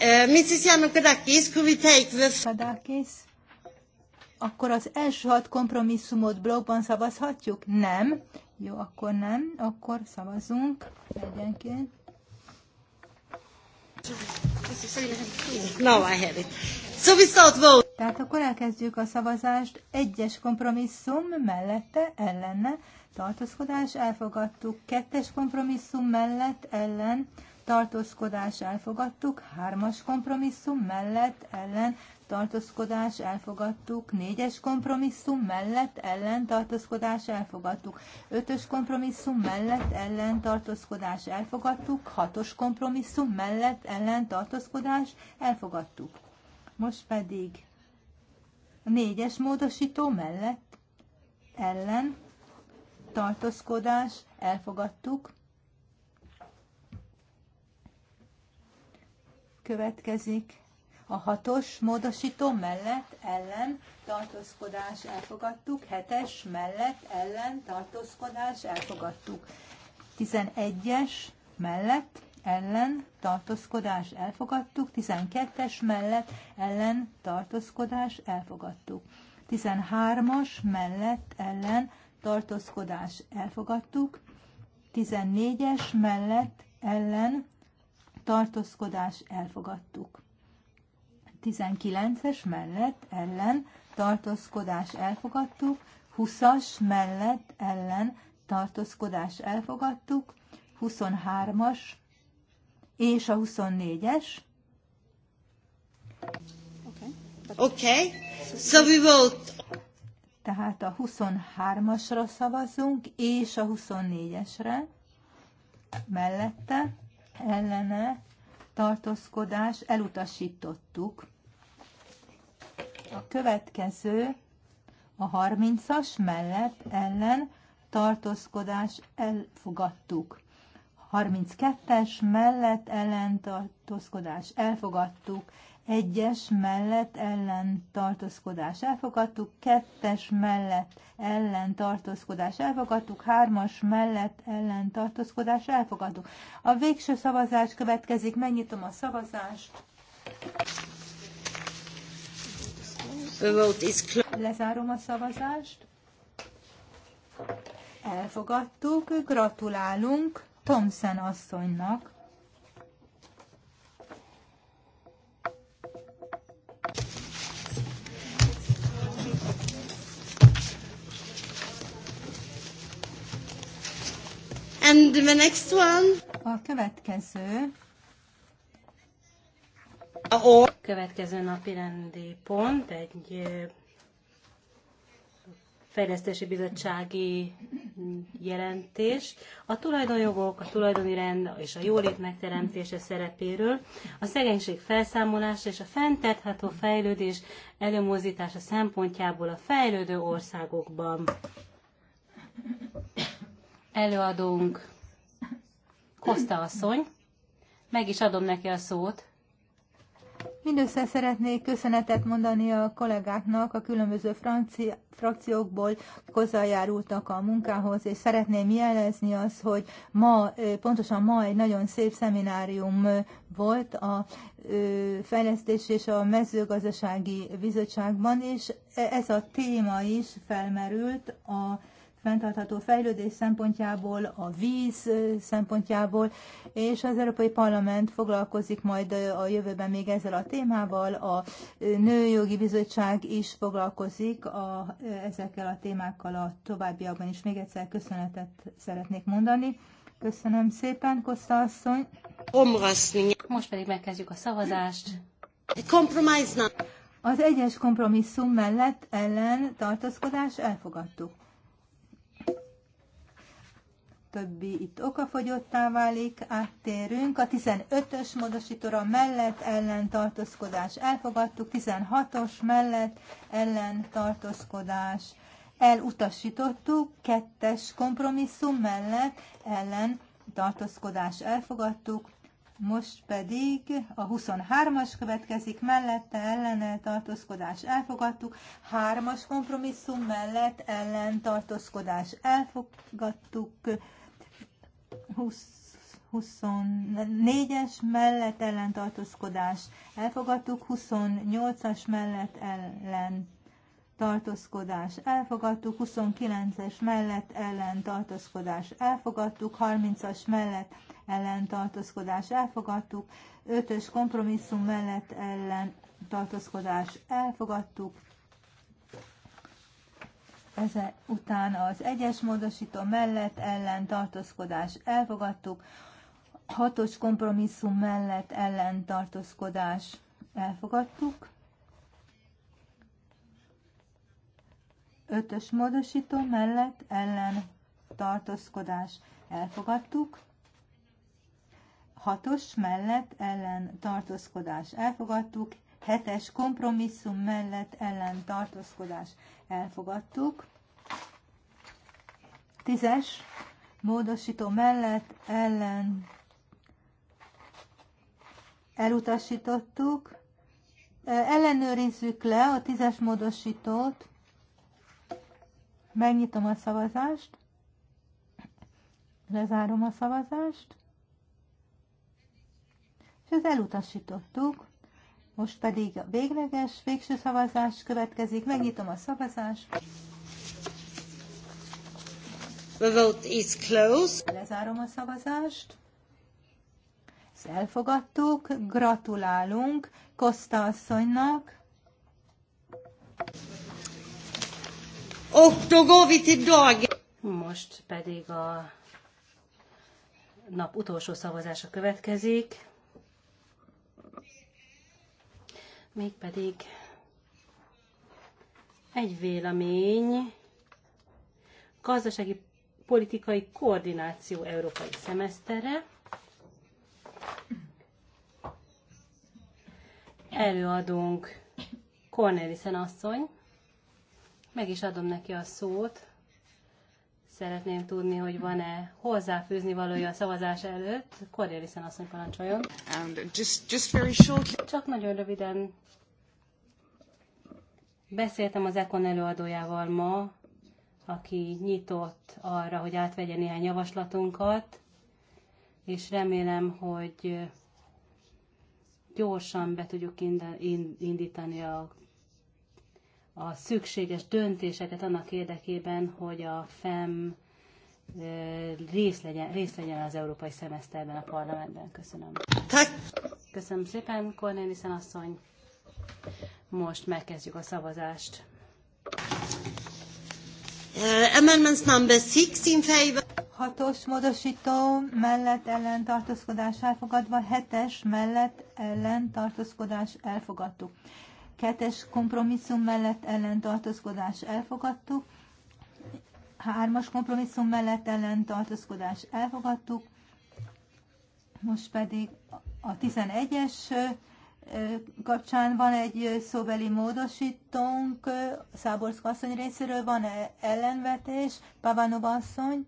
Uh, Mrs. Janukadakis, could we take the... Kadakis? Akkor az első hat kompromisszumot blogban szavazhatjuk? Nem. Jó, akkor nem. Akkor szavazunk egyenként. Thank you. Now I have it. So we start vote. Tehát akkor elkezdjük a szavazást. Egyes kompromisszum mellette, ellenne tartózkodás elfogadtuk. Kettes kompromisszum mellett, ellen, tartózkodás elfogadtuk. Hármas kompromisszum mellett, ellen, tartózkodás elfogadtuk, négyes kompromisszum mellett ellen tartózkodás elfogadtuk, ötös kompromisszum mellett ellen tartózkodás elfogadtuk, hatos kompromisszum mellett ellen tartózkodás elfogadtuk. Most pedig a négyes módosító mellett ellen tartózkodás elfogadtuk, következik a hatos módosító mellett ellen tartózkodás elfogadtuk, hetes mellett ellen tartózkodás elfogadtuk. 11-es mellett ellen tartózkodás elfogadtuk, 12-es mellett ellen tartózkodás elfogadtuk. 13-as mellett ellen tartózkodás elfogadtuk, 14-es mellett ellen tartózkodás elfogadtuk. 19-es mellett ellen tartózkodás elfogadtuk, 20-as mellett ellen tartózkodás elfogadtuk, 23-as és a 24-es. Okay. okay. So we vote. Tehát a 23-asra szavazunk, és a 24-esre mellette ellene tartózkodás elutasítottuk. A következő a 30-as mellett ellen tartózkodás elfogadtuk. 32-es mellett ellen tartózkodás elfogadtuk, 1-es mellett ellen tartózkodás elfogadtuk, 2-es mellett ellen tartózkodás elfogadtuk, 3-as mellett ellen tartózkodás elfogadtuk. A végső szavazás következik, megnyitom a szavazást. Lezárom a szavazást. Elfogadtuk, gratulálunk Thomson asszonynak. And the next one. A következő Következő napi rendi pont egy fejlesztési bizottsági jelentés. A tulajdonjogok, a tulajdoni rend és a jólét megteremtése szerepéről, a szegénység felszámolása és a fenntartható fejlődés előmozdítása szempontjából a fejlődő országokban. Előadunk Kosta asszony, meg is adom neki a szót. Mindössze szeretnék köszönetet mondani a kollégáknak, a különböző francia frakciókból hozzájárultak a munkához, és szeretném jelezni azt, hogy ma, pontosan ma egy nagyon szép szeminárium volt a fejlesztés és a mezőgazdasági bizottságban, és e, ez a téma is felmerült a fenntartható fejlődés szempontjából, a víz szempontjából, és az Európai Parlament foglalkozik majd a jövőben még ezzel a témával, a Nőjogi Bizottság is foglalkozik a, ezekkel a témákkal a továbbiakban is. Még egyszer köszönetet szeretnék mondani. Köszönöm szépen, Kossza asszony. Most pedig megkezdjük a szavazást. Az egyes kompromisszum mellett ellen tartózkodás elfogadtuk többi itt okafogyottá válik, áttérünk. A 15-ös módosítóra mellett ellen tartózkodás elfogadtuk, 16-os mellett ellen tartózkodás elutasítottuk, kettes kompromisszum mellett ellen tartózkodás elfogadtuk, most pedig a 23-as következik, mellette ellene tartózkodás elfogadtuk, 3-as kompromisszum mellett ellen tartózkodás elfogadtuk, 24-es mellett ellentartózkodás elfogadtuk, 28-as mellett ellen tartózkodás elfogadtuk, 29-es mellett ellen tartózkodás elfogadtuk, 30-as mellett ellen tartózkodás elfogadtuk, 5-ös kompromisszum mellett ellen tartózkodás elfogadtuk, ezek után az egyes módosító mellett ellen tartózkodás elfogadtuk, hatos kompromisszum mellett ellen tartózkodás elfogadtuk, ötös módosító mellett ellen tartózkodás elfogadtuk, hatos mellett ellen tartózkodás elfogadtuk, hetes kompromisszum mellett ellen tartózkodás elfogadtuk. Tízes módosító mellett ellen elutasítottuk. Ellenőrizzük le a tízes módosítót. Megnyitom a szavazást. Lezárom a szavazást. És ezt elutasítottuk. Most pedig a végleges, végső szavazás következik. Megnyitom a szavazást. The vote is closed. Lezárom a szavazást. Ezt elfogadtuk. Gratulálunk Kosta asszonynak. Most pedig a nap utolsó szavazása következik. mégpedig egy vélemény, gazdasági politikai koordináció európai szemesztere, Előadunk Cornelissen asszony, meg is adom neki a szót, szeretném tudni, hogy van-e hozzáfűzni valója a szavazás előtt. Cornelissen asszony parancsoljon. Um, just, just very shortly. Csak nagyon röviden beszéltem az Econ előadójával ma, aki nyitott arra, hogy átvegye néhány javaslatunkat, és remélem, hogy gyorsan be tudjuk indítani a a szükséges döntéseket annak érdekében, hogy a FEM részt legyen, rész legyen az európai szemeszterben a parlamentben. Köszönöm. Köszönöm szépen, Cornelissen asszony. Most megkezdjük a szavazást. Amendments number six in favor. Hatos módosító mellett ellentartózkodás elfogadva, hetes mellett ellentartózkodás elfogadtuk. Kettes kompromisszum mellett ellentartózkodás elfogadtuk. Hármas kompromisszum mellett ellentartózkodás elfogadtuk. Most pedig a 11-es kapcsán van egy szóbeli módosítónk, Száborszka asszony részéről van -e ellenvetés, Pavanov asszony.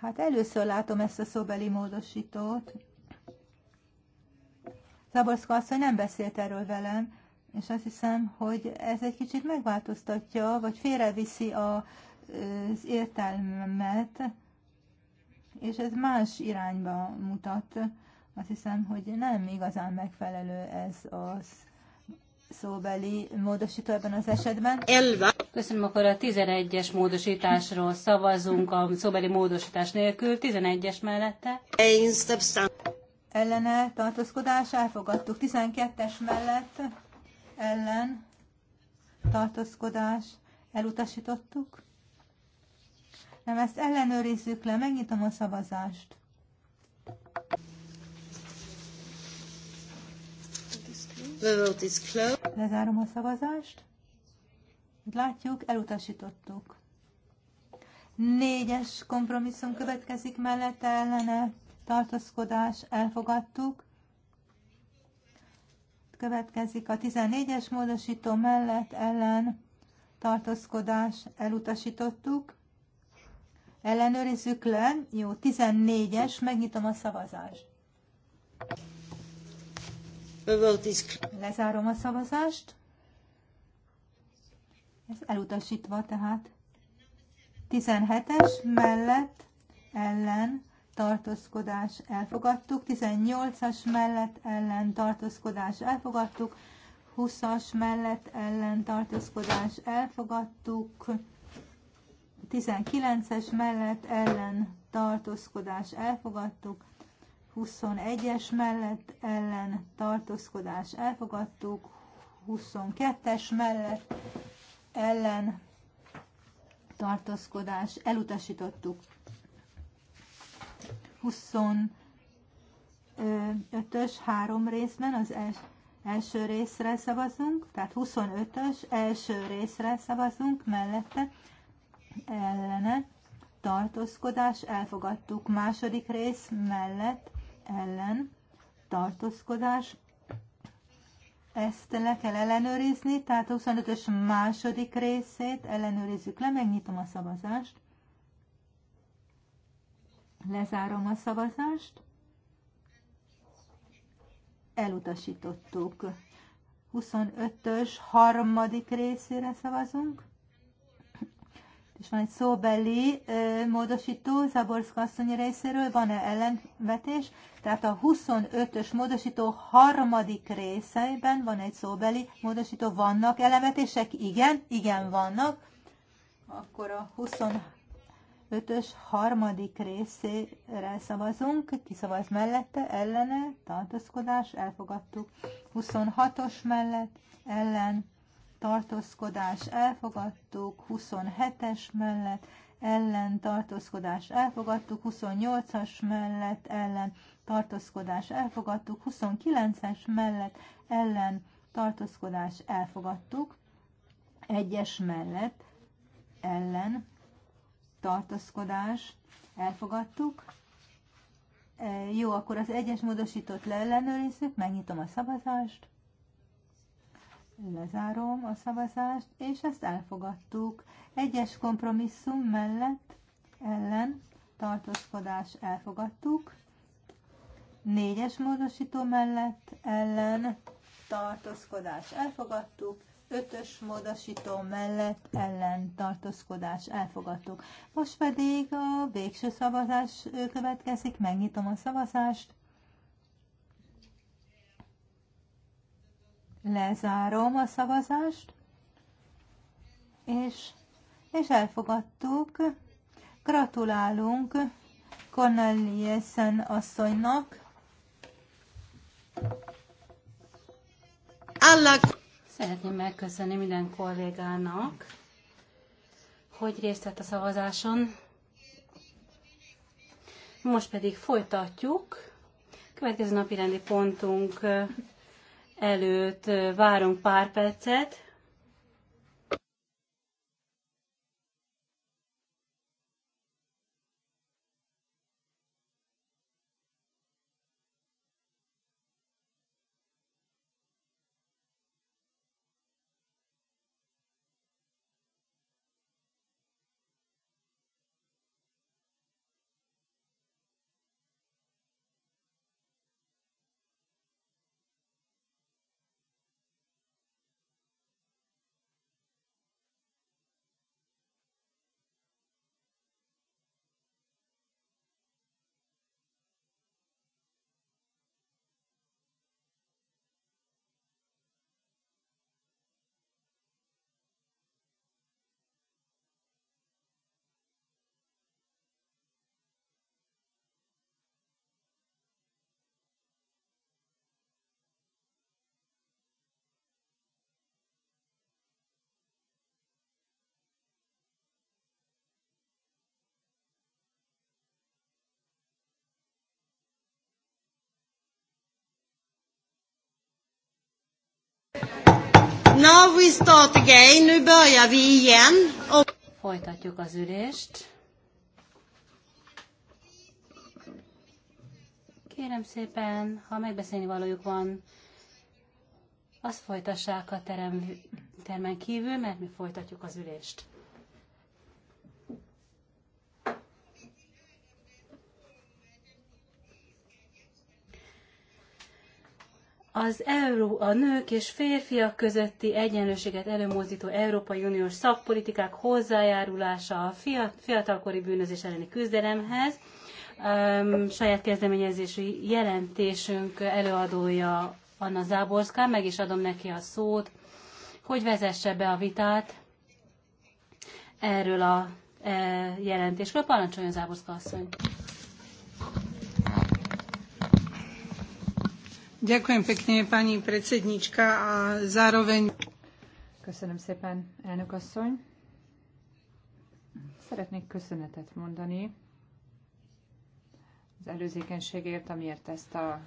Hát először látom ezt a szóbeli módosítót. Zaborszka asszony nem beszélt erről velem, és azt hiszem, hogy ez egy kicsit megváltoztatja, vagy félreviszi a, az értelmet, és ez más irányba mutat. Azt hiszem, hogy nem igazán megfelelő ez az szóbeli módosító ebben az esetben. Elva. Köszönöm, akkor a 11-es módosításról szavazunk a szóbeli módosítás nélkül. 11-es mellette ellene tartózkodás elfogadtuk. 12-es mellett ellen tartózkodás elutasítottuk. Nem, ezt ellenőrizzük le, megnyitom a szavazást. Lezárom a szavazást. Látjuk, elutasítottuk. Négyes kompromisszum következik mellette ellene tartózkodás, elfogadtuk. Következik a 14-es módosító mellett ellen tartózkodás, elutasítottuk. Ellenőrizzük le. Jó, 14-es, megnyitom a szavazást. Lezárom a szavazást. Ez elutasítva tehát. 17-es mellett ellen tartózkodás elfogadtuk, 18-as mellett ellen tartózkodás elfogadtuk, 20-as mellett ellen tartózkodás elfogadtuk, 19-es mellett ellen tartózkodás elfogadtuk, 21-es mellett ellen tartózkodás elfogadtuk, 22-es mellett ellen tartózkodás elutasítottuk. 25-ös három részben az es, első részre szavazunk, tehát 25-ös első részre szavazunk, mellette ellene tartózkodás, elfogadtuk második rész mellett ellen tartózkodás, ezt le kell ellenőrizni, tehát a 25-ös második részét ellenőrizzük le, megnyitom a szavazást. Lezárom a szavazást. Elutasítottuk. 25-ös harmadik részére szavazunk. És van egy szóbeli ö, módosító Zaborszka asszony részéről, van-e ellenvetés? Tehát a 25-ös módosító harmadik részeiben van egy szóbeli módosító, vannak ellenvetések? Igen, igen vannak. Akkor a 23 ötös harmadik részére szavazunk, kiszavaz mellette, ellene, tartózkodás, elfogadtuk. 26-os mellett, ellen, tartózkodás, elfogadtuk. 27-es mellett, ellen, tartózkodás, elfogadtuk. 28-as mellett, ellen, tartózkodás, elfogadtuk. 29-es mellett, ellen, tartózkodás, elfogadtuk. 1-es mellett, ellen, tartózkodás, elfogadtuk. E, jó, akkor az egyes módosítót leellenőrizzük, megnyitom a szavazást, lezárom a szavazást, és ezt elfogadtuk. Egyes kompromisszum mellett ellen tartózkodás elfogadtuk. Négyes módosító mellett ellen tartózkodás elfogadtuk ötös módosító mellett ellen tartózkodás elfogadtuk. Most pedig a végső szavazás következik, megnyitom a szavazást. Lezárom a szavazást, és, és elfogadtuk. Gratulálunk Corneliesen asszonynak. Alla Szeretném megköszönni minden kollégának, hogy részt vett a szavazáson. Most pedig folytatjuk. Következő napi rendi pontunk előtt várunk pár percet, Now we start again. Nu börjar vi igen. Och... Folytatjuk az ülést. Kérem szépen, ha megbeszélni valójuk van, azt folytassák a terem, termen kívül, mert mi folytatjuk az ülést. az Euró, a nők és férfiak közötti egyenlőséget előmozdító Európai Uniós szakpolitikák hozzájárulása a fiatalkori bűnözés elleni küzdelemhez. Um, saját kezdeményezésű jelentésünk előadója Anna Záborszká, meg is adom neki a szót, hogy vezesse be a vitát erről a e, jelentésről. Parancsoljon Záborszka asszony! Ďakujem pekne, pani predsednička, a zároveň... Köszönöm szépen, elnök asszony. Szeretnék köszönetet mondani az előzékenységért, amiért ezt a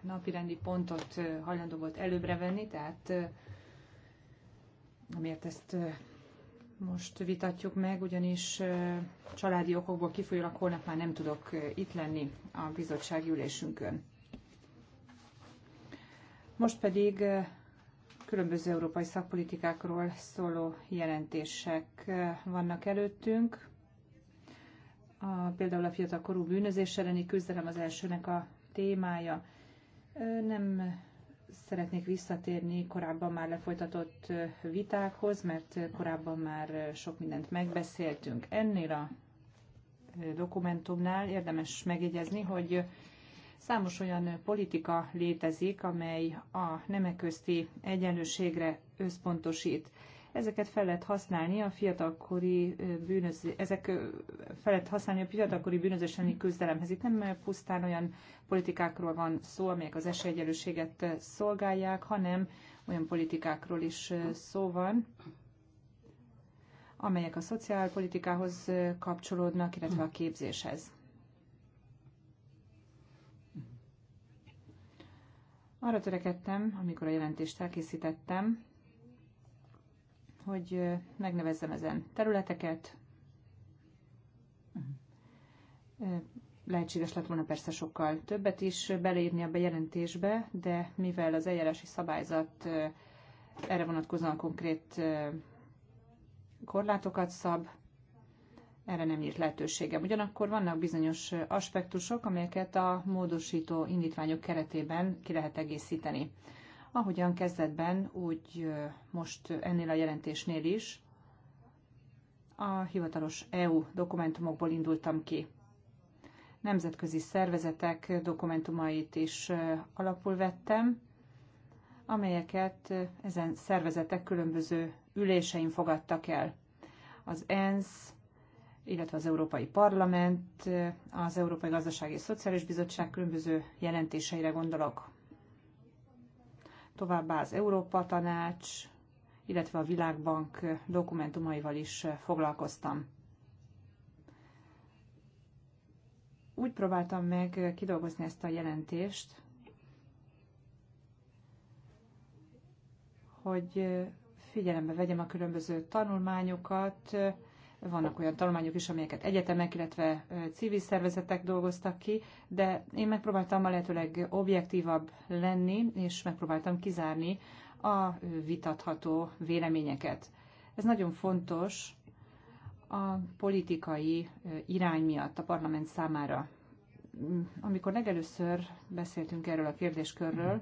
napirendi pontot hajlandó volt előbbre venni, tehát amiért ezt most vitatjuk meg, ugyanis családi okokból kifolyólag holnap már nem tudok itt lenni a bizottsági ülésünkön. Most pedig eh, különböző európai szakpolitikákról szóló jelentések eh, vannak előttünk. A, például a fiatalkorú bűnözés elleni küzdelem az elsőnek a témája. Eh, nem szeretnék visszatérni korábban már lefolytatott vitákhoz, mert korábban már sok mindent megbeszéltünk. Ennél a dokumentumnál érdemes megjegyezni, hogy Számos olyan politika létezik, amely a nemek közti egyenlőségre összpontosít. Ezeket fel lehet használni a fiatalkori bűnözés, ezek fel lehet használni a fiatalkori bűnözés küzdelemhez. Itt nem pusztán olyan politikákról van szó, amelyek az esélyegyelőséget szolgálják, hanem olyan politikákról is szó van, amelyek a szociálpolitikához kapcsolódnak, illetve a képzéshez. Arra törekedtem, amikor a jelentést elkészítettem, hogy megnevezzem ezen területeket. Lehetséges lett volna persze sokkal többet is beleírni a bejelentésbe, de mivel az eljárási szabályzat erre vonatkozóan konkrét korlátokat szab, erre nem nyílt lehetősége. Ugyanakkor vannak bizonyos aspektusok, amelyeket a módosító indítványok keretében ki lehet egészíteni. Ahogyan kezdetben, úgy most ennél a jelentésnél is, a hivatalos EU dokumentumokból indultam ki. Nemzetközi szervezetek dokumentumait is alapul vettem, amelyeket ezen szervezetek különböző ülésein fogadtak el. Az ENSZ, illetve az Európai Parlament, az Európai Gazdasági és Szociális Bizottság különböző jelentéseire gondolok. Továbbá az Európa Tanács, illetve a Világbank dokumentumaival is foglalkoztam. Úgy próbáltam meg kidolgozni ezt a jelentést, hogy figyelembe vegyem a különböző tanulmányokat, vannak olyan tanulmányok is, amelyeket egyetemek, illetve civil szervezetek dolgoztak ki, de én megpróbáltam a lehetőleg objektívabb lenni, és megpróbáltam kizárni a vitatható véleményeket. Ez nagyon fontos a politikai irány miatt a parlament számára. Amikor legelőször beszéltünk erről a kérdéskörről,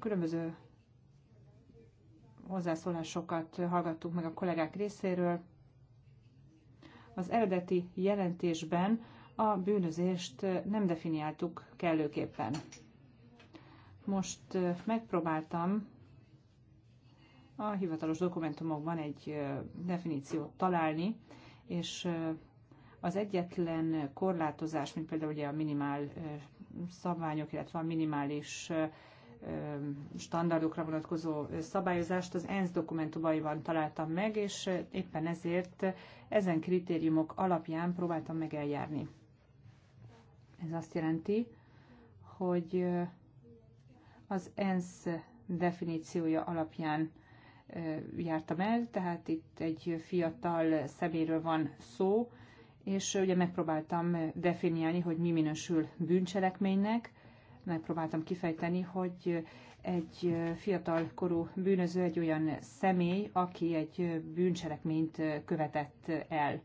különböző hozzászólásokat hallgattuk meg a kollégák részéről. Az eredeti jelentésben a bűnözést nem definiáltuk kellőképpen. Most megpróbáltam a hivatalos dokumentumokban egy definíciót találni, és az egyetlen korlátozás, mint például ugye a minimál szabványok, illetve a minimális standardokra vonatkozó szabályozást az ENSZ dokumentumaiban találtam meg, és éppen ezért ezen kritériumok alapján próbáltam meg eljárni. Ez azt jelenti, hogy az ENSZ definíciója alapján jártam el, tehát itt egy fiatal szeméről van szó, és ugye megpróbáltam definiálni, hogy mi minősül bűncselekménynek, megpróbáltam kifejteni, hogy egy fiatal korú bűnöző egy olyan személy, aki egy bűncselekményt követett el.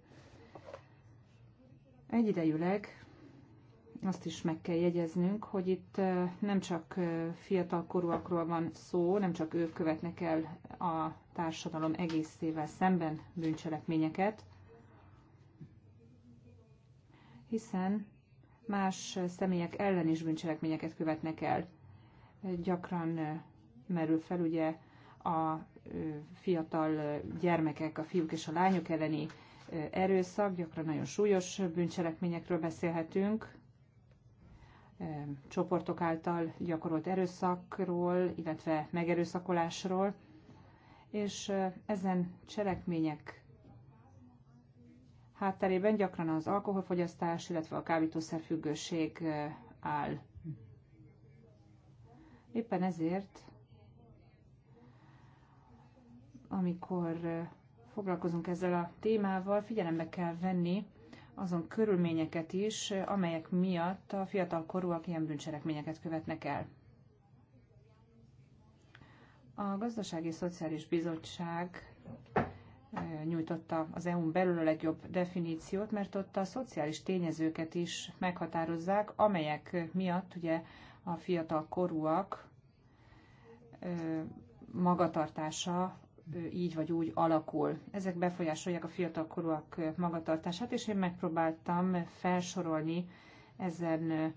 Egyidejűleg azt is meg kell jegyeznünk, hogy itt nem csak fiatalkorúakról van szó, nem csak ők követnek el a társadalom egészével szemben bűncselekményeket, hiszen más személyek ellen is bűncselekményeket követnek el. Gyakran merül fel ugye a fiatal gyermekek, a fiúk és a lányok elleni erőszak, gyakran nagyon súlyos bűncselekményekről beszélhetünk, csoportok által gyakorolt erőszakról, illetve megerőszakolásról, és ezen cselekmények hátterében gyakran az alkoholfogyasztás, illetve a kábítószerfüggőség áll. Éppen ezért, amikor foglalkozunk ezzel a témával, figyelembe kell venni azon körülményeket is, amelyek miatt a fiatal korúak ilyen bűncselekményeket követnek el. A Gazdasági Szociális Bizottság nyújtotta az EU-n belül a legjobb definíciót, mert ott a szociális tényezőket is meghatározzák, amelyek miatt ugye a fiatal korúak magatartása így vagy úgy alakul. Ezek befolyásolják a fiatal korúak magatartását, és én megpróbáltam felsorolni ezen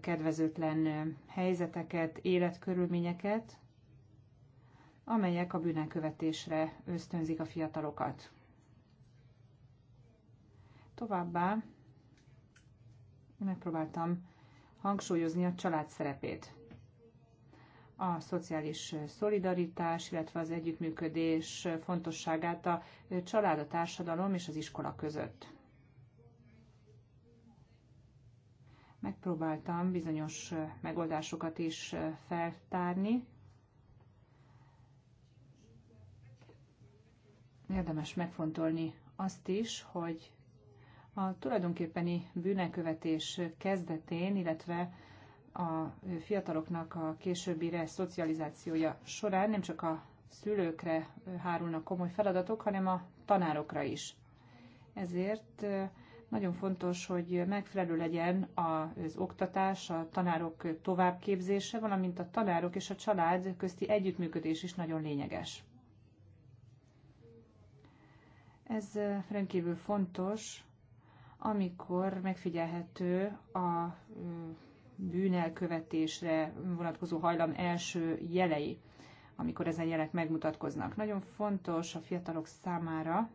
kedvezőtlen helyzeteket, életkörülményeket, amelyek a bűnelkövetésre ösztönzik a fiatalokat. Továbbá megpróbáltam hangsúlyozni a család szerepét. A szociális szolidaritás, illetve az együttműködés fontosságát a család, a társadalom és az iskola között. Megpróbáltam bizonyos megoldásokat is feltárni, érdemes megfontolni azt is, hogy a tulajdonképpeni bűnekövetés kezdetén, illetve a fiataloknak a későbbire szocializációja során nem csak a szülőkre hárulnak komoly feladatok, hanem a tanárokra is. Ezért nagyon fontos, hogy megfelelő legyen az oktatás, a tanárok továbbképzése, valamint a tanárok és a család közti együttműködés is nagyon lényeges. Ez rendkívül fontos, amikor megfigyelhető a bűnelkövetésre vonatkozó hajlam első jelei, amikor ezen jelek megmutatkoznak. Nagyon fontos a fiatalok számára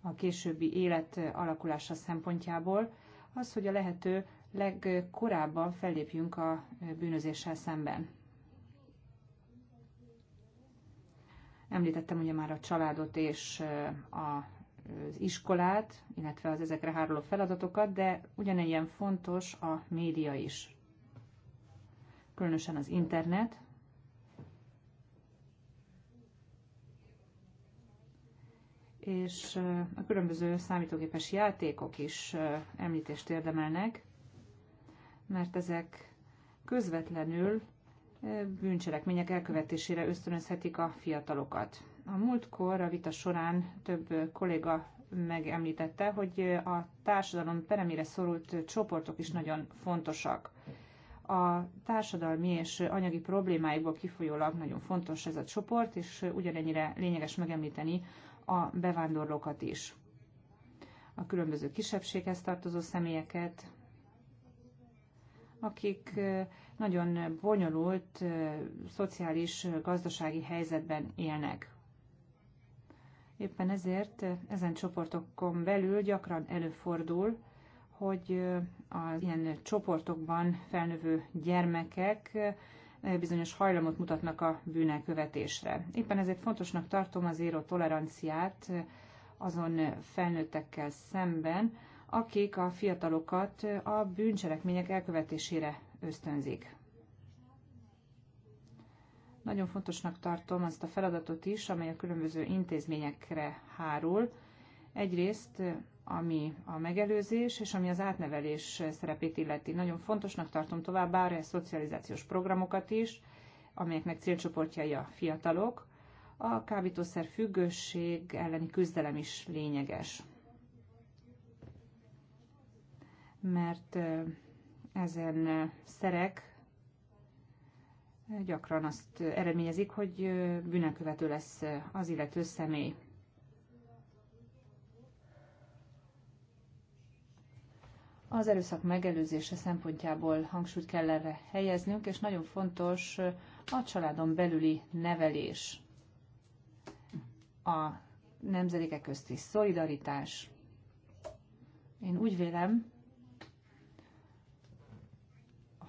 a későbbi élet alakulása szempontjából az, hogy a lehető legkorábban fellépjünk a bűnözéssel szemben. Említettem ugye már a családot és a az iskolát, illetve az ezekre háruló feladatokat, de ugyanilyen fontos a média is. Különösen az internet. És a különböző számítógépes játékok is említést érdemelnek, mert ezek közvetlenül bűncselekmények elkövetésére ösztönözhetik a fiatalokat. A múltkor a vita során több kolléga megemlítette, hogy a társadalom peremére szorult csoportok is nagyon fontosak. A társadalmi és anyagi problémáikból kifolyólag nagyon fontos ez a csoport, és ugyanennyire lényeges megemlíteni a bevándorlókat is. A különböző kisebbséghez tartozó személyeket, akik nagyon bonyolult szociális, gazdasági helyzetben élnek. Éppen ezért ezen csoportokon belül gyakran előfordul, hogy az ilyen csoportokban felnövő gyermekek bizonyos hajlamot mutatnak a bűnelkövetésre. Éppen ezért fontosnak tartom az éró toleranciát azon felnőttekkel szemben, akik a fiatalokat a bűncselekmények elkövetésére ösztönzik. Nagyon fontosnak tartom azt a feladatot is, amely a különböző intézményekre hárul. Egyrészt, ami a megelőzés és ami az átnevelés szerepét illeti. Nagyon fontosnak tartom továbbá a szocializációs programokat is, amelyeknek célcsoportjai a fiatalok. A kábítószer függőség elleni küzdelem is lényeges. mert ezen szerek gyakran azt eredményezik, hogy bűnökövető lesz az illető személy. Az erőszak megelőzése szempontjából hangsúlyt kell erre helyeznünk, és nagyon fontos a családon belüli nevelés, a nemzedékek közti szolidaritás. Én úgy vélem,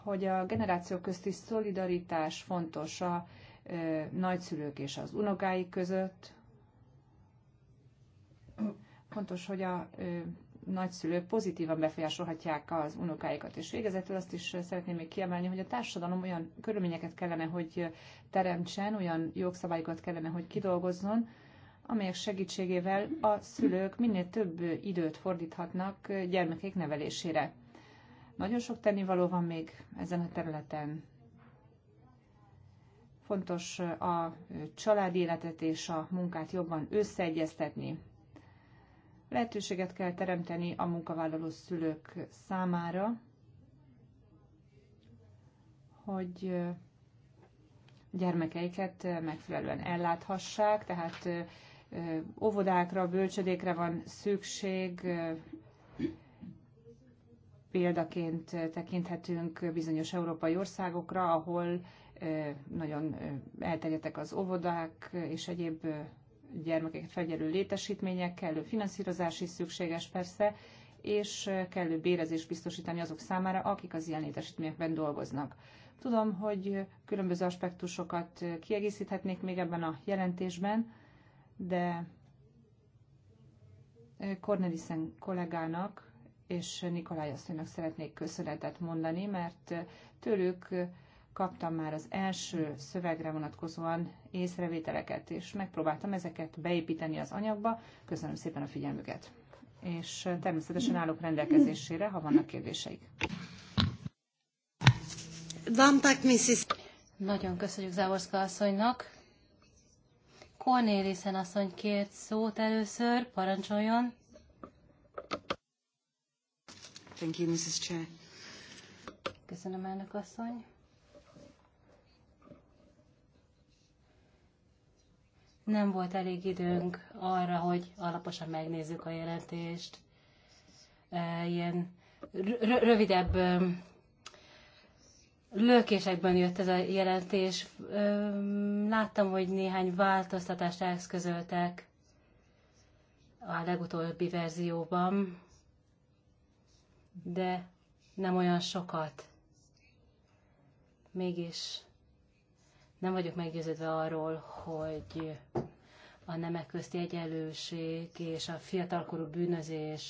hogy a generáció közti szolidaritás fontos a nagyszülők és az unokáik között. Fontos, hogy a nagyszülők pozitívan befolyásolhatják az unokáikat. És végezetül azt is szeretném még kiemelni, hogy a társadalom olyan körülményeket kellene, hogy teremtsen, olyan jogszabályokat kellene, hogy kidolgozzon, amelyek segítségével a szülők minél több időt fordíthatnak gyermekek nevelésére. Nagyon sok tennivaló van még ezen a területen. Fontos a családi életet és a munkát jobban összeegyeztetni. Lehetőséget kell teremteni a munkavállaló szülők számára, hogy gyermekeiket megfelelően elláthassák, tehát óvodákra, bölcsödékre van szükség, példaként tekinthetünk bizonyos európai országokra, ahol nagyon elterjedtek az óvodák és egyéb gyermekeket felgyelő létesítmények, kellő finanszírozás is szükséges persze, és kellő bérezést biztosítani azok számára, akik az ilyen létesítményekben dolgoznak. Tudom, hogy különböző aspektusokat kiegészíthetnék még ebben a jelentésben, de Cornelissen kollégának és Nikolaj asszonynak szeretnék köszönetet mondani, mert tőlük kaptam már az első szövegre vonatkozóan észrevételeket, és megpróbáltam ezeket beépíteni az anyagba. Köszönöm szépen a figyelmüket. És természetesen állok rendelkezésére, ha vannak kérdéseik. Nagyon köszönjük Závorszka asszonynak. Cornélisen asszony kért szót először, parancsoljon. Thank you, Mrs. Chair. Köszönöm, elnök asszony. Nem volt elég időnk arra, hogy alaposan megnézzük a jelentést. E, ilyen rövidebb lökésekben jött ez a jelentés. Láttam, hogy néhány változtatást eszközöltek a legutóbbi verzióban de nem olyan sokat. Mégis nem vagyok meggyőződve arról, hogy a nemek közti egyenlőség és a fiatalkorú bűnözésnek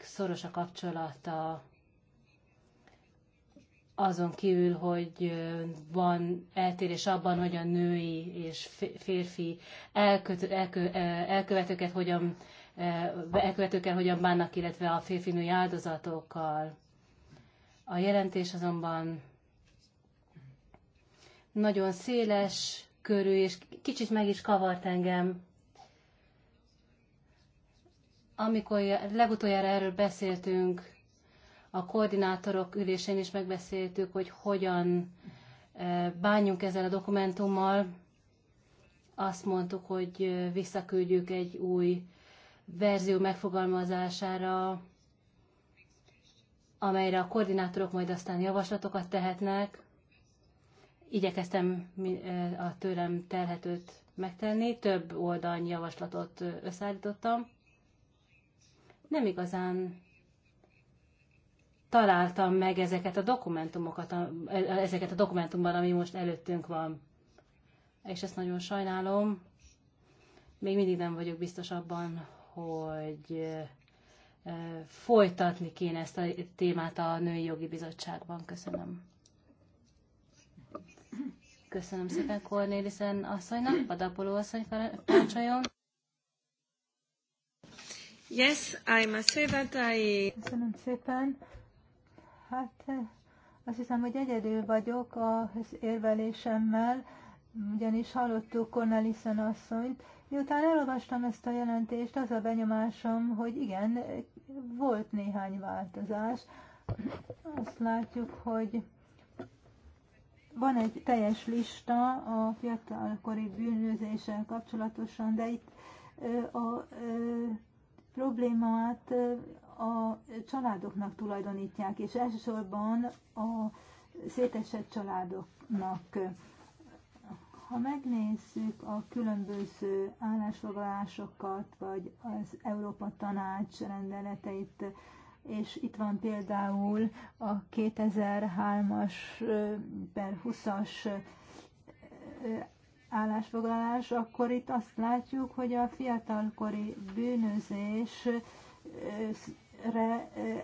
szoros a kapcsolata azon kívül, hogy van eltérés abban, hogy a női és férfi elkö, elkö, elkövetőket hogyan Eh, elkövetőkkel hogyan bánnak, illetve a férfinői áldozatokkal. A jelentés azonban nagyon széles körű, és kicsit meg is kavart engem. Amikor legutoljára erről beszéltünk, a koordinátorok ülésén is megbeszéltük, hogy hogyan eh, bánjunk ezzel a dokumentummal. Azt mondtuk, hogy eh, visszaküldjük egy új verzió megfogalmazására, amelyre a koordinátorok majd aztán javaslatokat tehetnek. Igyekeztem a tőlem telhetőt megtenni, több oldalnyi javaslatot összeállítottam. Nem igazán találtam meg ezeket a dokumentumokat, ezeket a dokumentumban, ami most előttünk van. És ezt nagyon sajnálom. Még mindig nem vagyok biztos abban, hogy folytatni kéne ezt a témát a Női Jogi Bizottságban. Köszönöm. Köszönöm szépen Cornélisen asszonynak, Padapoló asszony parancsoljon. Yes, I'm a servant, I... Köszönöm szépen. Hát azt hiszem, hogy egyedül vagyok az érvelésemmel, ugyanis hallottuk Cornelisen asszonyt, Miután elolvastam ezt a jelentést, az a benyomásom, hogy igen, volt néhány változás. Azt látjuk, hogy van egy teljes lista a fiatalkori bűnözéssel kapcsolatosan, de itt a problémát a családoknak tulajdonítják, és elsősorban a szétesett családoknak ha megnézzük a különböző állásfoglalásokat, vagy az Európa Tanács rendeleteit, és itt van például a 2003-as per 20-as állásfoglalás, akkor itt azt látjuk, hogy a fiatalkori bűnözésre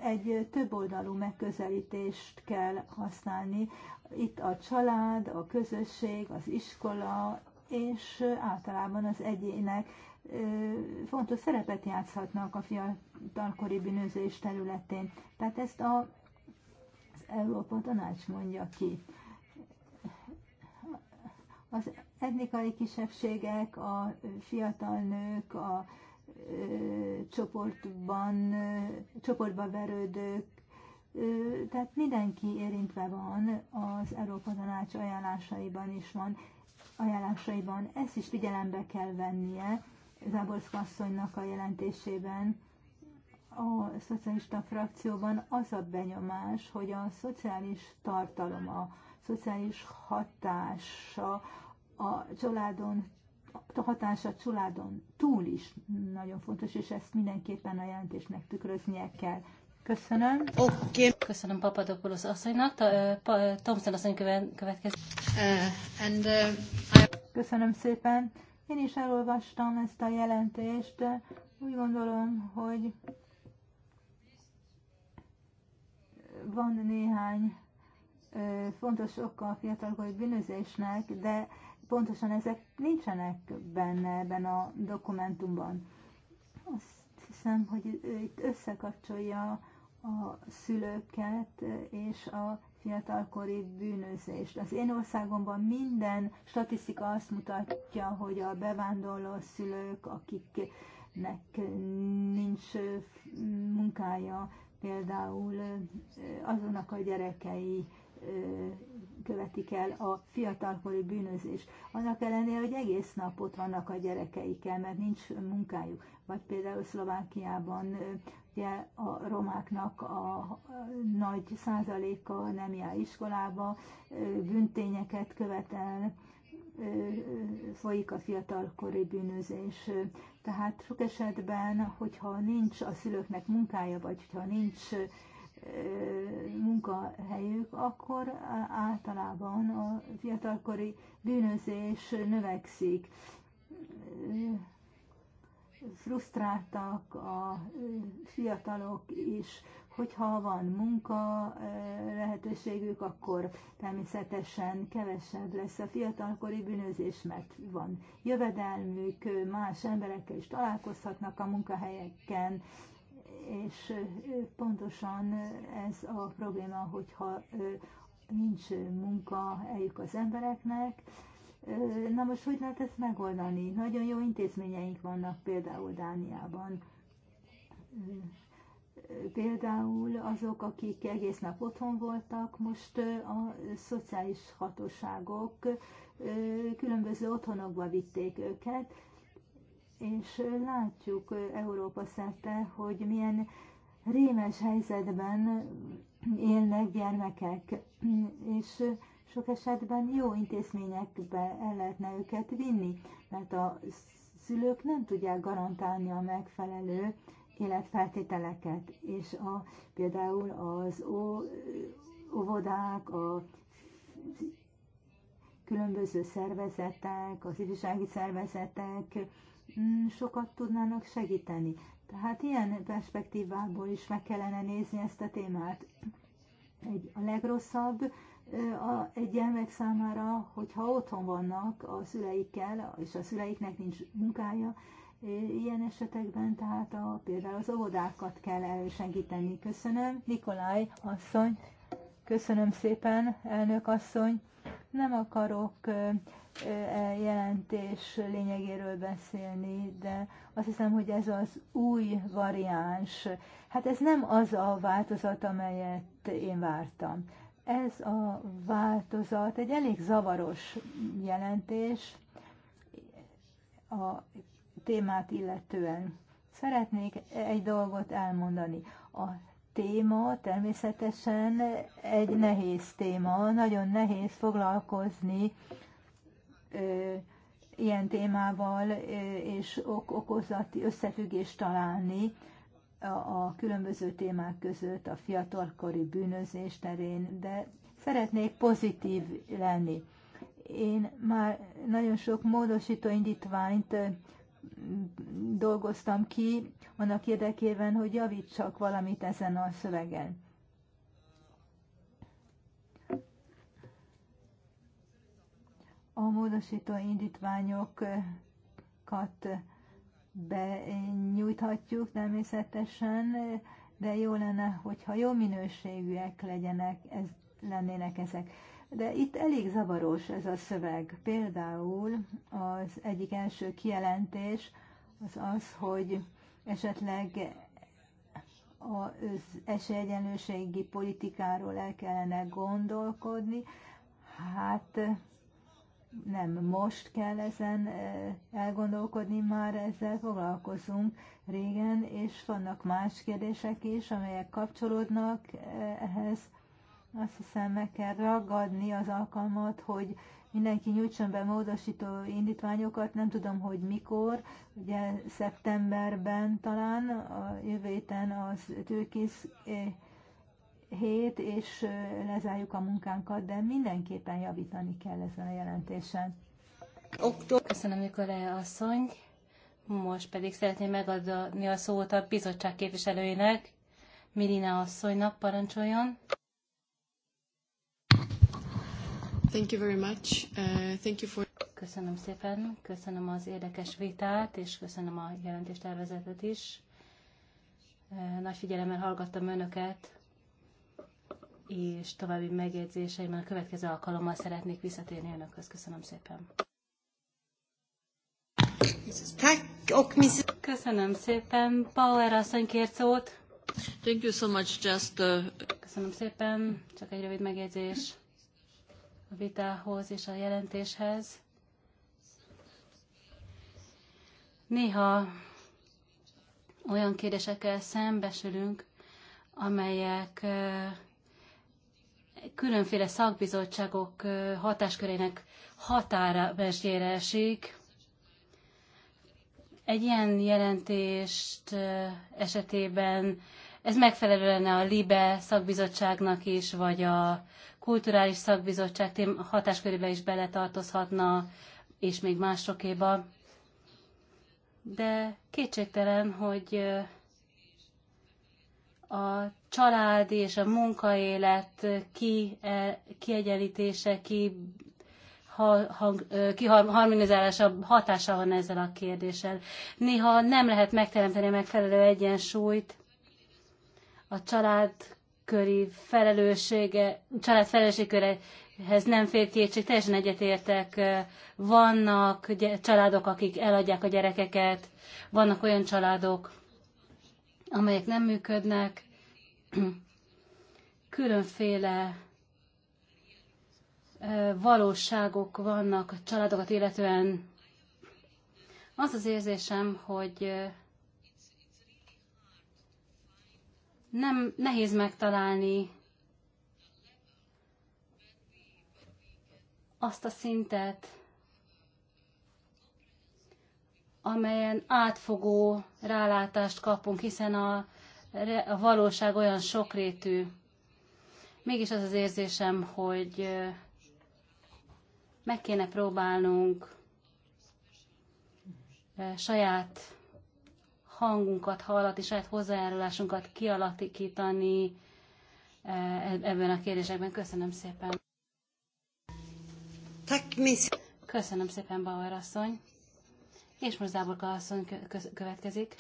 egy többoldalú megközelítést kell használni. Itt a család, a közösség, az iskola és általában az egyének fontos szerepet játszhatnak a fiatalkori bűnözés területén. Tehát ezt a, az Európa Tanács mondja ki. Az etnikai kisebbségek, a fiatal nők, a ö, csoportban, ö, csoportba verődők, tehát mindenki érintve van az Európa Tanács ajánlásaiban is van, ajánlásaiban ezt is figyelembe kell vennie Záborszka asszonynak a jelentésében a szocialista frakcióban az a benyomás, hogy a szociális tartalom, a szociális hatása a családon a hatása családon túl is nagyon fontos, és ezt mindenképpen a jelentésnek tükröznie kell. Köszönöm. Okay. Köszönöm Papadopoulos asszonynak. Thompson asszony következik. Uh, and, uh, I... Köszönöm szépen. Én is elolvastam ezt a jelentést. Úgy gondolom, hogy van néhány fontos oka a fiatalkori bűnözésnek, de pontosan ezek nincsenek benne ebben a dokumentumban. Azt hiszem, hogy itt összekapcsolja a szülőket és a fiatalkori bűnözést. Az én országomban minden statisztika azt mutatja, hogy a bevándorló szülők, akiknek nincs mm, munkája, például azonnak a gyerekei követik el a fiatalkori bűnözés. Annak ellenére, hogy egész nap ott vannak a gyerekeikkel, mert nincs munkájuk. Vagy például Szlovákiában ugye a romáknak a nagy százaléka nem jár iskolába, büntényeket követel, folyik a fiatalkori bűnözés. Tehát sok esetben, hogyha nincs a szülőknek munkája, vagy hogyha nincs munkahelyük, akkor általában a fiatalkori bűnözés növekszik. Frusztráltak a fiatalok is, hogyha van munka lehetőségük, akkor természetesen kevesebb lesz a fiatalkori bűnözés, mert van jövedelmük, más emberekkel is találkozhatnak a munkahelyeken, és pontosan ez a probléma, hogyha nincs munka eljük az embereknek. Na most hogy lehet ezt megoldani? Nagyon jó intézményeink vannak például Dániában. Például azok, akik egész nap otthon voltak, most a szociális hatóságok különböző otthonokba vitték őket, és látjuk Európa szerte, hogy milyen rémes helyzetben élnek gyermekek, és sok esetben jó intézményekbe el lehetne őket vinni, mert a szülők nem tudják garantálni a megfelelő életfeltételeket, és a, például az óvodák, a különböző szervezetek, az ifjúsági szervezetek Mm, sokat tudnának segíteni. Tehát ilyen perspektívából is meg kellene nézni ezt a témát. Egy, a legrosszabb a, egy gyermek számára, hogyha otthon vannak a szüleikkel, és a szüleiknek nincs munkája, ilyen esetekben, tehát a, például az óvodákat kell elősegíteni. Köszönöm, Nikolaj asszony. Köszönöm szépen, elnök asszony. Nem akarok e jelentés lényegéről beszélni, de azt hiszem, hogy ez az új variáns. Hát ez nem az a változat, amelyet én vártam. Ez a változat egy elég zavaros jelentés a témát illetően. Szeretnék egy dolgot elmondani. A téma természetesen egy nehéz téma, nagyon nehéz foglalkozni ö, ilyen témával ö, és ok okozati összefüggést találni a, a különböző témák között a fiatalkori bűnözés terén, de szeretnék pozitív lenni. Én már nagyon sok módosító indítványt dolgoztam ki annak érdekében, hogy javítsak valamit ezen a szövegen. A módosító indítványokat benyújthatjuk természetesen, de jó lenne, hogyha jó minőségűek legyenek, ez, lennének ezek. De itt elég zavaros ez a szöveg. Például az egyik első kijelentés az az, hogy esetleg az esélyegyenlőségi politikáról el kellene gondolkodni. Hát nem most kell ezen elgondolkodni, már ezzel foglalkozunk régen, és vannak más kérdések is, amelyek kapcsolódnak ehhez. Azt hiszem meg kell ragadni az alkalmat, hogy mindenki nyújtson be módosító indítványokat, nem tudom, hogy mikor, ugye szeptemberben talán, a jövő héten az tőkész eh, hét, és eh, lezárjuk a munkánkat, de mindenképpen javítani kell ezen a jelentésen. Köszönöm, Nikolá asszony. Most pedig szeretném megadni a szót a bizottság képviselőjének, Milina asszonynak parancsoljon. Thank you very much. Uh, thank you for... Köszönöm szépen, köszönöm az érdekes vitát, és köszönöm a jelentéstervezetet is. Uh, nagy figyelemmel hallgattam önöket, és további megjegyzéseimben a következő alkalommal szeretnék visszatérni önökhöz. Köszönöm szépen. Köszönöm szépen. Power asszony kért szót. Thank you so much, just... Uh... Köszönöm szépen. Csak egy rövid megjegyzés vitához és a jelentéshez. Néha olyan kérdésekkel szembesülünk, amelyek különféle szakbizottságok hatáskörének határa mesdjére esik. Egy ilyen jelentést esetében ez megfelelő lenne a LIBE szakbizottságnak is, vagy a kulturális szakbizottság hatáskörébe is beletartozhatna, és még másokéba. De kétségtelen, hogy a család és a munkaélet ki, e, kiegyenlítése, ki, ha, hang, kiharmonizálása hatása van ezzel a kérdéssel. Néha nem lehet megteremteni megfelelő egyensúlyt a család köri felelőssége, család felelősségkörehez nem fér kétség, teljesen egyetértek. Vannak családok, akik eladják a gyerekeket, vannak olyan családok, amelyek nem működnek. Különféle valóságok vannak a családokat illetően. Az az érzésem, hogy nem nehéz megtalálni azt a szintet, amelyen átfogó rálátást kapunk, hiszen a, a valóság olyan sokrétű. Mégis az az érzésem, hogy meg kéne próbálnunk saját hangunkat hallat, és saját hozzájárulásunkat kialakítani e, ebben a kérdésekben. Köszönöm szépen. Köszönöm szépen, Bauer asszony. És most Záborka asszony következik.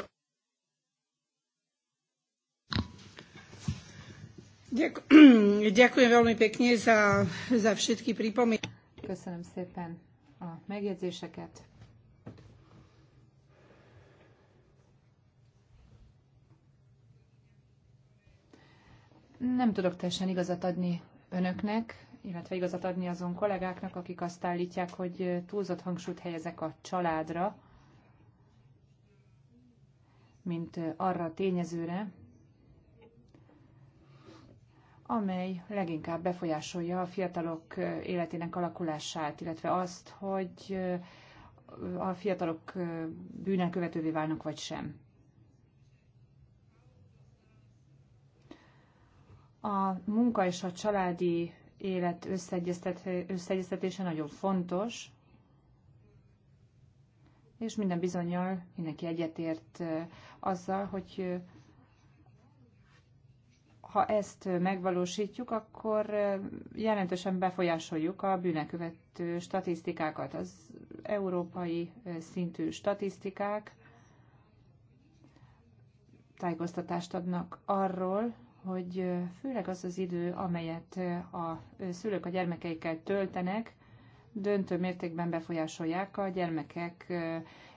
Ďakujem veľmi pekne za, za všetky pripomienky. Köszönöm szépen a megjegyzéseket, Nem tudok teljesen igazat adni önöknek, illetve igazat adni azon kollégáknak, akik azt állítják, hogy túlzott hangsúlyt helyezek a családra, mint arra a tényezőre, amely leginkább befolyásolja a fiatalok életének alakulását, illetve azt, hogy a fiatalok bűnelkövetővé válnak vagy sem. A munka és a családi élet összeegyeztetése nagyon fontos, és minden bizonyal mindenki egyetért azzal, hogy ha ezt megvalósítjuk, akkor jelentősen befolyásoljuk a bűnekövető statisztikákat. Az európai szintű statisztikák tájékoztatást adnak arról, hogy főleg az az idő, amelyet a szülők a gyermekeikkel töltenek, döntő mértékben befolyásolják a gyermekek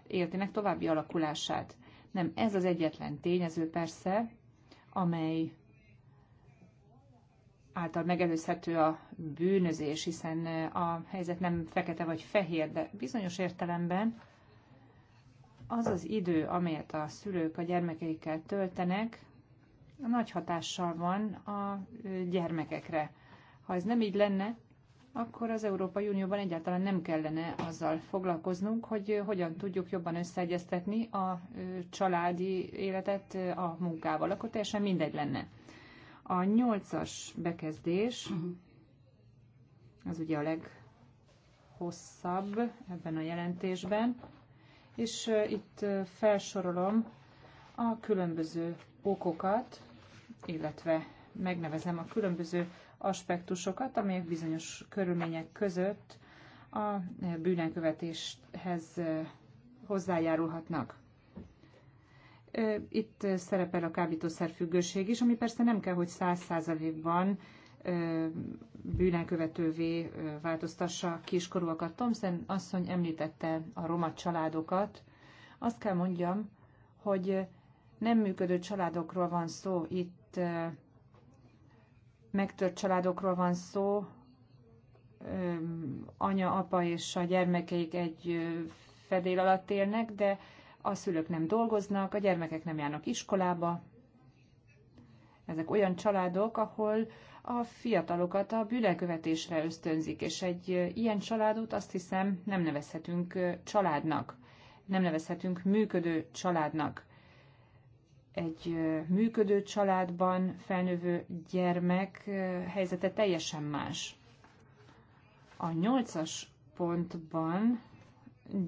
életének további alakulását. Nem ez az egyetlen tényező persze, amely által megelőzhető a bűnözés, hiszen a helyzet nem fekete vagy fehér, de bizonyos értelemben az az idő, amelyet a szülők a gyermekeikkel töltenek, nagy hatással van a gyermekekre. Ha ez nem így lenne, akkor az Európai Unióban egyáltalán nem kellene azzal foglalkoznunk, hogy hogyan tudjuk jobban összeegyeztetni a családi életet a munkával. Akkor teljesen mindegy lenne. A nyolcas bekezdés, uh-huh. az ugye a leghosszabb ebben a jelentésben, és itt felsorolom a különböző okokat, illetve megnevezem a különböző aspektusokat, amelyek bizonyos körülmények között a bűnelkövetéshez hozzájárulhatnak. Itt szerepel a kábítószerfüggőség is, ami persze nem kell, hogy száz százalékban bűnelkövetővé változtassa kiskorúakat. Tomszen asszony említette a roma családokat. Azt kell mondjam, hogy nem működő családokról van szó itt, megtört, megtört családokról van szó, anya, apa és a gyermekeik egy fedél alatt élnek, de a szülők nem dolgoznak, a gyermekek nem járnak iskolába. Ezek olyan családok, ahol a fiatalokat a bűnelkövetésre ösztönzik, és egy ilyen családot azt hiszem nem nevezhetünk családnak, nem nevezhetünk működő családnak egy működő családban felnövő gyermek helyzete teljesen más. A nyolcas pontban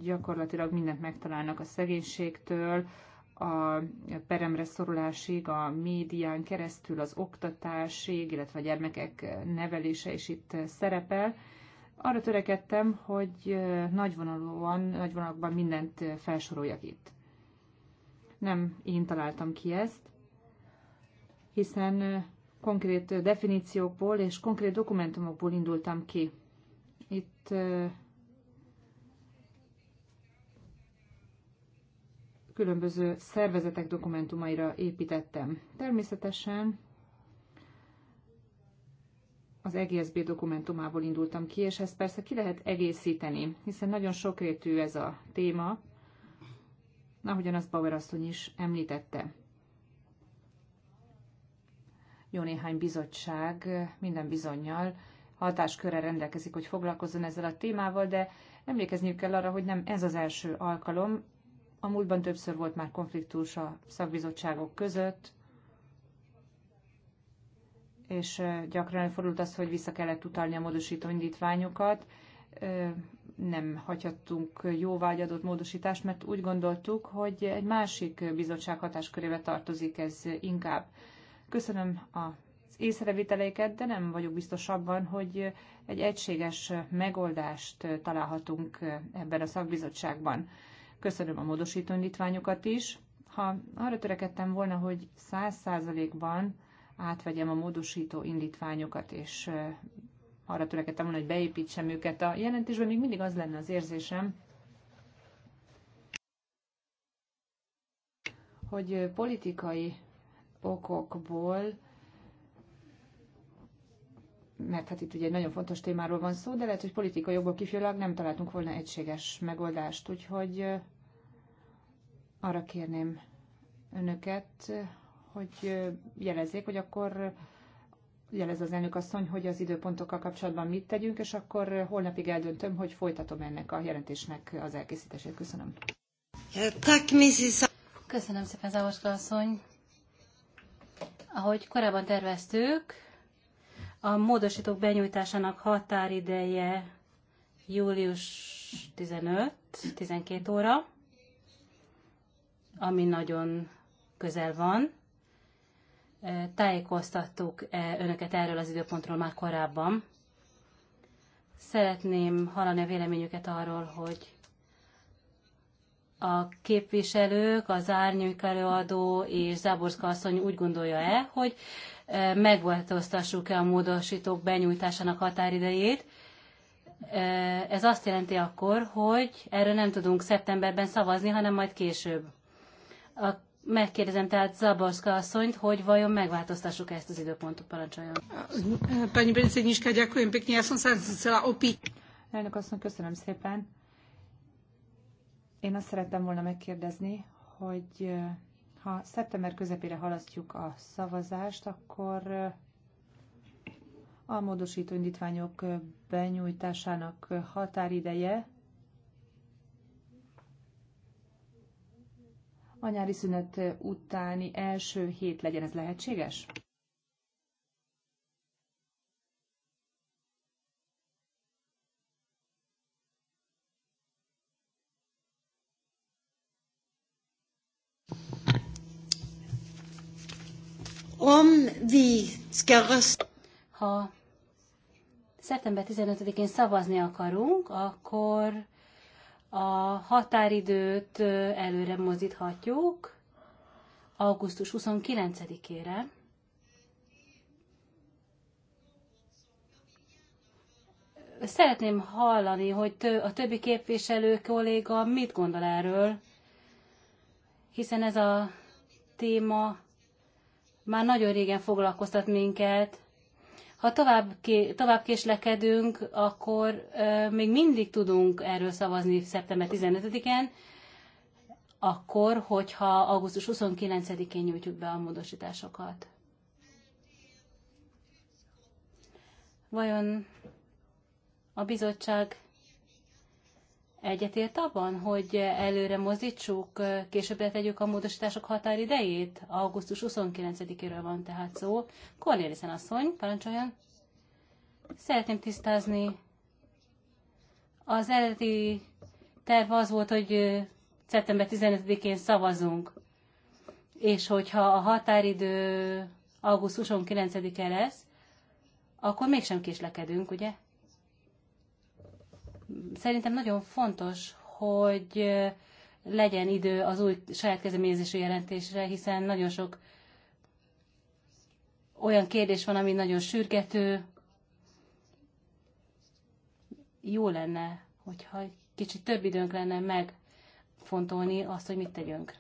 gyakorlatilag mindent megtalálnak a szegénységtől, a peremre szorulásig, a médián keresztül, az oktatásig, illetve a gyermekek nevelése is itt szerepel. Arra törekedtem, hogy nagyvonalúan, nagyvonalakban mindent felsoroljak itt. Nem én találtam ki ezt, hiszen konkrét definíciókból és konkrét dokumentumokból indultam ki. Itt különböző szervezetek dokumentumaira építettem. Természetesen az EGSB dokumentumából indultam ki, és ezt persze ki lehet egészíteni, hiszen nagyon sokrétű ez a téma, ahogyan az Bauer asszony is említette. Jó néhány bizottság minden bizonyal hatáskörre rendelkezik, hogy foglalkozzon ezzel a témával, de emlékezniük kell arra, hogy nem ez az első alkalom. A múltban többször volt már konfliktus a szakbizottságok között, és gyakran fordult az, hogy vissza kellett utalni a módosító indítványokat nem hagyhattunk jóvá egy adott módosítást, mert úgy gondoltuk, hogy egy másik bizottság hatáskörébe tartozik ez inkább. Köszönöm az észreviteleiket, de nem vagyok biztos abban, hogy egy egységes megoldást találhatunk ebben a szakbizottságban. Köszönöm a módosító indítványokat is. Ha arra törekedtem volna, hogy száz százalékban átvegyem a módosító indítványokat, és arra törekedtem volna, hogy beépítsem őket a jelentésben, még mindig az lenne az érzésem, hogy politikai okokból, mert hát itt ugye egy nagyon fontos témáról van szó, de lehet, hogy politikai jogból kifjőleg nem találtunk volna egységes megoldást, úgyhogy arra kérném önöket, hogy jelezzék, hogy akkor jelez az elnök asszony, hogy az időpontokkal kapcsolatban mit tegyünk, és akkor holnapig eldöntöm, hogy folytatom ennek a jelentésnek az elkészítését. Köszönöm. Köszönöm szépen, Zavoska asszony. Ahogy korábban terveztük, a módosítók benyújtásának határideje július 15-12 óra, ami nagyon közel van tájékoztattuk eh, önöket erről az időpontról már korábban. Szeretném hallani a véleményüket arról, hogy a képviselők, az árnyék előadó és Záborszka asszony úgy gondolja-e, hogy eh, megváltoztassuk-e a módosítók benyújtásának határidejét. Eh, ez azt jelenti akkor, hogy erről nem tudunk szeptemberben szavazni, hanem majd később. A megkérdezem tehát Zabarska, asszonyt, hogy vajon megváltoztassuk ezt az időpontot, parancsoljon. Pani predsednička, ďakujem pekne. Ja som sa chcela opi. Elnök asszony, köszönöm szépen. Én azt szerettem volna megkérdezni, hogy ha szeptember közepére halasztjuk a szavazást, akkor a módosító indítványok benyújtásának határideje a nyári szünet utáni első hét legyen. Ez lehetséges? Om vi ska rösta... Ha szeptember 15-én szavazni akarunk, akkor a határidőt előre mozdíthatjuk augusztus 29-ére. Szeretném hallani, hogy a többi képviselő kolléga mit gondol erről, hiszen ez a téma már nagyon régen foglalkoztat minket, ha tovább, ké, tovább késlekedünk, akkor ö, még mindig tudunk erről szavazni szeptember 15-en, akkor, hogyha augusztus 29-én nyújtjuk be a módosításokat. Vajon a bizottság Egyetért abban, hogy előre mozítsuk, későbbre tegyük a módosítások határidejét? Augusztus 29-éről van tehát szó. Cornélisen asszony, parancsoljon! Szeretném tisztázni. Az eredeti terv az volt, hogy szeptember 15-én szavazunk, és hogyha a határidő augusztus 29-e lesz, akkor mégsem késlekedünk, ugye? szerintem nagyon fontos, hogy legyen idő az új saját kezdeményezésű jelentésre, hiszen nagyon sok olyan kérdés van, ami nagyon sürgető. Jó lenne, hogyha kicsit több időnk lenne megfontolni azt, hogy mit tegyünk.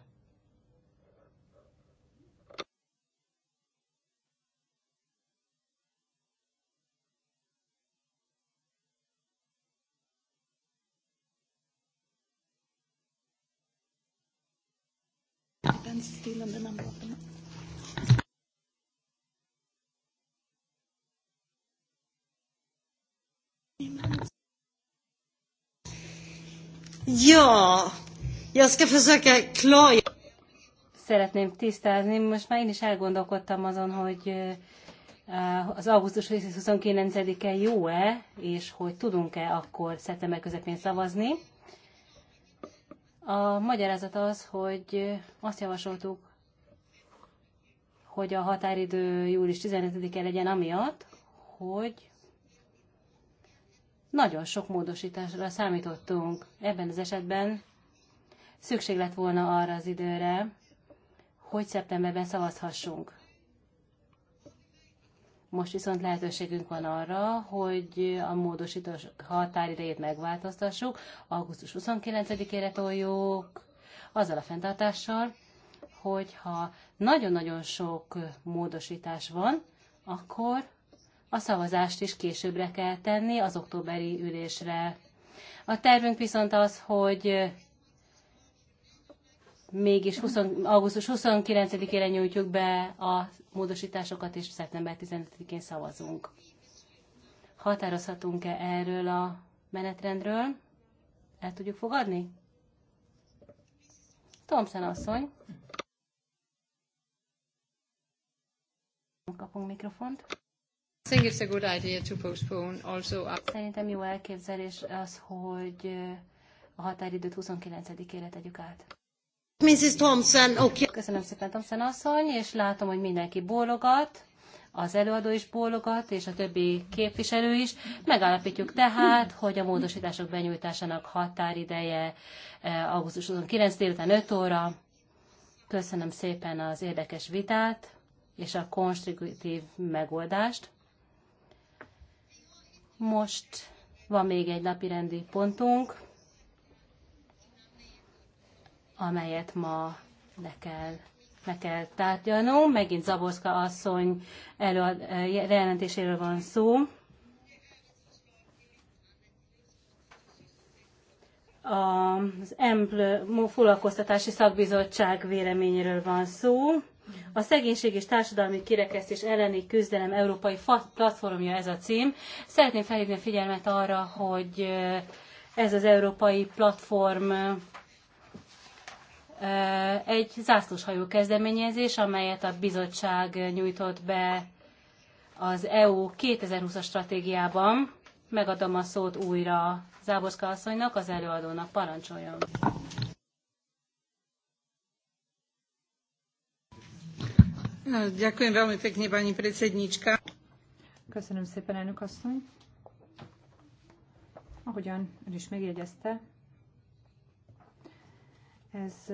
Ja, jag ska försöka klargöra. Szeretném tisztázni, most már én is elgondolkodtam azon, hogy eh, az augusztus 29-e jó-e, és hogy tudunk-e akkor szeptember közepén szavazni. A magyarázat az, hogy azt javasoltuk, hogy a határidő július 15-e legyen amiatt, hogy nagyon sok módosításra számítottunk. Ebben az esetben szükség lett volna arra az időre, hogy szeptemberben szavazhassunk. Most viszont lehetőségünk van arra, hogy a módosítás határidejét megváltoztassuk, augusztus 29-ére toljuk, azzal a fenntartással, hogyha nagyon-nagyon sok módosítás van, akkor a szavazást is későbbre kell tenni az októberi ülésre. A tervünk viszont az, hogy mégis 20, augusztus 29-ére nyújtjuk be a módosításokat, és szeptember 15-én szavazunk. Határozhatunk-e erről a menetrendről? El tudjuk fogadni? Thompson asszony. Kapunk mikrofont. Szerintem jó elképzelés az, hogy a határidőt 29-ére tegyük át. Mrs. Thompson, okay. Köszönöm szépen, Thompson asszony, és látom, hogy mindenki bólogat, az előadó is bólogat, és a többi képviselő is. Megállapítjuk tehát, hogy a módosítások benyújtásának határideje eh, augusztus 29 délután 5 óra. Köszönöm szépen az érdekes vitát és a konstruktív megoldást. Most van még egy napi rendi pontunk, amelyet ma le kell, le kell tárgyalnunk. Megint Zaborszka asszony előad, eh, jelentéséről van szó. az EMPLO foglalkoztatási szakbizottság véleményéről van szó. A szegénység és társadalmi kirekesztés elleni küzdelem európai platformja ez a cím. Szeretném felhívni a figyelmet arra, hogy eh, ez az európai platform egy zászlóshajó kezdeményezés, amelyet a bizottság nyújtott be az EU 2020-as stratégiában. Megadom a szót újra Záborszka asszonynak, az előadónak. Parancsoljon! Köszönöm szépen, elnök asszony. Ahogyan ön is megjegyezte, ez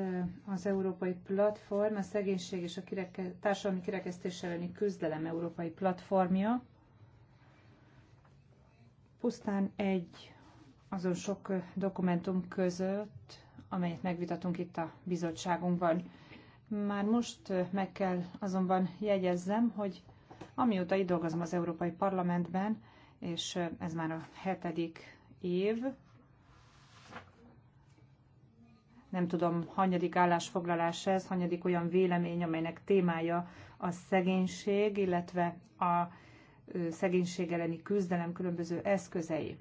az Európai Platform, a Szegénység és a kireke, Társadalmi Kirekesztés elleni Küzdelem Európai Platformja. Pusztán egy azon sok dokumentum között, amelyet megvitatunk itt a bizottságunkban. Már most meg kell azonban jegyezzem, hogy amióta itt dolgozom az Európai Parlamentben, és ez már a hetedik év, nem tudom, hanyadik állásfoglalás ez, hanyadik olyan vélemény, amelynek témája a szegénység, illetve a szegénység elleni küzdelem különböző eszközei.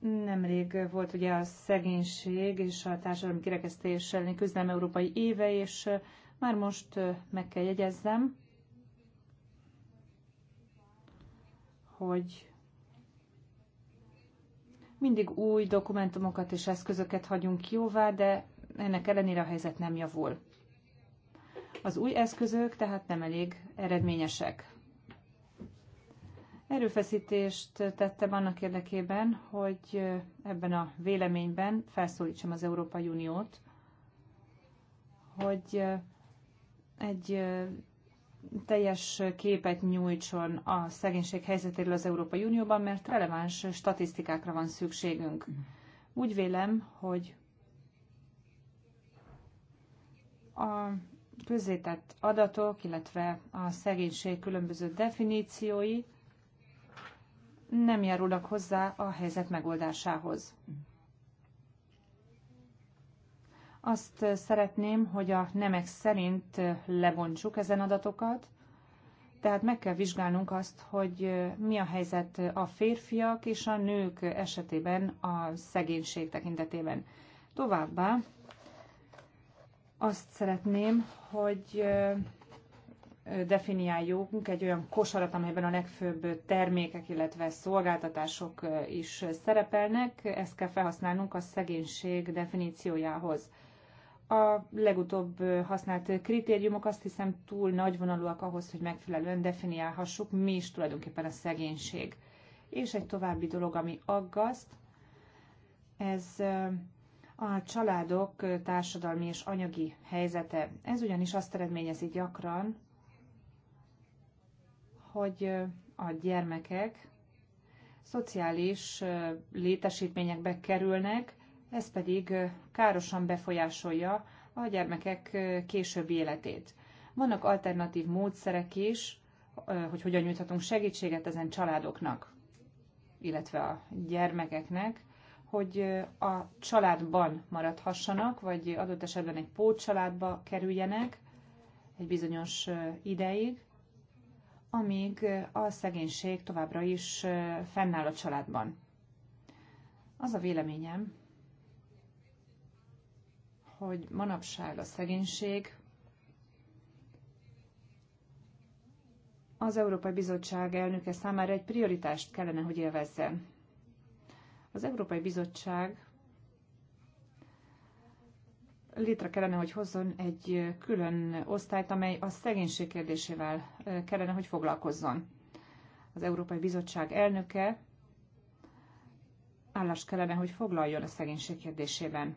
Nemrég volt ugye a szegénység és a társadalmi kirekesztés elleni küzdelem európai éve, és már most meg kell jegyezzem, hogy mindig új dokumentumokat és eszközöket hagyunk jóvá, de ennek ellenére a helyzet nem javul. Az új eszközök tehát nem elég eredményesek. Erőfeszítést tettem annak érdekében, hogy ebben a véleményben felszólítsam az Európai Uniót, hogy egy teljes képet nyújtson a szegénység helyzetéről az Európai Unióban, mert releváns statisztikákra van szükségünk. Úgy vélem, hogy a közzétett adatok, illetve a szegénység különböző definíciói nem járulnak hozzá a helyzet megoldásához. Azt szeretném, hogy a nemek szerint lebontsuk ezen adatokat, tehát meg kell vizsgálnunk azt, hogy mi a helyzet a férfiak és a nők esetében a szegénység tekintetében. Továbbá azt szeretném, hogy definiáljunk egy olyan kosarat, amelyben a legfőbb termékek, illetve szolgáltatások is szerepelnek. Ezt kell felhasználnunk a szegénység definíciójához a legutóbb használt kritériumok azt hiszem túl nagyvonalúak ahhoz, hogy megfelelően definiálhassuk, mi is tulajdonképpen a szegénység. És egy további dolog, ami aggaszt, ez a családok társadalmi és anyagi helyzete. Ez ugyanis azt eredményezi gyakran, hogy a gyermekek szociális létesítményekbe kerülnek, ez pedig károsan befolyásolja a gyermekek későbbi életét. Vannak alternatív módszerek is, hogy hogyan nyújthatunk segítséget ezen családoknak, illetve a gyermekeknek, hogy a családban maradhassanak, vagy adott esetben egy pótcsaládba kerüljenek egy bizonyos ideig, amíg a szegénység továbbra is fennáll a családban. Az a véleményem, hogy manapság a szegénység az Európai Bizottság elnöke számára egy prioritást kellene, hogy élvezzen. Az Európai Bizottság létre kellene, hogy hozzon egy külön osztályt, amely a szegénység kérdésével kellene, hogy foglalkozzon. Az Európai Bizottság elnöke állást kellene, hogy foglaljon a szegénység kérdésében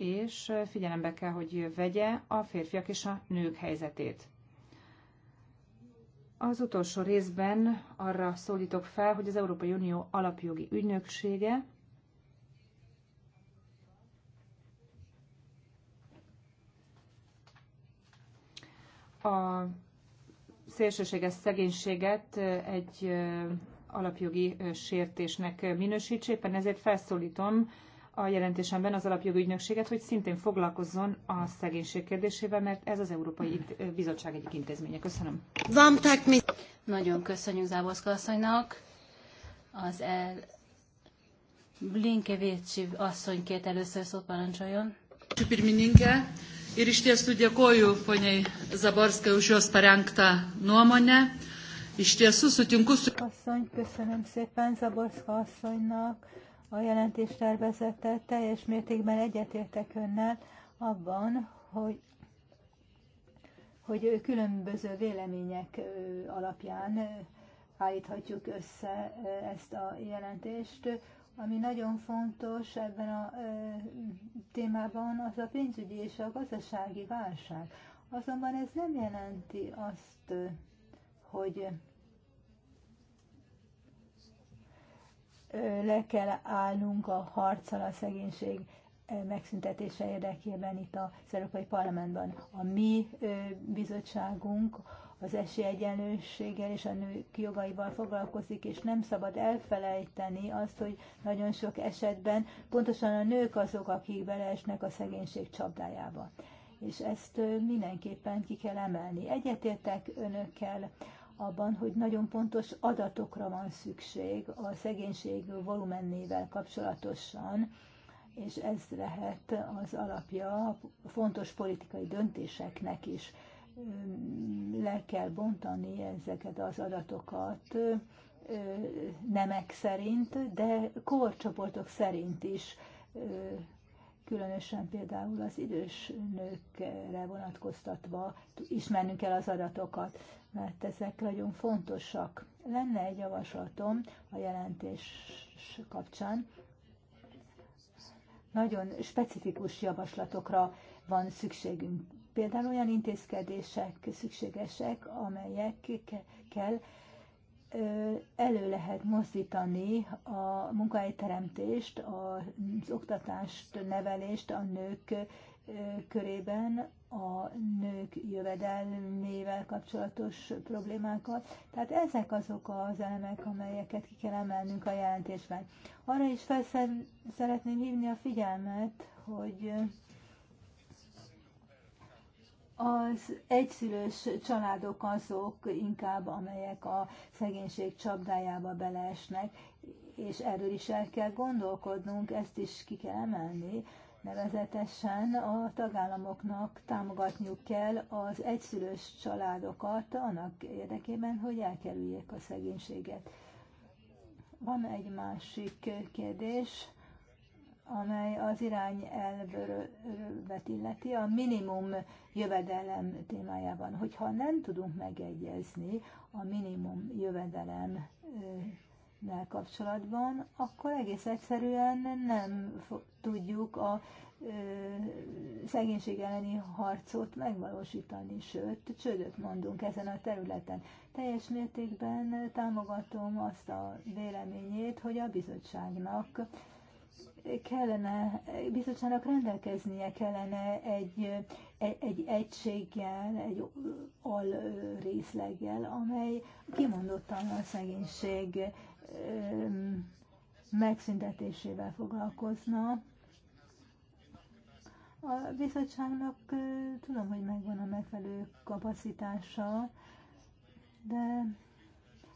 és figyelembe kell, hogy vegye a férfiak és a nők helyzetét. Az utolsó részben arra szólítok fel, hogy az Európai Unió alapjogi ügynöksége a szélsőséges szegénységet egy alapjogi sértésnek minősítsépen éppen ezért felszólítom a jelentésemben az alapjogügynökséget, hogy szintén foglalkozzon a szegénység kérdésével, mert ez az Európai Bizottság egyik intézménye. Köszönöm. Nagyon köszönjük Záborszka asszonynak. Az el Blinkevécsi asszony két először szót parancsoljon. Pirmininkė, ir iš tiesų dėkoju poniai Zaborskai už jos parengtą nuomonę. Iš tiesų sutinku su... Asszony, köszönöm szépen Zaborska a jelentés tervezete teljes mértékben egyetértek önnel abban, hogy, hogy különböző vélemények alapján állíthatjuk össze ezt a jelentést. Ami nagyon fontos ebben a témában, az a pénzügyi és a gazdasági válság. Azonban ez nem jelenti azt, hogy le kell állnunk a harccal a szegénység megszüntetése érdekében itt az Európai Parlamentben. A mi bizottságunk az esélyegyenlőséggel és a nők jogaival foglalkozik, és nem szabad elfelejteni azt, hogy nagyon sok esetben pontosan a nők azok, akik beleesnek a szegénység csapdájába. És ezt mindenképpen ki kell emelni. Egyetértek önökkel abban, hogy nagyon pontos adatokra van szükség a szegénység volumennével kapcsolatosan, és ez lehet az alapja fontos politikai döntéseknek is. Le kell bontani ezeket az adatokat nemek szerint, de korcsoportok szerint is, különösen például az idős nőkre vonatkoztatva ismernünk kell az adatokat mert ezek nagyon fontosak. Lenne egy javaslatom a jelentés kapcsán. Nagyon specifikus javaslatokra van szükségünk. Például olyan intézkedések szükségesek, amelyekkel elő lehet mozdítani a munkahelyteremtést, az oktatást, nevelést a nők körében, a nők jövedelmével kapcsolatos problémákat. Tehát ezek azok az elemek, amelyeket ki kell emelnünk a jelentésben. Arra is fel szeretném hívni a figyelmet, hogy az egyszülős családok azok inkább, amelyek a szegénység csapdájába beleesnek, és erről is el kell gondolkodnunk, ezt is ki kell emelni, Nevezetesen a tagállamoknak támogatniuk kell az egyszülős családokat annak érdekében, hogy elkerüljék a szegénységet. Van egy másik kérdés, amely az irányelvet illeti a minimum jövedelem témájában. Hogyha nem tudunk megegyezni a minimum jövedelem kapcsolatban, akkor egész egyszerűen nem tudjuk a ö, szegénység elleni harcot megvalósítani, sőt, csődöt mondunk ezen a területen. Teljes mértékben támogatom azt a véleményét, hogy a bizottságnak kellene, bizottságnak rendelkeznie kellene egy, e, egy egységgel, egy al részleggel, amely kimondottan a szegénység megszüntetésével foglalkozna. A bizottságnak tudom, hogy megvan a megfelelő kapacitása, de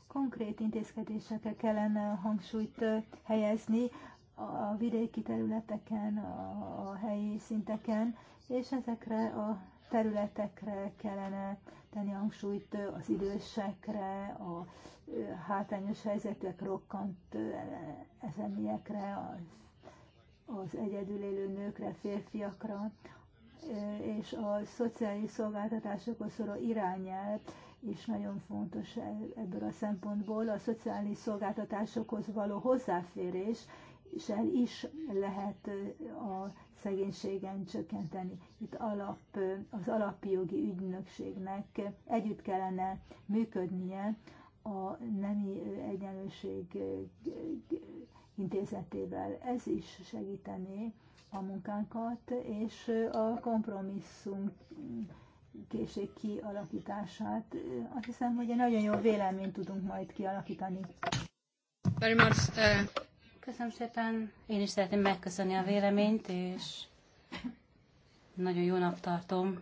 konkrét intézkedésekre kellene hangsúlyt helyezni a vidéki területeken, a helyi szinteken, és ezekre a területekre kellene tenni hangsúlyt az idősekre, a hátrányos helyzetek rokkant eszemiekre, az, az egyedül élő nőkre, férfiakra, és a szociális szolgáltatásokhoz szóló irányelv is nagyon fontos e-, ebből a szempontból. A szociális szolgáltatásokhoz való hozzáférés is lehet a szegénységen csökkenteni. Itt alap, az alapjogi ügynökségnek együtt kellene működnie a nemi egyenlőség intézetével. Ez is segítené a munkánkat, és a kompromisszum készség kialakítását. Azt hiszem, hogy egy nagyon jó véleményt tudunk majd kialakítani. Very much, uh... Köszönöm szépen. Én is szeretném megköszönni a véleményt, és nagyon jó nap tartom.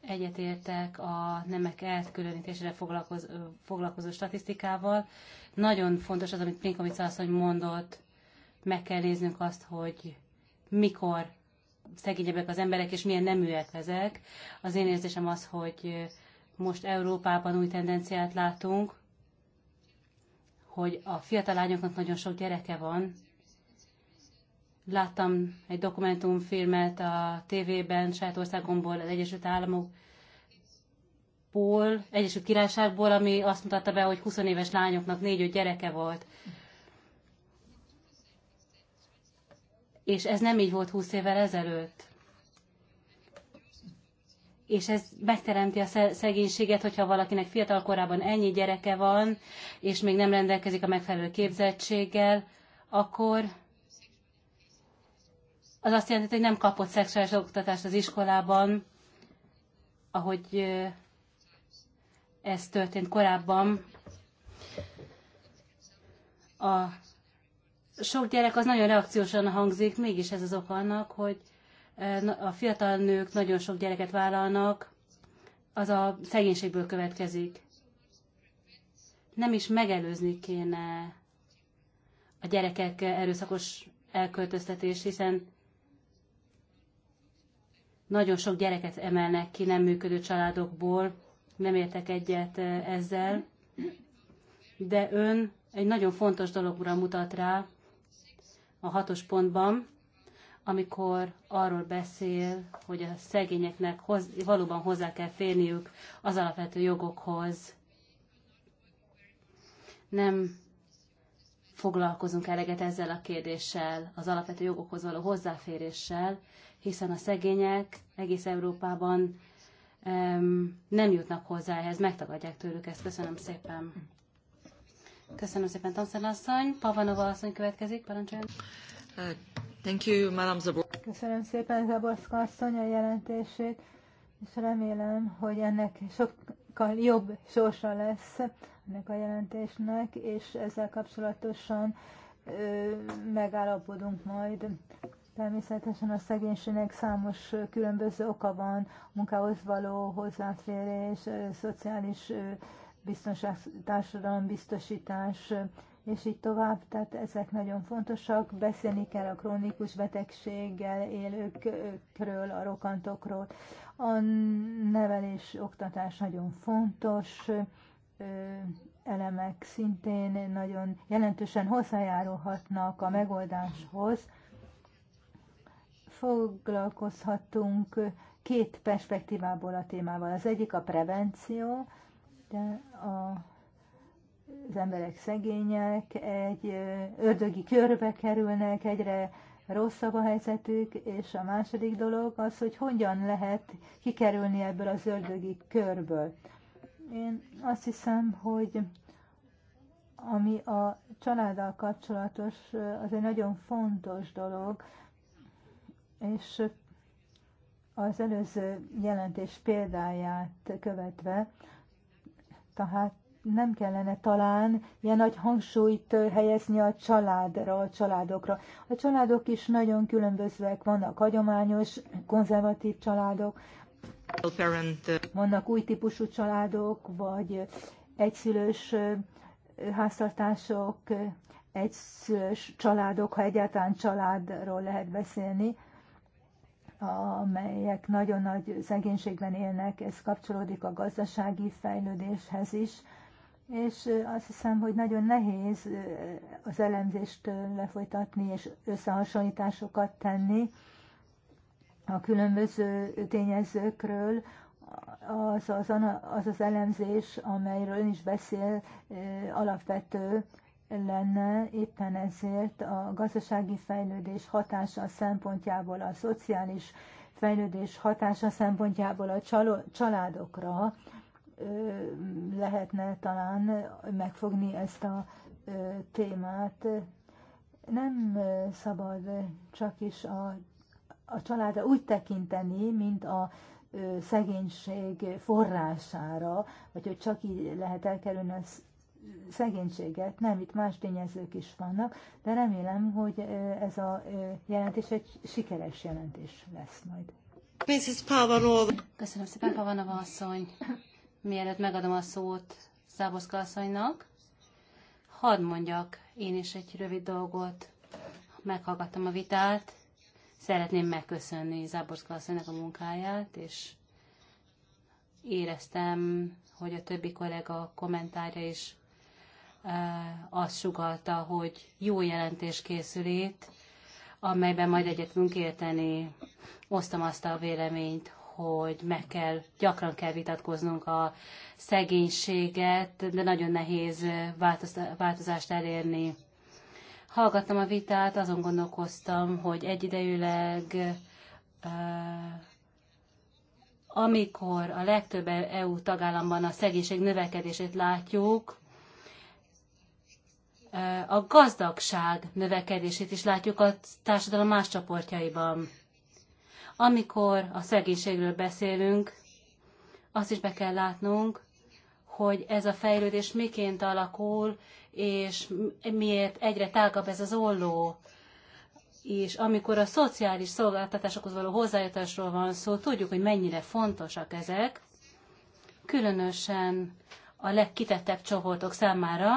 Egyetértek a nemek elkülönítésére foglalkozó, foglalkozó statisztikával. Nagyon fontos az, amit Prinkovica asszony mondott, meg kell néznünk azt, hogy mikor szegényebbek az emberek, és milyen neműek ezek. Az én érzésem az, hogy most Európában új tendenciát látunk, hogy a fiatal lányoknak nagyon sok gyereke van. Láttam egy dokumentumfilmet a tévében, saját országomból, az Egyesült Államokból, Egyesült Királyságból, ami azt mutatta be, hogy 20 éves lányoknak négy-öt gyereke volt. És ez nem így volt 20 évvel ezelőtt és ez megteremti a szegénységet, hogyha valakinek fiatal korában ennyi gyereke van, és még nem rendelkezik a megfelelő képzettséggel, akkor az azt jelenti, hogy nem kapott szexuális oktatást az iskolában, ahogy ez történt korábban. A sok gyerek az nagyon reakciósan hangzik, mégis ez az oka annak, hogy a fiatal nők nagyon sok gyereket vállalnak, az a szegénységből következik. Nem is megelőzni kéne a gyerekek erőszakos elköltöztetés, hiszen nagyon sok gyereket emelnek ki nem működő családokból, nem értek egyet ezzel, de ön egy nagyon fontos dologra mutat rá a hatos pontban, amikor arról beszél, hogy a szegényeknek hoz, valóban hozzá kell férniük az alapvető jogokhoz. Nem foglalkozunk eleget ezzel a kérdéssel, az alapvető jogokhoz való hozzáféréssel, hiszen a szegények egész Európában um, nem jutnak hozzá ehhez, megtagadják tőlük ezt. Köszönöm szépen. Köszönöm szépen, Tanszer asszony. Pavanova asszony következik, parancsoljon. Köszönöm szépen Zaborska asszony a jelentését, és remélem, hogy ennek sokkal jobb sorsa lesz ennek a jelentésnek, és ezzel kapcsolatosan ö, megállapodunk majd. Természetesen a szegénységnek számos különböző oka van, munkához való hozzáférés, szociális biztonság, biztosítás és így tovább, tehát ezek nagyon fontosak. Beszélni kell a krónikus betegséggel élőkről, a rokantokról. A nevelés, oktatás nagyon fontos elemek szintén nagyon jelentősen hozzájárulhatnak a megoldáshoz. Foglalkozhatunk két perspektívából a témával. Az egyik a prevenció, de a az emberek szegények, egy ördögi körbe kerülnek, egyre rosszabb a helyzetük, és a második dolog az, hogy hogyan lehet kikerülni ebből az ördögi körből. Én azt hiszem, hogy ami a családdal kapcsolatos, az egy nagyon fontos dolog, és az előző jelentés példáját követve, tehát nem kellene talán ilyen nagy hangsúlyt helyezni a családra, a családokra. A családok is nagyon különbözőek, vannak hagyományos, konzervatív családok, vannak új típusú családok, vagy egyszülős háztartások, egyszülős családok, ha egyáltalán családról lehet beszélni, amelyek nagyon nagy szegénységben élnek, ez kapcsolódik a gazdasági fejlődéshez is és azt hiszem, hogy nagyon nehéz az elemzést lefolytatni és összehasonlításokat tenni a különböző tényezőkről. Az az, az az elemzés, amelyről ön is beszél, alapvető lenne éppen ezért a gazdasági fejlődés hatása szempontjából, a szociális fejlődés hatása szempontjából a családokra, lehetne talán megfogni ezt a témát. Nem szabad csak is a, a családra úgy tekinteni, mint a szegénység forrására, vagy hogy csak így lehet elkerülni a szegénységet, nem, itt más tényezők is vannak, de remélem, hogy ez a jelentés egy sikeres jelentés lesz majd. Mrs. Köszönöm szépen, Pavanova asszony mielőtt megadom a szót Száboszka asszonynak, hadd mondjak én is egy rövid dolgot. Meghallgattam a vitát, szeretném megköszönni Záborszka asszonynak a munkáját, és éreztem, hogy a többi kollega kommentárja is e, azt sugalta, hogy jó jelentés készülét, amelyben majd egyet érteni. Osztom azt a véleményt, hogy meg kell, gyakran kell vitatkoznunk a szegénységet, de nagyon nehéz változást elérni. Hallgattam a vitát, azon gondolkoztam, hogy egyidejűleg amikor a legtöbb EU e tagállamban a szegénység növekedését látjuk, a gazdagság növekedését is látjuk a társadalom más csoportjaiban. Amikor a szegénységről beszélünk, azt is be kell látnunk, hogy ez a fejlődés miként alakul, és miért egyre tágabb ez az olló. És amikor a szociális szolgáltatásokhoz való hozzájutásról van szó, tudjuk, hogy mennyire fontosak ezek, különösen a legkitettebb csoportok számára,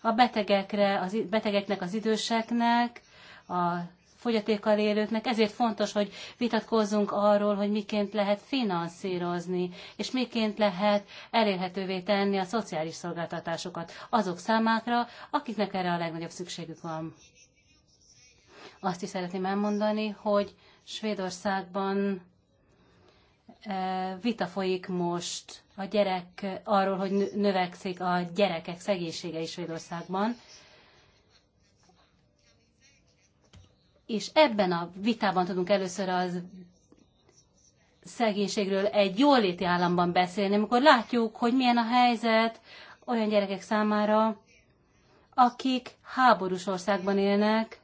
a betegekre, az, betegeknek, az időseknek, a fogyatékkal élőknek, ezért fontos, hogy vitatkozzunk arról, hogy miként lehet finanszírozni, és miként lehet elérhetővé tenni a szociális szolgáltatásokat azok számára, akiknek erre a legnagyobb szükségük van. Azt is szeretném elmondani, hogy Svédországban e, vita folyik most a gyerek, arról, hogy növekszik a gyerekek szegénysége is Svédországban. és ebben a vitában tudunk először az szegénységről egy jóléti államban beszélni, amikor látjuk, hogy milyen a helyzet olyan gyerekek számára, akik háborús országban élnek.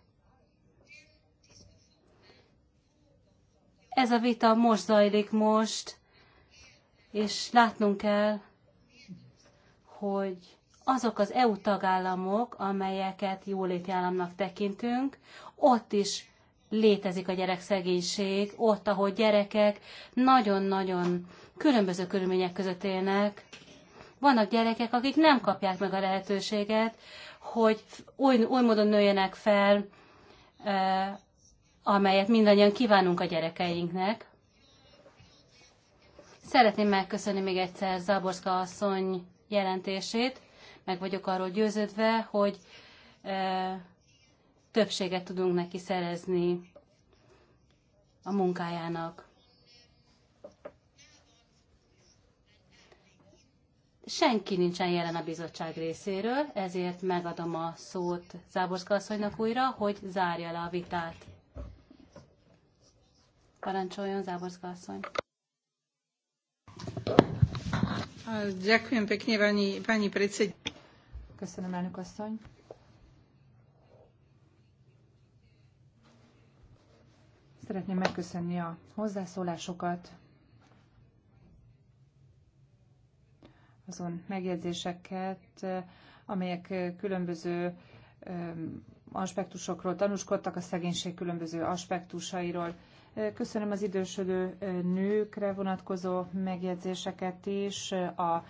Ez a vita most zajlik most, és látnunk kell, hogy azok az EU tagállamok, amelyeket jóléti államnak tekintünk, ott is létezik a gyerekszegénység, ott, ahol gyerekek nagyon-nagyon különböző körülmények között élnek. Vannak gyerekek, akik nem kapják meg a lehetőséget, hogy oly, oly módon nőjenek fel, amelyet mindannyian kívánunk a gyerekeinknek. Szeretném megköszönni még egyszer Zaborszka asszony jelentését. Meg vagyok arról győződve, hogy többséget tudunk neki szerezni a munkájának. Senki nincsen jelen a bizottság részéről, ezért megadom a szót Záborszka asszonynak újra, hogy zárja le a vitát. Parancsoljon Záborszka asszony. Köszönöm, elnök asszony. Szeretném megköszönni a hozzászólásokat, azon megjegyzéseket, amelyek különböző aspektusokról tanúskodtak, a szegénység különböző aspektusairól. Köszönöm az idősödő nőkre vonatkozó megjegyzéseket is, a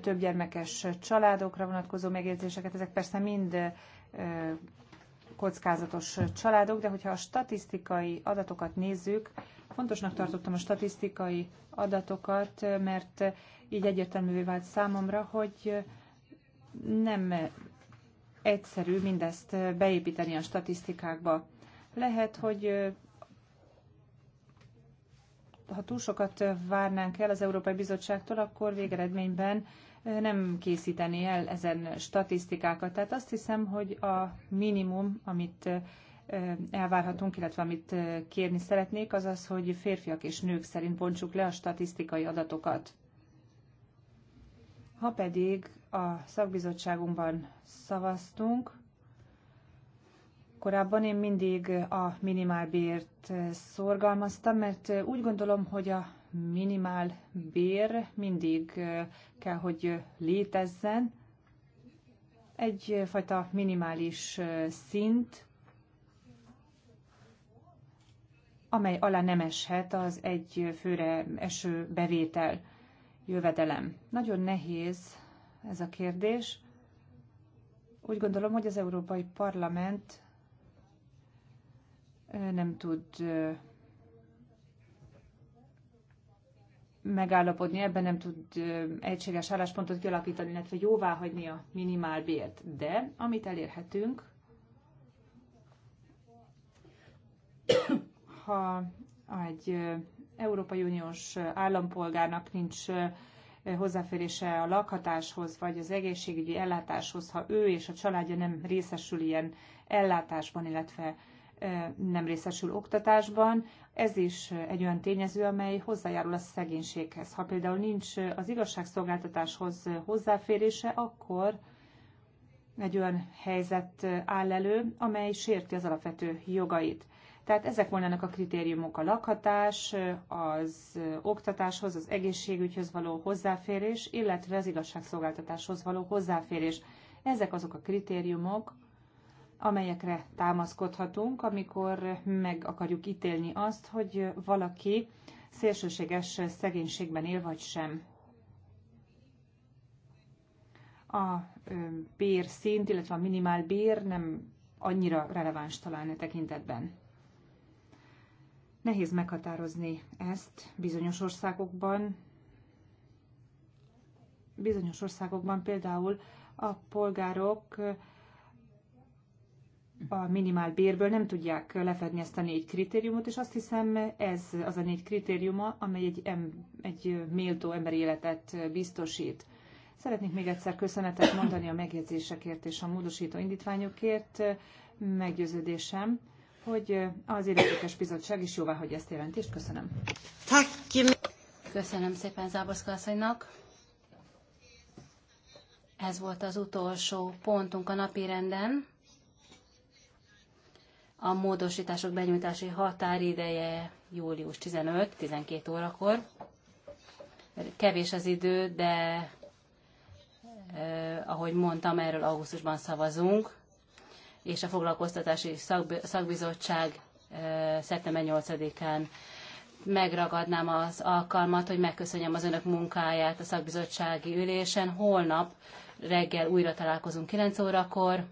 többgyermekes családokra vonatkozó megjegyzéseket. Ezek persze mind kockázatos családok, de hogyha a statisztikai adatokat nézzük, fontosnak tartottam a statisztikai adatokat, mert így egyértelművé vált számomra, hogy nem egyszerű mindezt beépíteni a statisztikákba. Lehet, hogy ha túl sokat várnánk el az Európai Bizottságtól, akkor végeredményben nem készíteni el ezen statisztikákat. Tehát azt hiszem, hogy a minimum, amit elvárhatunk, illetve amit kérni szeretnék, az az, hogy férfiak és nők szerint bontsuk le a statisztikai adatokat. Ha pedig a szakbizottságunkban szavaztunk, korábban én mindig a minimálbért szorgalmaztam, mert úgy gondolom, hogy a minimál bér mindig kell, hogy létezzen. Egyfajta minimális szint, amely alá nem eshet az egy főre eső bevétel, jövedelem. Nagyon nehéz ez a kérdés. Úgy gondolom, hogy az Európai Parlament nem tud megállapodni, ebben nem tud egységes álláspontot kialakítani, illetve jóvá hagyni a minimálbért. De amit elérhetünk, ha egy Európai Uniós állampolgárnak nincs hozzáférése a lakhatáshoz, vagy az egészségügyi ellátáshoz, ha ő és a családja nem részesül ilyen ellátásban, illetve nem részesül oktatásban, ez is egy olyan tényező, amely hozzájárul a szegénységhez. Ha például nincs az igazságszolgáltatáshoz hozzáférése, akkor egy olyan helyzet áll elő, amely sérti az alapvető jogait. Tehát ezek volnának a kritériumok a lakhatás, az oktatáshoz, az egészségügyhöz való hozzáférés, illetve az igazságszolgáltatáshoz való hozzáférés. Ezek azok a kritériumok, amelyekre támaszkodhatunk, amikor meg akarjuk ítélni azt, hogy valaki szélsőséges szegénységben él vagy sem. A bér szint, illetve a minimál bér nem annyira releváns talán a e tekintetben. Nehéz meghatározni ezt bizonyos országokban. Bizonyos országokban például a polgárok a minimál bérből nem tudják lefedni ezt a négy kritériumot, és azt hiszem ez az a négy kritériuma, amely egy, em, egy méltó emberi életet biztosít. Szeretnék még egyszer köszönetet mondani a megjegyzésekért és a módosító indítványokért. Meggyőződésem, hogy az Illetékes Bizottság is jóvá hogy ezt jelentést. Köszönöm. Köszönöm szépen Záborszka asszonynak. Ez volt az utolsó pontunk a napirenden. A módosítások benyújtási határideje július 15-12 órakor. Kevés az idő, de eh, ahogy mondtam, erről augusztusban szavazunk, és a foglalkoztatási szakb- szakbizottság eh, szeptember 8-án megragadnám az alkalmat, hogy megköszönjem az önök munkáját a szakbizottsági ülésen. Holnap reggel újra találkozunk 9 órakor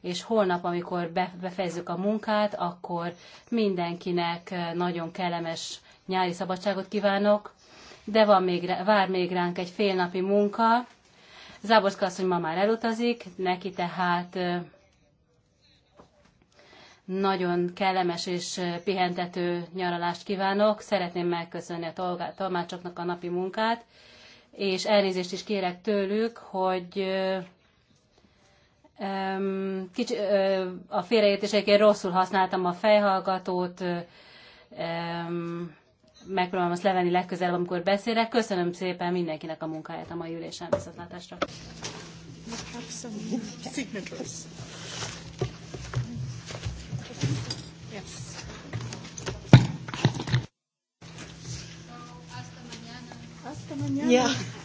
és holnap, amikor befejezzük a munkát, akkor mindenkinek eh, nagyon kellemes nyári szabadságot kívánok, de van még, vár még ránk egy félnapi munka. Záborszka asszony ma már elutazik, neki tehát eh, nagyon kellemes és eh, pihentető nyaralást kívánok. Szeretném megköszönni a tolmácsoknak a napi munkát, és elnézést is kérek tőlük, hogy Kicsi, a félreértésekért rosszul használtam a fejhallgatót, megpróbálom azt levenni legközelebb, amikor beszélek. Köszönöm szépen mindenkinek a munkáját a mai ülésen viszontlátásra. Yeah.